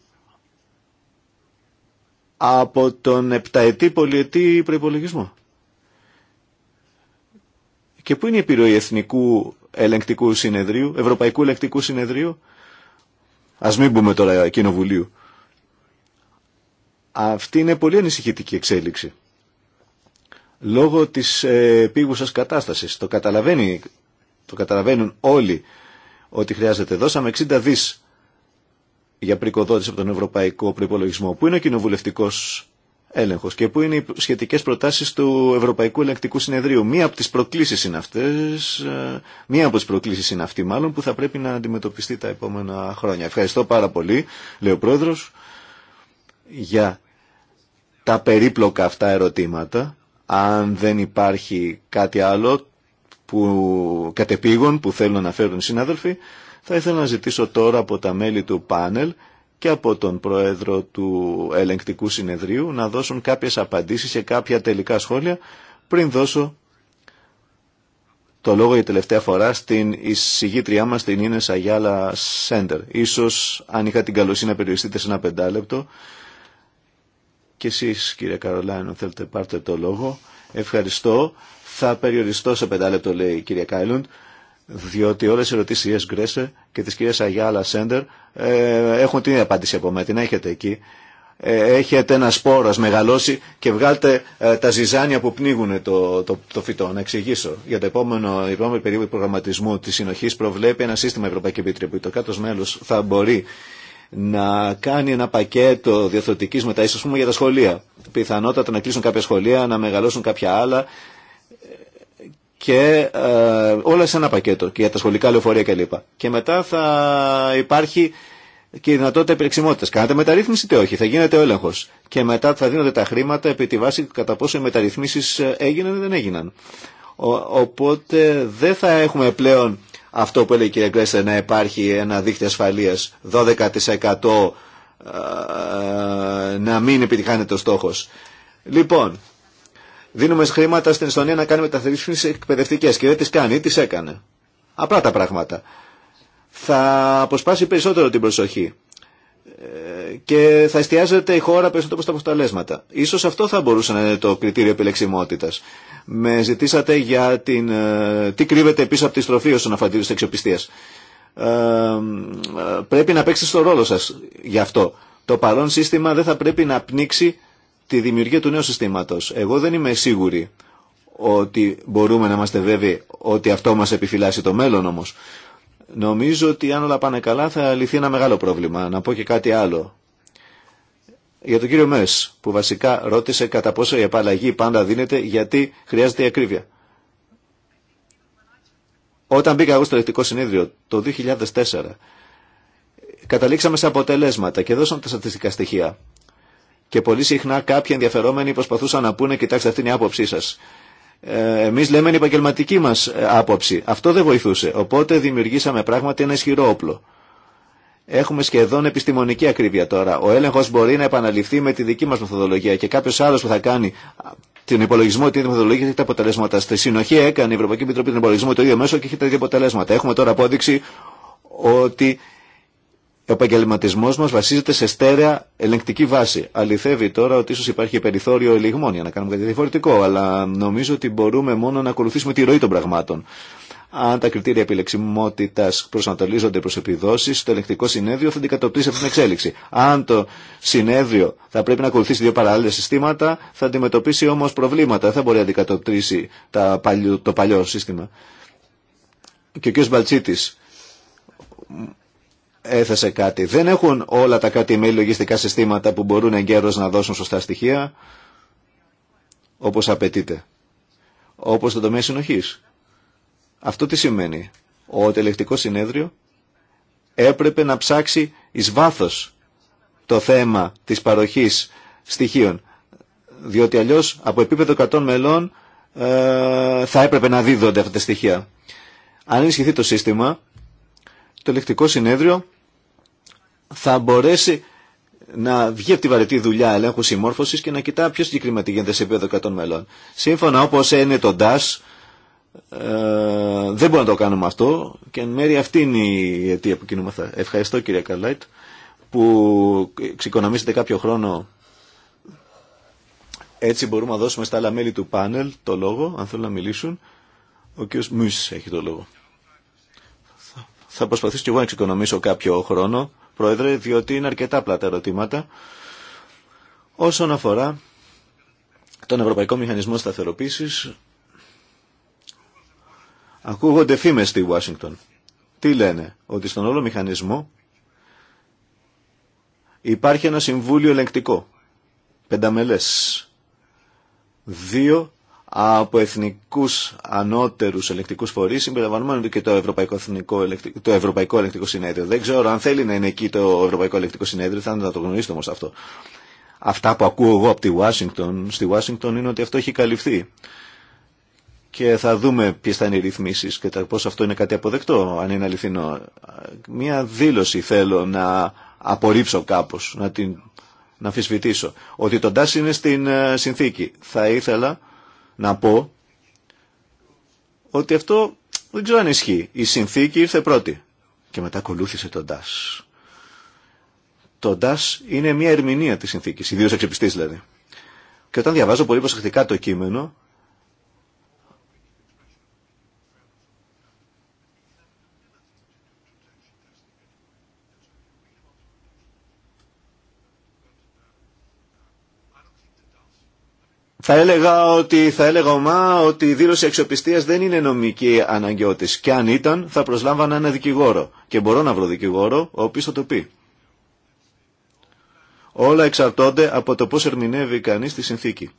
από τον επταετή πολιετή προϋπολογισμό. Και πού είναι η επιρροή εθνικού ελεγκτικού συνεδρίου, Ευρωπαϊκού Ελεγκτικού Συνεδρίου. Ας μην πούμε τώρα κοινοβουλίου. Αυτή είναι πολύ ανησυχητική εξέλιξη. Λόγω της ε, πήγουσας κατάστασης. Το, καταλαβαίνει, το καταλαβαίνουν όλοι ότι χρειάζεται. Δώσαμε 60 δις για πρικοδότηση από τον Ευρωπαϊκό Προϋπολογισμό, που είναι ο κοινοβουλευτικός και που είναι οι σχετικέ προτάσει του Ευρωπαϊκού Ελεκτικού Συνεδρίου. Μία από τι προκλήσει είναι ε, μία από αυτή μάλλον που θα πρέπει να αντιμετωπιστεί τα επόμενα χρόνια. Ευχαριστώ πάρα πολύ, λέει ο πρόεδρο, για τα περίπλοκα αυτά ερωτήματα. Αν δεν υπάρχει κάτι άλλο που κατεπήγον που θέλουν να φέρουν οι συνάδελφοι, θα ήθελα να ζητήσω τώρα από τα μέλη του πάνελ και από τον Πρόεδρο του Ελεγκτικού Συνεδρίου να δώσουν κάποιες απαντήσεις και κάποια τελικά σχόλια πριν δώσω το λόγο για τελευταία φορά στην εισηγήτριά μας την Ίνες Αγιάλα Σέντερ. Ίσως αν είχα την καλοσύνη να περιοριστείτε σε ένα πεντάλεπτο και εσείς κύριε Καρολάινο θέλετε πάρτε το λόγο. Ευχαριστώ. Θα περιοριστώ σε πεντάλεπτο λέει η κυρία Κάιλουντ διότι όλες οι ερωτήσεις Γκρέσε και της κυρίας Αγιάλα Σέντερ ε, έχουν την απάντηση από μένα, την έχετε εκεί. Ε, έχετε ένα σπόρος μεγαλώσει και βγάλτε ε, τα ζυζάνια που πνίγουν το, το, το φυτό. Να εξηγήσω. Για το επόμενο, η επόμενη περίοδο προγραμματισμού της συνοχής προβλέπει ένα σύστημα Ευρωπαϊκή Επιτροπή. Το κάτω μέλος θα μπορεί να κάνει ένα πακέτο διαθροτική μεταίσθησης, ας πούμε, για τα σχολεία. Πιθανότατα να κλείσουν κάποια σχολεία, να μεγαλώσουν κάποια άλλα, και ε, όλα σε ένα πακέτο και για τα σχολικά λεωφορεία κλπ. Και μετά θα υπάρχει και η δυνατότητα επιλεξιμότητα. Κάνετε μεταρρύθμιση είτε όχι, θα γίνεται ο έλεγχος. Και μετά θα δίνονται τα χρήματα επί τη βάση κατά πόσο οι μεταρρυθμίσεις ε, έγιναν ή δεν έγιναν. οπότε δεν θα έχουμε πλέον αυτό που έλεγε η κυρία Γκρέστερ να υπάρχει ένα δίχτυ ασφαλείας 12% ε, να μην επιτυχάνεται ο στόχο. Λοιπόν, Δίνουμε χρήματα στην Εστονία να κάνει μεταθερήσεις εκπαιδευτικές και δεν τις κάνει, τις έκανε. Απλά τα πράγματα. Θα αποσπάσει περισσότερο την προσοχή ε, και θα εστιάζεται η χώρα περισσότερο προ τα αποτελέσματα. Ίσως αυτό θα μπορούσε να είναι το κριτήριο επιλεξιμότητας. Με ζητήσατε για την, ε, τι κρύβεται πίσω από τη στροφή όσον αφορά τη αξιοπιστία. Ε, πρέπει να παίξει στον ρόλο σας γι' αυτό. Το παρόν σύστημα δεν θα πρέπει να πνίξει τη δημιουργία του νέου συστήματος. Εγώ δεν είμαι σίγουρη ότι μπορούμε να είμαστε βέβαιοι ότι αυτό μας επιφυλάσσει το μέλλον όμω. Νομίζω ότι αν όλα πάνε καλά θα λυθεί ένα μεγάλο πρόβλημα. Να πω και κάτι άλλο. Για τον κύριο Μες που βασικά ρώτησε κατά πόσο η επαλλαγή πάντα δίνεται γιατί χρειάζεται η ακρίβεια. Όταν μπήκα εγώ στο ελεκτικό συνέδριο το 2004 καταλήξαμε σε αποτελέσματα και δώσαμε τα στατιστικά στοιχεία. Και πολύ συχνά κάποιοι ενδιαφερόμενοι προσπαθούσαν να πούνε, κοιτάξτε αυτή είναι η άποψή σας. Ε, εμείς λέμε είναι η επαγγελματική μας άποψη. Αυτό δεν βοηθούσε. Οπότε δημιουργήσαμε πράγματι ένα ισχυρό όπλο. Έχουμε σχεδόν επιστημονική ακρίβεια τώρα. Ο έλεγχος μπορεί να επαναληφθεί με τη δική μας μεθοδολογία και κάποιο άλλος που θα κάνει την υπολογισμό τη μεθοδολογία έχει τα αποτελέσματα. Στη συνοχή έκανε η Ευρωπαϊκή Επιτροπή τον υπολογισμό το ίδιο μέσο και έχει τα ίδια αποτελέσματα. Έχουμε τώρα απόδειξη ότι ο επαγγελματισμό μα βασίζεται σε στέρεα ελεγκτική βάση. Αληθεύει τώρα ότι ίσω υπάρχει περιθώριο ελιγμών για να κάνουμε κάτι διαφορετικό, αλλά νομίζω ότι μπορούμε μόνο να ακολουθήσουμε τη ροή των πραγμάτων. Αν τα κριτήρια επιλεξιμότητα προσανατολίζονται προ επιδόσει, το ελεγκτικό συνέδριο θα αντικατοπτρίσει αυτή την εξέλιξη. Αν το συνέδριο θα πρέπει να ακολουθήσει δύο παράλληλα συστήματα, θα αντιμετωπίσει όμω προβλήματα. Δεν θα μπορεί να αντικατοπτρίσει το παλιό σύστημα. Και ο κ. Μπαλτσίτη έθεσε κάτι. Δεν έχουν όλα τα κάτι μέλη λογιστικά συστήματα που μπορούν εγκαίρως να δώσουν σωστά στοιχεία όπως απαιτείται. Όπως το τομέα συνοχής. Αυτό τι σημαίνει. Ο τελεκτικό συνέδριο έπρεπε να ψάξει εις βάθος το θέμα της παροχής στοιχείων. Διότι αλλιώς από επίπεδο 100 μελών ε, θα έπρεπε να δίδονται αυτά τα στοιχεία. Αν ενισχυθεί το σύστημα το ελεκτικό συνέδριο θα μπορέσει να βγει από τη βαρετή δουλειά ελέγχου συμμόρφωση και να κοιτά πιο συγκεκριμένα τι σε επίπεδο 100 μελών. Σύμφωνα όπω είναι το DAS, ε, δεν μπορούμε να το κάνουμε αυτό και εν μέρει αυτή είναι η αιτία που κινούμεθα. Ευχαριστώ κύριε Καρλάιτ που ξεκονομήσετε κάποιο χρόνο. Έτσι μπορούμε να δώσουμε στα άλλα μέλη του πάνελ το λόγο, αν θέλουν να μιλήσουν. Ο κ. Μουσ έχει το λόγο. Θα προσπαθήσω και εγώ να εξοικονομήσω κάποιο χρόνο, Πρόεδρε, διότι είναι αρκετά τα ερωτήματα. Όσον αφορά τον Ευρωπαϊκό Μηχανισμό Σταθεροποίησης, ακούγονται φήμες στη Ουάσιγκτον. Τι λένε, ότι στον όλο μηχανισμό υπάρχει ένα συμβούλιο ελεγκτικό, πενταμελές, δύο από εθνικού ανώτερου ελεκτικού φορεί, συμπεριλαμβανομένου και το Ευρωπαϊκό, Εθνικό, το Ευρωπαϊκό Ελεκτικό Συνέδριο. Δεν ξέρω αν θέλει να είναι εκεί το Ευρωπαϊκό Ελεκτικό Συνέδριο, θα το γνωρίσετε όμω αυτό. Αυτά που ακούω εγώ από τη Washington, στη Washington είναι ότι αυτό έχει καλυφθεί. Και θα δούμε ποιε θα είναι οι ρυθμίσει και πώ αυτό είναι κάτι αποδεκτό, αν είναι αληθινό. Μία δήλωση θέλω να απορρίψω κάπω, να την να αμφισβητήσω. Ότι το είναι στην ε, συνθήκη. Θα ήθελα να πω ότι αυτό δεν ξέρω αν ισχύει. Η συνθήκη ήρθε πρώτη και μετά ακολούθησε τον ΤΑΣ. Το ΤΑΣ είναι μια ερμηνεία της συνθήκης, ιδίως εξεπιστής δηλαδή. Και όταν διαβάζω πολύ προσεκτικά το κείμενο, Θα έλεγα ότι, θα έλεγα ομά, ότι η δήλωση αξιοπιστία δεν είναι νομική αναγκαιότητα. Και αν ήταν, θα προσλάμβανα ένα δικηγόρο. Και μπορώ να βρω δικηγόρο, ο οποίο θα το πει. Όλα εξαρτώνται από το πώ ερμηνεύει κανεί τη συνθήκη.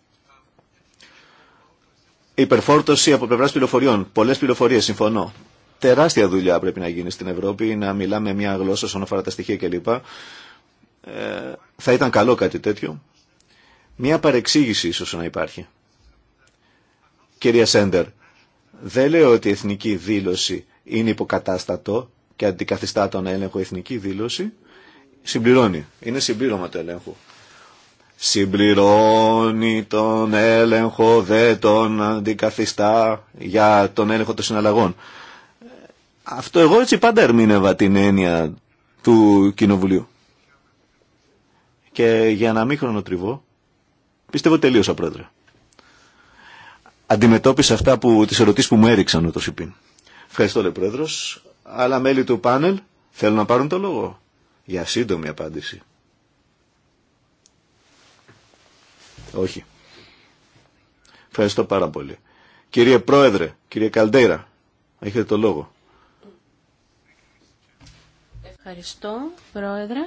Υπερφόρτωση από πλευρά πληροφοριών. Πολλέ πληροφορίε, συμφωνώ. Τεράστια δουλειά πρέπει να γίνει στην Ευρώπη, να μιλάμε μια γλώσσα όσον αφορά τα στοιχεία κλπ. Ε, θα ήταν καλό κάτι τέτοιο. Μια παρεξήγηση ίσως να υπάρχει. Κυρία Σέντερ, δεν λέω ότι η εθνική δήλωση είναι υποκατάστατο και αντικαθιστά τον έλεγχο η εθνική δήλωση. Συμπληρώνει. Είναι συμπλήρωμα του έλεγχου. Συμπληρώνει τον έλεγχο, δεν τον αντικαθιστά για τον έλεγχο των συναλλαγών. Αυτό εγώ έτσι πάντα ερμήνευα την έννοια του Κοινοβουλίου. Και για να μην χρονοτριβώ, Πιστεύω τελείωσα, Πρόεδρε. αντιμετώπισε αυτά που, τις ερωτήσεις που μου έριξαν, ούτως είπε. Ευχαριστώ, λέει Πρόεδρος. Άλλα μέλη του πάνελ θέλουν να πάρουν το λόγο. Για σύντομη απάντηση. Όχι. Ευχαριστώ πάρα πολύ. Κύριε Πρόεδρε, κύριε Καλτέρα, έχετε το λόγο. Ευχαριστώ, Πρόεδρε.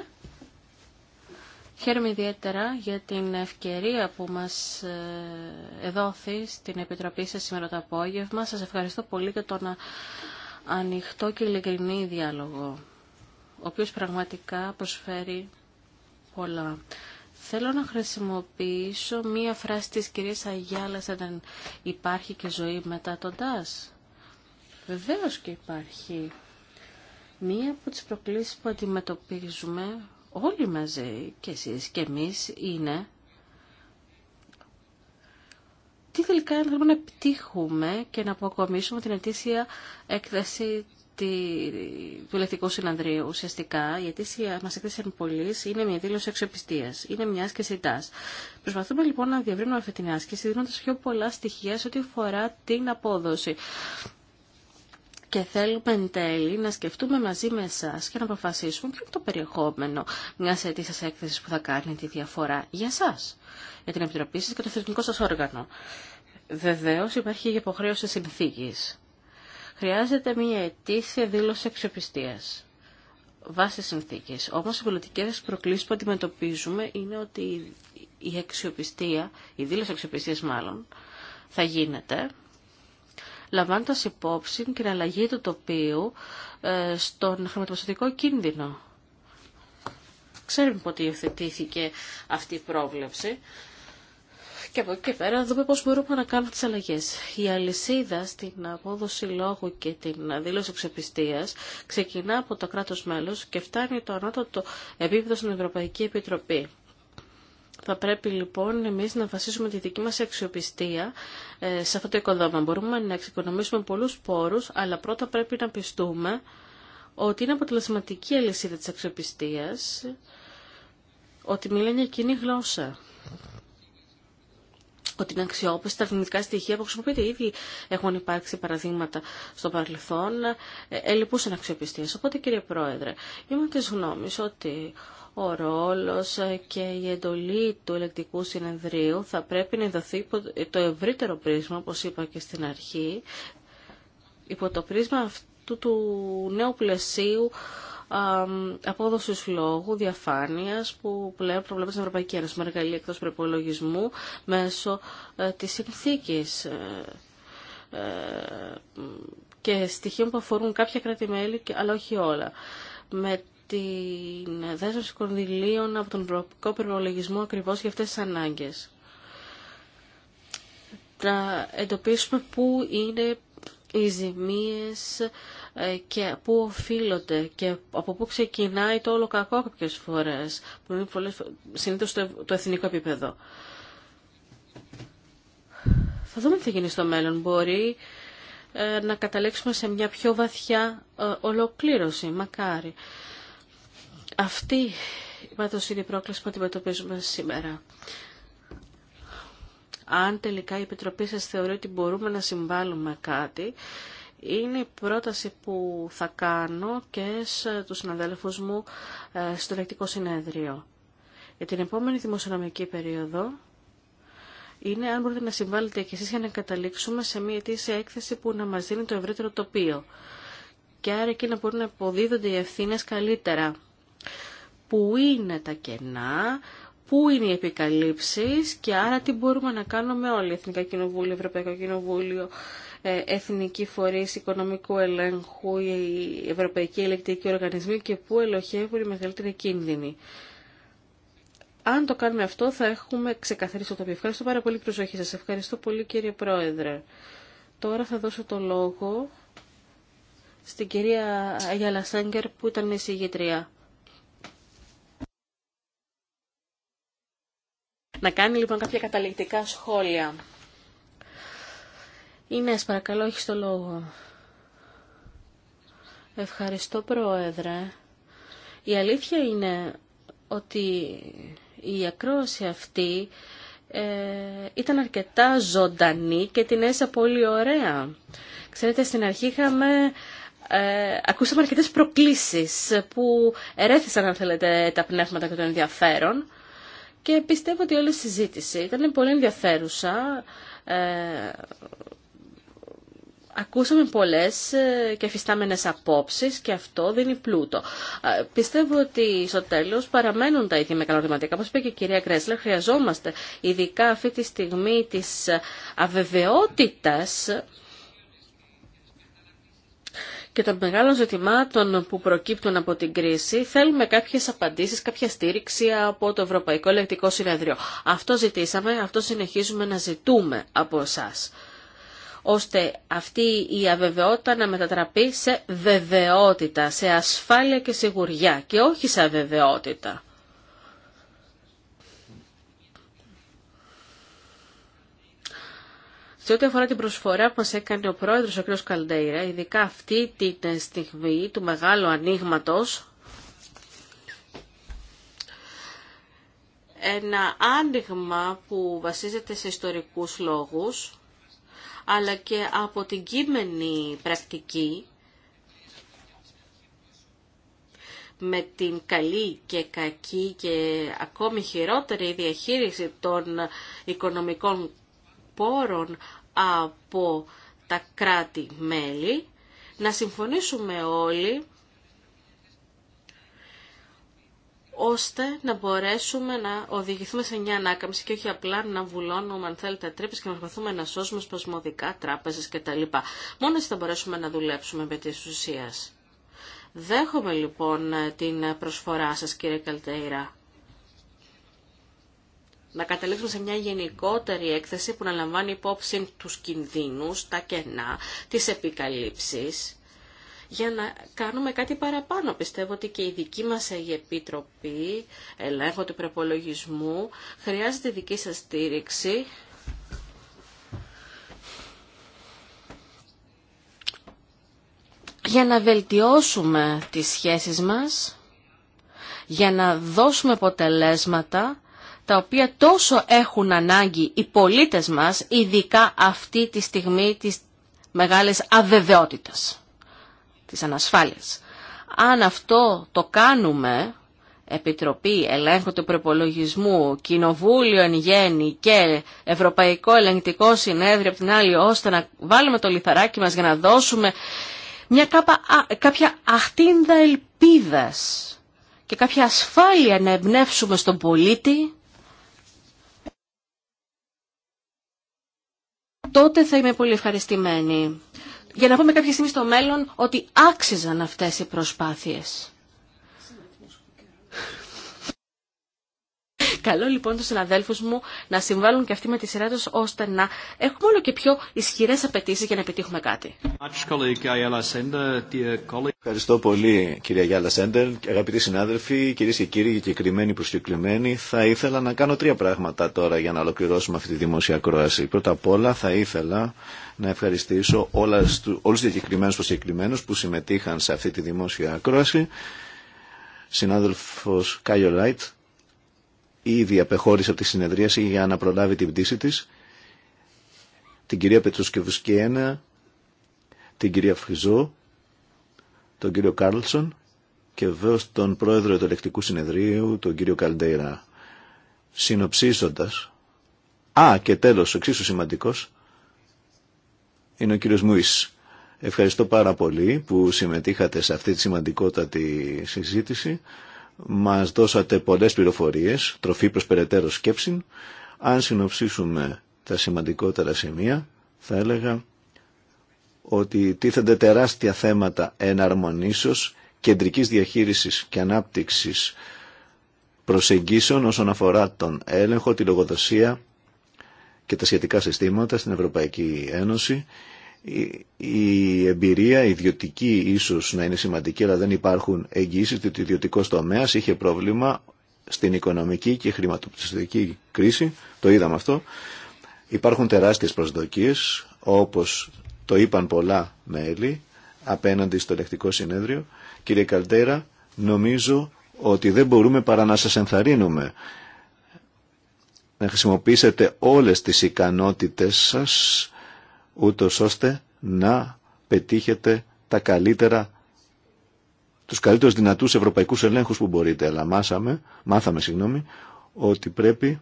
Χαίρομαι ιδιαίτερα για την ευκαιρία που μας ε, εδόθη στην Επιτροπή σας σήμερα το απόγευμα. Σας ευχαριστώ πολύ για τον ανοιχτό και ειλικρινή διάλογο, ο οποίος πραγματικά προσφέρει πολλά. Θέλω να χρησιμοποιήσω μία φράση της κυρίας Αγιάλας, δεν υπάρχει και ζωή μετά τον ΤΑΣ. Βεβαίως και υπάρχει. Μία από τις προκλήσεις που αντιμετωπίζουμε όλοι μαζί και εσείς και εμείς είναι τι τελικά θέλουμε να επιτύχουμε και να αποκομίσουμε την ετήσια έκθεση του Ελεκτικού Συναντρίου. Ουσιαστικά η αιτήσια μας έκθεση πολύ είναι μια δήλωση αξιοπιστίας, Είναι μια άσκηση ητά. Προσπαθούμε λοιπόν να διαβρύνουμε αυτή την άσκηση δίνοντας πιο πολλά στοιχεία σε ό,τι αφορά την απόδοση και θέλουμε εν τέλει να σκεφτούμε μαζί με εσά και να αποφασίσουμε ποιο είναι το περιεχόμενο μια αιτήσια έκθεση που θα κάνει τη διαφορά για εσά, για την Επιτροπή σα και το θεσμικό σα όργανο. Βεβαίω υπάρχει η υποχρέωση συνθήκη. Χρειάζεται μια αιτήσια δήλωση αξιοπιστία βάσει συνθήκη. Όμω οι πολιτικέ προκλήσει που αντιμετωπίζουμε είναι ότι η αξιοπιστία, η δήλωση αξιοπιστία μάλλον, θα γίνεται λαμβάνοντας υπόψη την αλλαγή του τοπίου ε, στον χρηματοπιστωτικό κίνδυνο. Ξέρουμε πότε υιοθετήθηκε αυτή η πρόβλεψη. Και από εκεί και πέρα δούμε πώς μπορούμε να κάνουμε τις αλλαγές. Η αλυσίδα στην απόδοση λόγου και την δήλωση εξεπιστίας ξεκινά από το κράτος μέλος και φτάνει το ανώτατο επίπεδο στην Ευρωπαϊκή Επιτροπή. Θα πρέπει λοιπόν εμείς να βασίσουμε τη δική μας αξιοπιστία ε, σε αυτό το οικοδόμα. Μπορούμε να εξοικονομήσουμε πολλούς πόρους, αλλά πρώτα πρέπει να πιστούμε ότι είναι αποτελεσματική η αλυσίδα της αξιοπιστίας, ότι μιλάει μια κοινή γλώσσα. Ότι είναι αξιόπιστα αρνητικά στοιχεία που χρησιμοποιείται. Ήδη έχουν υπάρξει παραδείγματα στο παρελθόν, ελειπούσαν ε, αξιοπιστίες. Οπότε κύριε Πρόεδρε, είμαι της γνώμη ότι ο ρόλος και η εντολή του ελεκτικού συνεδρίου θα πρέπει να δοθεί το ευρύτερο πρίσμα, όπως είπα και στην αρχή, υπό το πρίσμα αυτού του νέου πλαισίου απόδοση λόγου, διαφάνεια που πλέον προβλέπει στην Ευρωπαϊκή Ένωση με εργαλεία εκτό προπολογισμού μέσω ε, τη συνθήκη ε, ε, και στοιχείων που αφορούν κάποια κράτη-μέλη αλλά όχι όλα. Με την δέσμευση κονδυλίων από τον προοπτικό προλογισμό ακριβώς για αυτές τις ανάγκες. Να εντοπίσουμε πού είναι οι ζημίες ε, και πού οφείλονται και από πού ξεκινάει το όλο κακό κάποιες φορές, που είναι πολλές, καποιες φορες που ειναι συνηθως το, το εθνικό επίπεδο. Θα δούμε τι θα γίνει στο μέλλον. Μπορεί ε, να καταλήξουμε σε μια πιο βαθιά ε, ολοκλήρωση, μακάρι. Αυτή πάντως είναι η πρόκληση που αντιμετωπίζουμε σήμερα. Αν τελικά η Επιτροπή σας θεωρεί ότι μπορούμε να συμβάλλουμε κάτι, είναι η πρόταση που θα κάνω και στους συναδέλφους μου ε, στο Ελεκτικό Συνέδριο. Για την επόμενη δημοσιονομική περίοδο είναι αν μπορείτε να συμβάλλετε και εσείς για να καταλήξουμε σε μια αιτήσια έκθεση που να μας δίνει το ευρύτερο τοπίο. Και άρα εκεί να μπορούν να αποδίδονται οι ευθύνε καλύτερα. Πού είναι τα κενά, πού είναι οι επικαλύψεις και άρα τι μπορούμε να κάνουμε όλοι, Εθνικά Κοινοβούλια, Ευρωπαϊκό Κοινοβούλιο, ε, Εθνική Φορή Οικονομικού Ελέγχου, η Ευρωπαϊκή Ελεκτρικοί Οργανισμοί και πού ελοχεύουν οι μεγαλύτεροι κίνδυνοι. Αν το κάνουμε αυτό θα έχουμε ξεκαθαρίσει το τοπίο. Ευχαριστώ πάρα πολύ προσοχή σας. Ευχαριστώ πολύ κύριε Πρόεδρε. Τώρα θα δώσω το λόγο στην κυρία Αγιαλασέγκερ που ήταν η συγγετριά. Να κάνει λοιπόν κάποια καταληκτικά σχόλια. Είναι παρακαλώ, έχει το λόγο. Ευχαριστώ, Πρόεδρε. Η αλήθεια είναι ότι η ακρόαση αυτή ε, ήταν αρκετά ζωντανή και την έσα πολύ ωραία. Ξέρετε, στην αρχή είχαμε... Ε, ακούσαμε αρκετές προκλήσεις που ερέθησαν, αν θέλετε, τα πνεύματα και το ενδιαφέρον. Και πιστεύω ότι όλη η συζήτηση ήταν πολύ ενδιαφέρουσα. Ε, ακούσαμε πολλές ε, και φυστάμενες απόψεις και αυτό δίνει πλούτο. Ε, πιστεύω ότι στο τέλος παραμένουν τα ίδια με καλωδηματικά. Όπως είπε και η κυρία Κρέσλερ, χρειαζόμαστε ειδικά αυτή τη στιγμή της αβεβαιότητας και των μεγάλων ζητημάτων που προκύπτουν από την κρίση, θέλουμε κάποιε απαντήσει, κάποια στήριξη από το Ευρωπαϊκό Ελεκτικό Συνεδρίο. Αυτό ζητήσαμε, αυτό συνεχίζουμε να ζητούμε από εσά ώστε αυτή η αβεβαιότητα να μετατραπεί σε βεβαιότητα, σε ασφάλεια και σιγουριά και όχι σε αβεβαιότητα. Σε ό,τι αφορά την προσφορά που μας έκανε ο πρόεδρος, ο κ. Καλντέιρα, ειδικά αυτή την στιγμή του μεγάλου ανοίγματο. ένα άνοιγμα που βασίζεται σε ιστορικούς λόγους, αλλά και από την κείμενη πρακτική, με την καλή και κακή και ακόμη χειρότερη διαχείριση των οικονομικών πόρων από τα κράτη-μέλη, να συμφωνήσουμε όλοι ώστε να μπορέσουμε να οδηγηθούμε σε μια ανάκαμψη και όχι απλά να βουλώνουμε αν θέλετε τρύπες και να προσπαθούμε να σώσουμε σπασμωδικά τράπεζες κτλ. Μόνο έτσι θα μπορέσουμε να δουλέψουμε με τη ουσία. Δέχομαι λοιπόν την προσφορά σας κύριε Καλτέιρα να καταλήξουμε σε μια γενικότερη έκθεση που να λαμβάνει υπόψη τους κινδύνους, τα κενά, τις επικαλύψεις, για να κάνουμε κάτι παραπάνω. Πιστεύω ότι και η δική μας η Επιτροπή Ελέγχου του Προπολογισμού χρειάζεται δική σας στήριξη για να βελτιώσουμε τις σχέσεις μας, για να δώσουμε αποτελέσματα τα οποία τόσο έχουν ανάγκη οι πολίτες μας, ειδικά αυτή τη στιγμή της μεγάλης αβεβαιότητας, της ανασφάλειας. Αν αυτό το κάνουμε, Επιτροπή Ελέγχου του Προπολογισμού, Κοινοβούλιο εν γέννη και Ευρωπαϊκό Ελεγκτικό Συνέδριο από την άλλη, ώστε να βάλουμε το λιθαράκι μας για να δώσουμε μια κάποια αχτίνδα ελπίδας και κάποια ασφάλεια να εμπνεύσουμε στον πολίτη, τότε θα είμαι πολύ ευχαριστημένη. Για να πούμε κάποια στιγμή στο μέλλον ότι άξιζαν αυτές οι προσπάθειες. Καλό λοιπόν του συναδέλφου μου να συμβάλλουν και αυτοί με τη σειρά του, ώστε να έχουμε όλο και πιο ισχυρέ απαιτήσει για να επιτύχουμε κάτι. Ευχαριστώ πολύ κυρία Γιάλα Σέντερ. Αγαπητοί συνάδελφοι, κυρίε και κύριοι, συγκεκριμένοι προσκεκλημένοι, θα ήθελα να κάνω τρία πράγματα τώρα για να ολοκληρώσουμε αυτή τη δημόσια ακρόαση. Πρώτα απ' όλα θα ήθελα να ευχαριστήσω όλου του διακεκριμένου προσκεκλημένου που συμμετείχαν σε αυτή τη δημόσια ακρόαση. συνάδελφο Κάιο Λάιτ ήδη απεχώρησε από τη συνεδρίαση για να προλάβει την πτήση της, την κυρία Πετρουσκευουσκένα, την κυρία Φριζό, τον κύριο Κάρλσον και βέβαια τον πρόεδρο του ελεκτικού συνεδρίου, τον κύριο Καλντέιρα. Συνοψίζοντας, α και τέλος, εξίσου σημαντικός, είναι ο κύριος Μουής. Ευχαριστώ πάρα πολύ που συμμετείχατε σε αυτή τη σημαντικότατη συζήτηση. Μας δώσατε πολλές πληροφορίες, τροφή προς περαιτέρω σκέψη. Αν συνοψίσουμε τα σημαντικότερα σημεία, θα έλεγα ότι τίθενται τεράστια θέματα εναρμονίσεως, κεντρικής διαχείρισης και ανάπτυξης προσεγγίσεων όσον αφορά τον έλεγχο, τη λογοδοσία και τα σχετικά συστήματα στην Ευρωπαϊκή Ένωση η εμπειρία η ιδιωτική ίσως να είναι σημαντική αλλά δεν υπάρχουν εγγύσεις ότι ο ιδιωτικό τομέα είχε πρόβλημα στην οικονομική και χρηματοπιστωτική κρίση, το είδαμε αυτό. Υπάρχουν τεράστιες προσδοκίες όπως το είπαν πολλά μέλη απέναντι στο ελεκτικό συνέδριο. Κύριε Καλτέρα, νομίζω ότι δεν μπορούμε παρά να σας ενθαρρύνουμε να χρησιμοποιήσετε όλες τις ικανότητες σας ούτως ώστε να πετύχετε τα καλύτερα τους καλύτερους δυνατούς ευρωπαϊκούς ελέγχους που μπορείτε. Αλλά μάσαμε, μάθαμε συγγνώμη, ότι πρέπει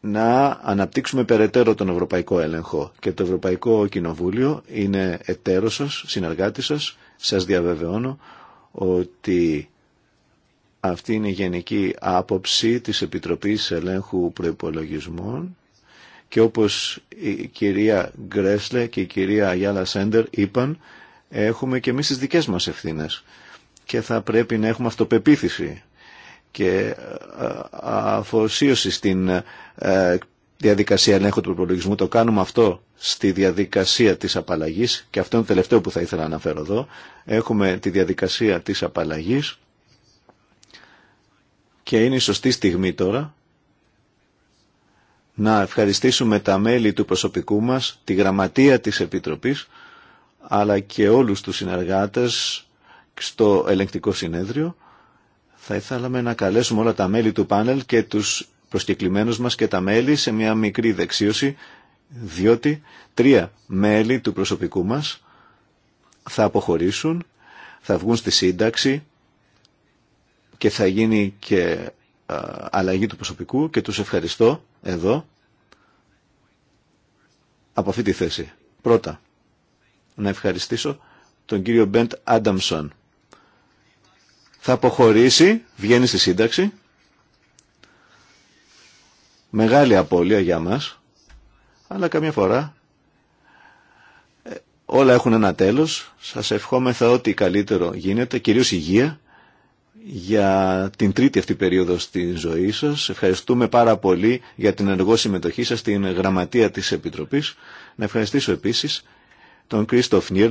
να αναπτύξουμε περαιτέρω τον Ευρωπαϊκό Έλεγχο. Και το Ευρωπαϊκό Κοινοβούλιο είναι εταίρος σας, συνεργάτης σας. Σας διαβεβαιώνω ότι αυτή είναι η γενική άποψη της Επιτροπής Ελέγχου Προϋπολογισμών και όπως η κυρία Γκρέσλε και η κυρία Αγιάλα Σέντερ είπαν, έχουμε και εμείς τις δικές μας ευθύνες και θα πρέπει να έχουμε αυτοπεποίθηση και ε, αφοσίωση στην ε, διαδικασία ελέγχου του προπολογισμού. Το κάνουμε αυτό στη διαδικασία της απαλλαγής και αυτό είναι το τελευταίο που θα ήθελα να αναφέρω εδώ. Έχουμε τη διαδικασία της απαλλαγής και είναι η σωστή στιγμή τώρα να ευχαριστήσουμε τα μέλη του προσωπικού μας, τη γραμματεία της Επιτροπής, αλλά και όλους τους συνεργάτες στο ελεγκτικό συνέδριο. Θα ήθελαμε να καλέσουμε όλα τα μέλη του πάνελ και τους προσκεκλημένους μας και τα μέλη σε μια μικρή δεξίωση, διότι τρία μέλη του προσωπικού μας θα αποχωρήσουν, θα βγουν στη σύνταξη και θα γίνει και αλλαγή του προσωπικού και τους ευχαριστώ εδώ από αυτή τη θέση. Πρώτα, να ευχαριστήσω τον κύριο Μπέντ Άνταμσον. Θα αποχωρήσει, βγαίνει στη σύνταξη. Μεγάλη απώλεια για μας, αλλά καμιά φορά ε, όλα έχουν ένα τέλος. Σας ευχόμεθα ό,τι καλύτερο γίνεται, κυρίως υγεία για την τρίτη αυτή περίοδο στη ζωή σας. Ευχαριστούμε πάρα πολύ για την ενεργό συμμετοχή σας στην γραμματεία της Επιτροπής. Να ευχαριστήσω επίσης τον Κρίστοφ Νιέρλ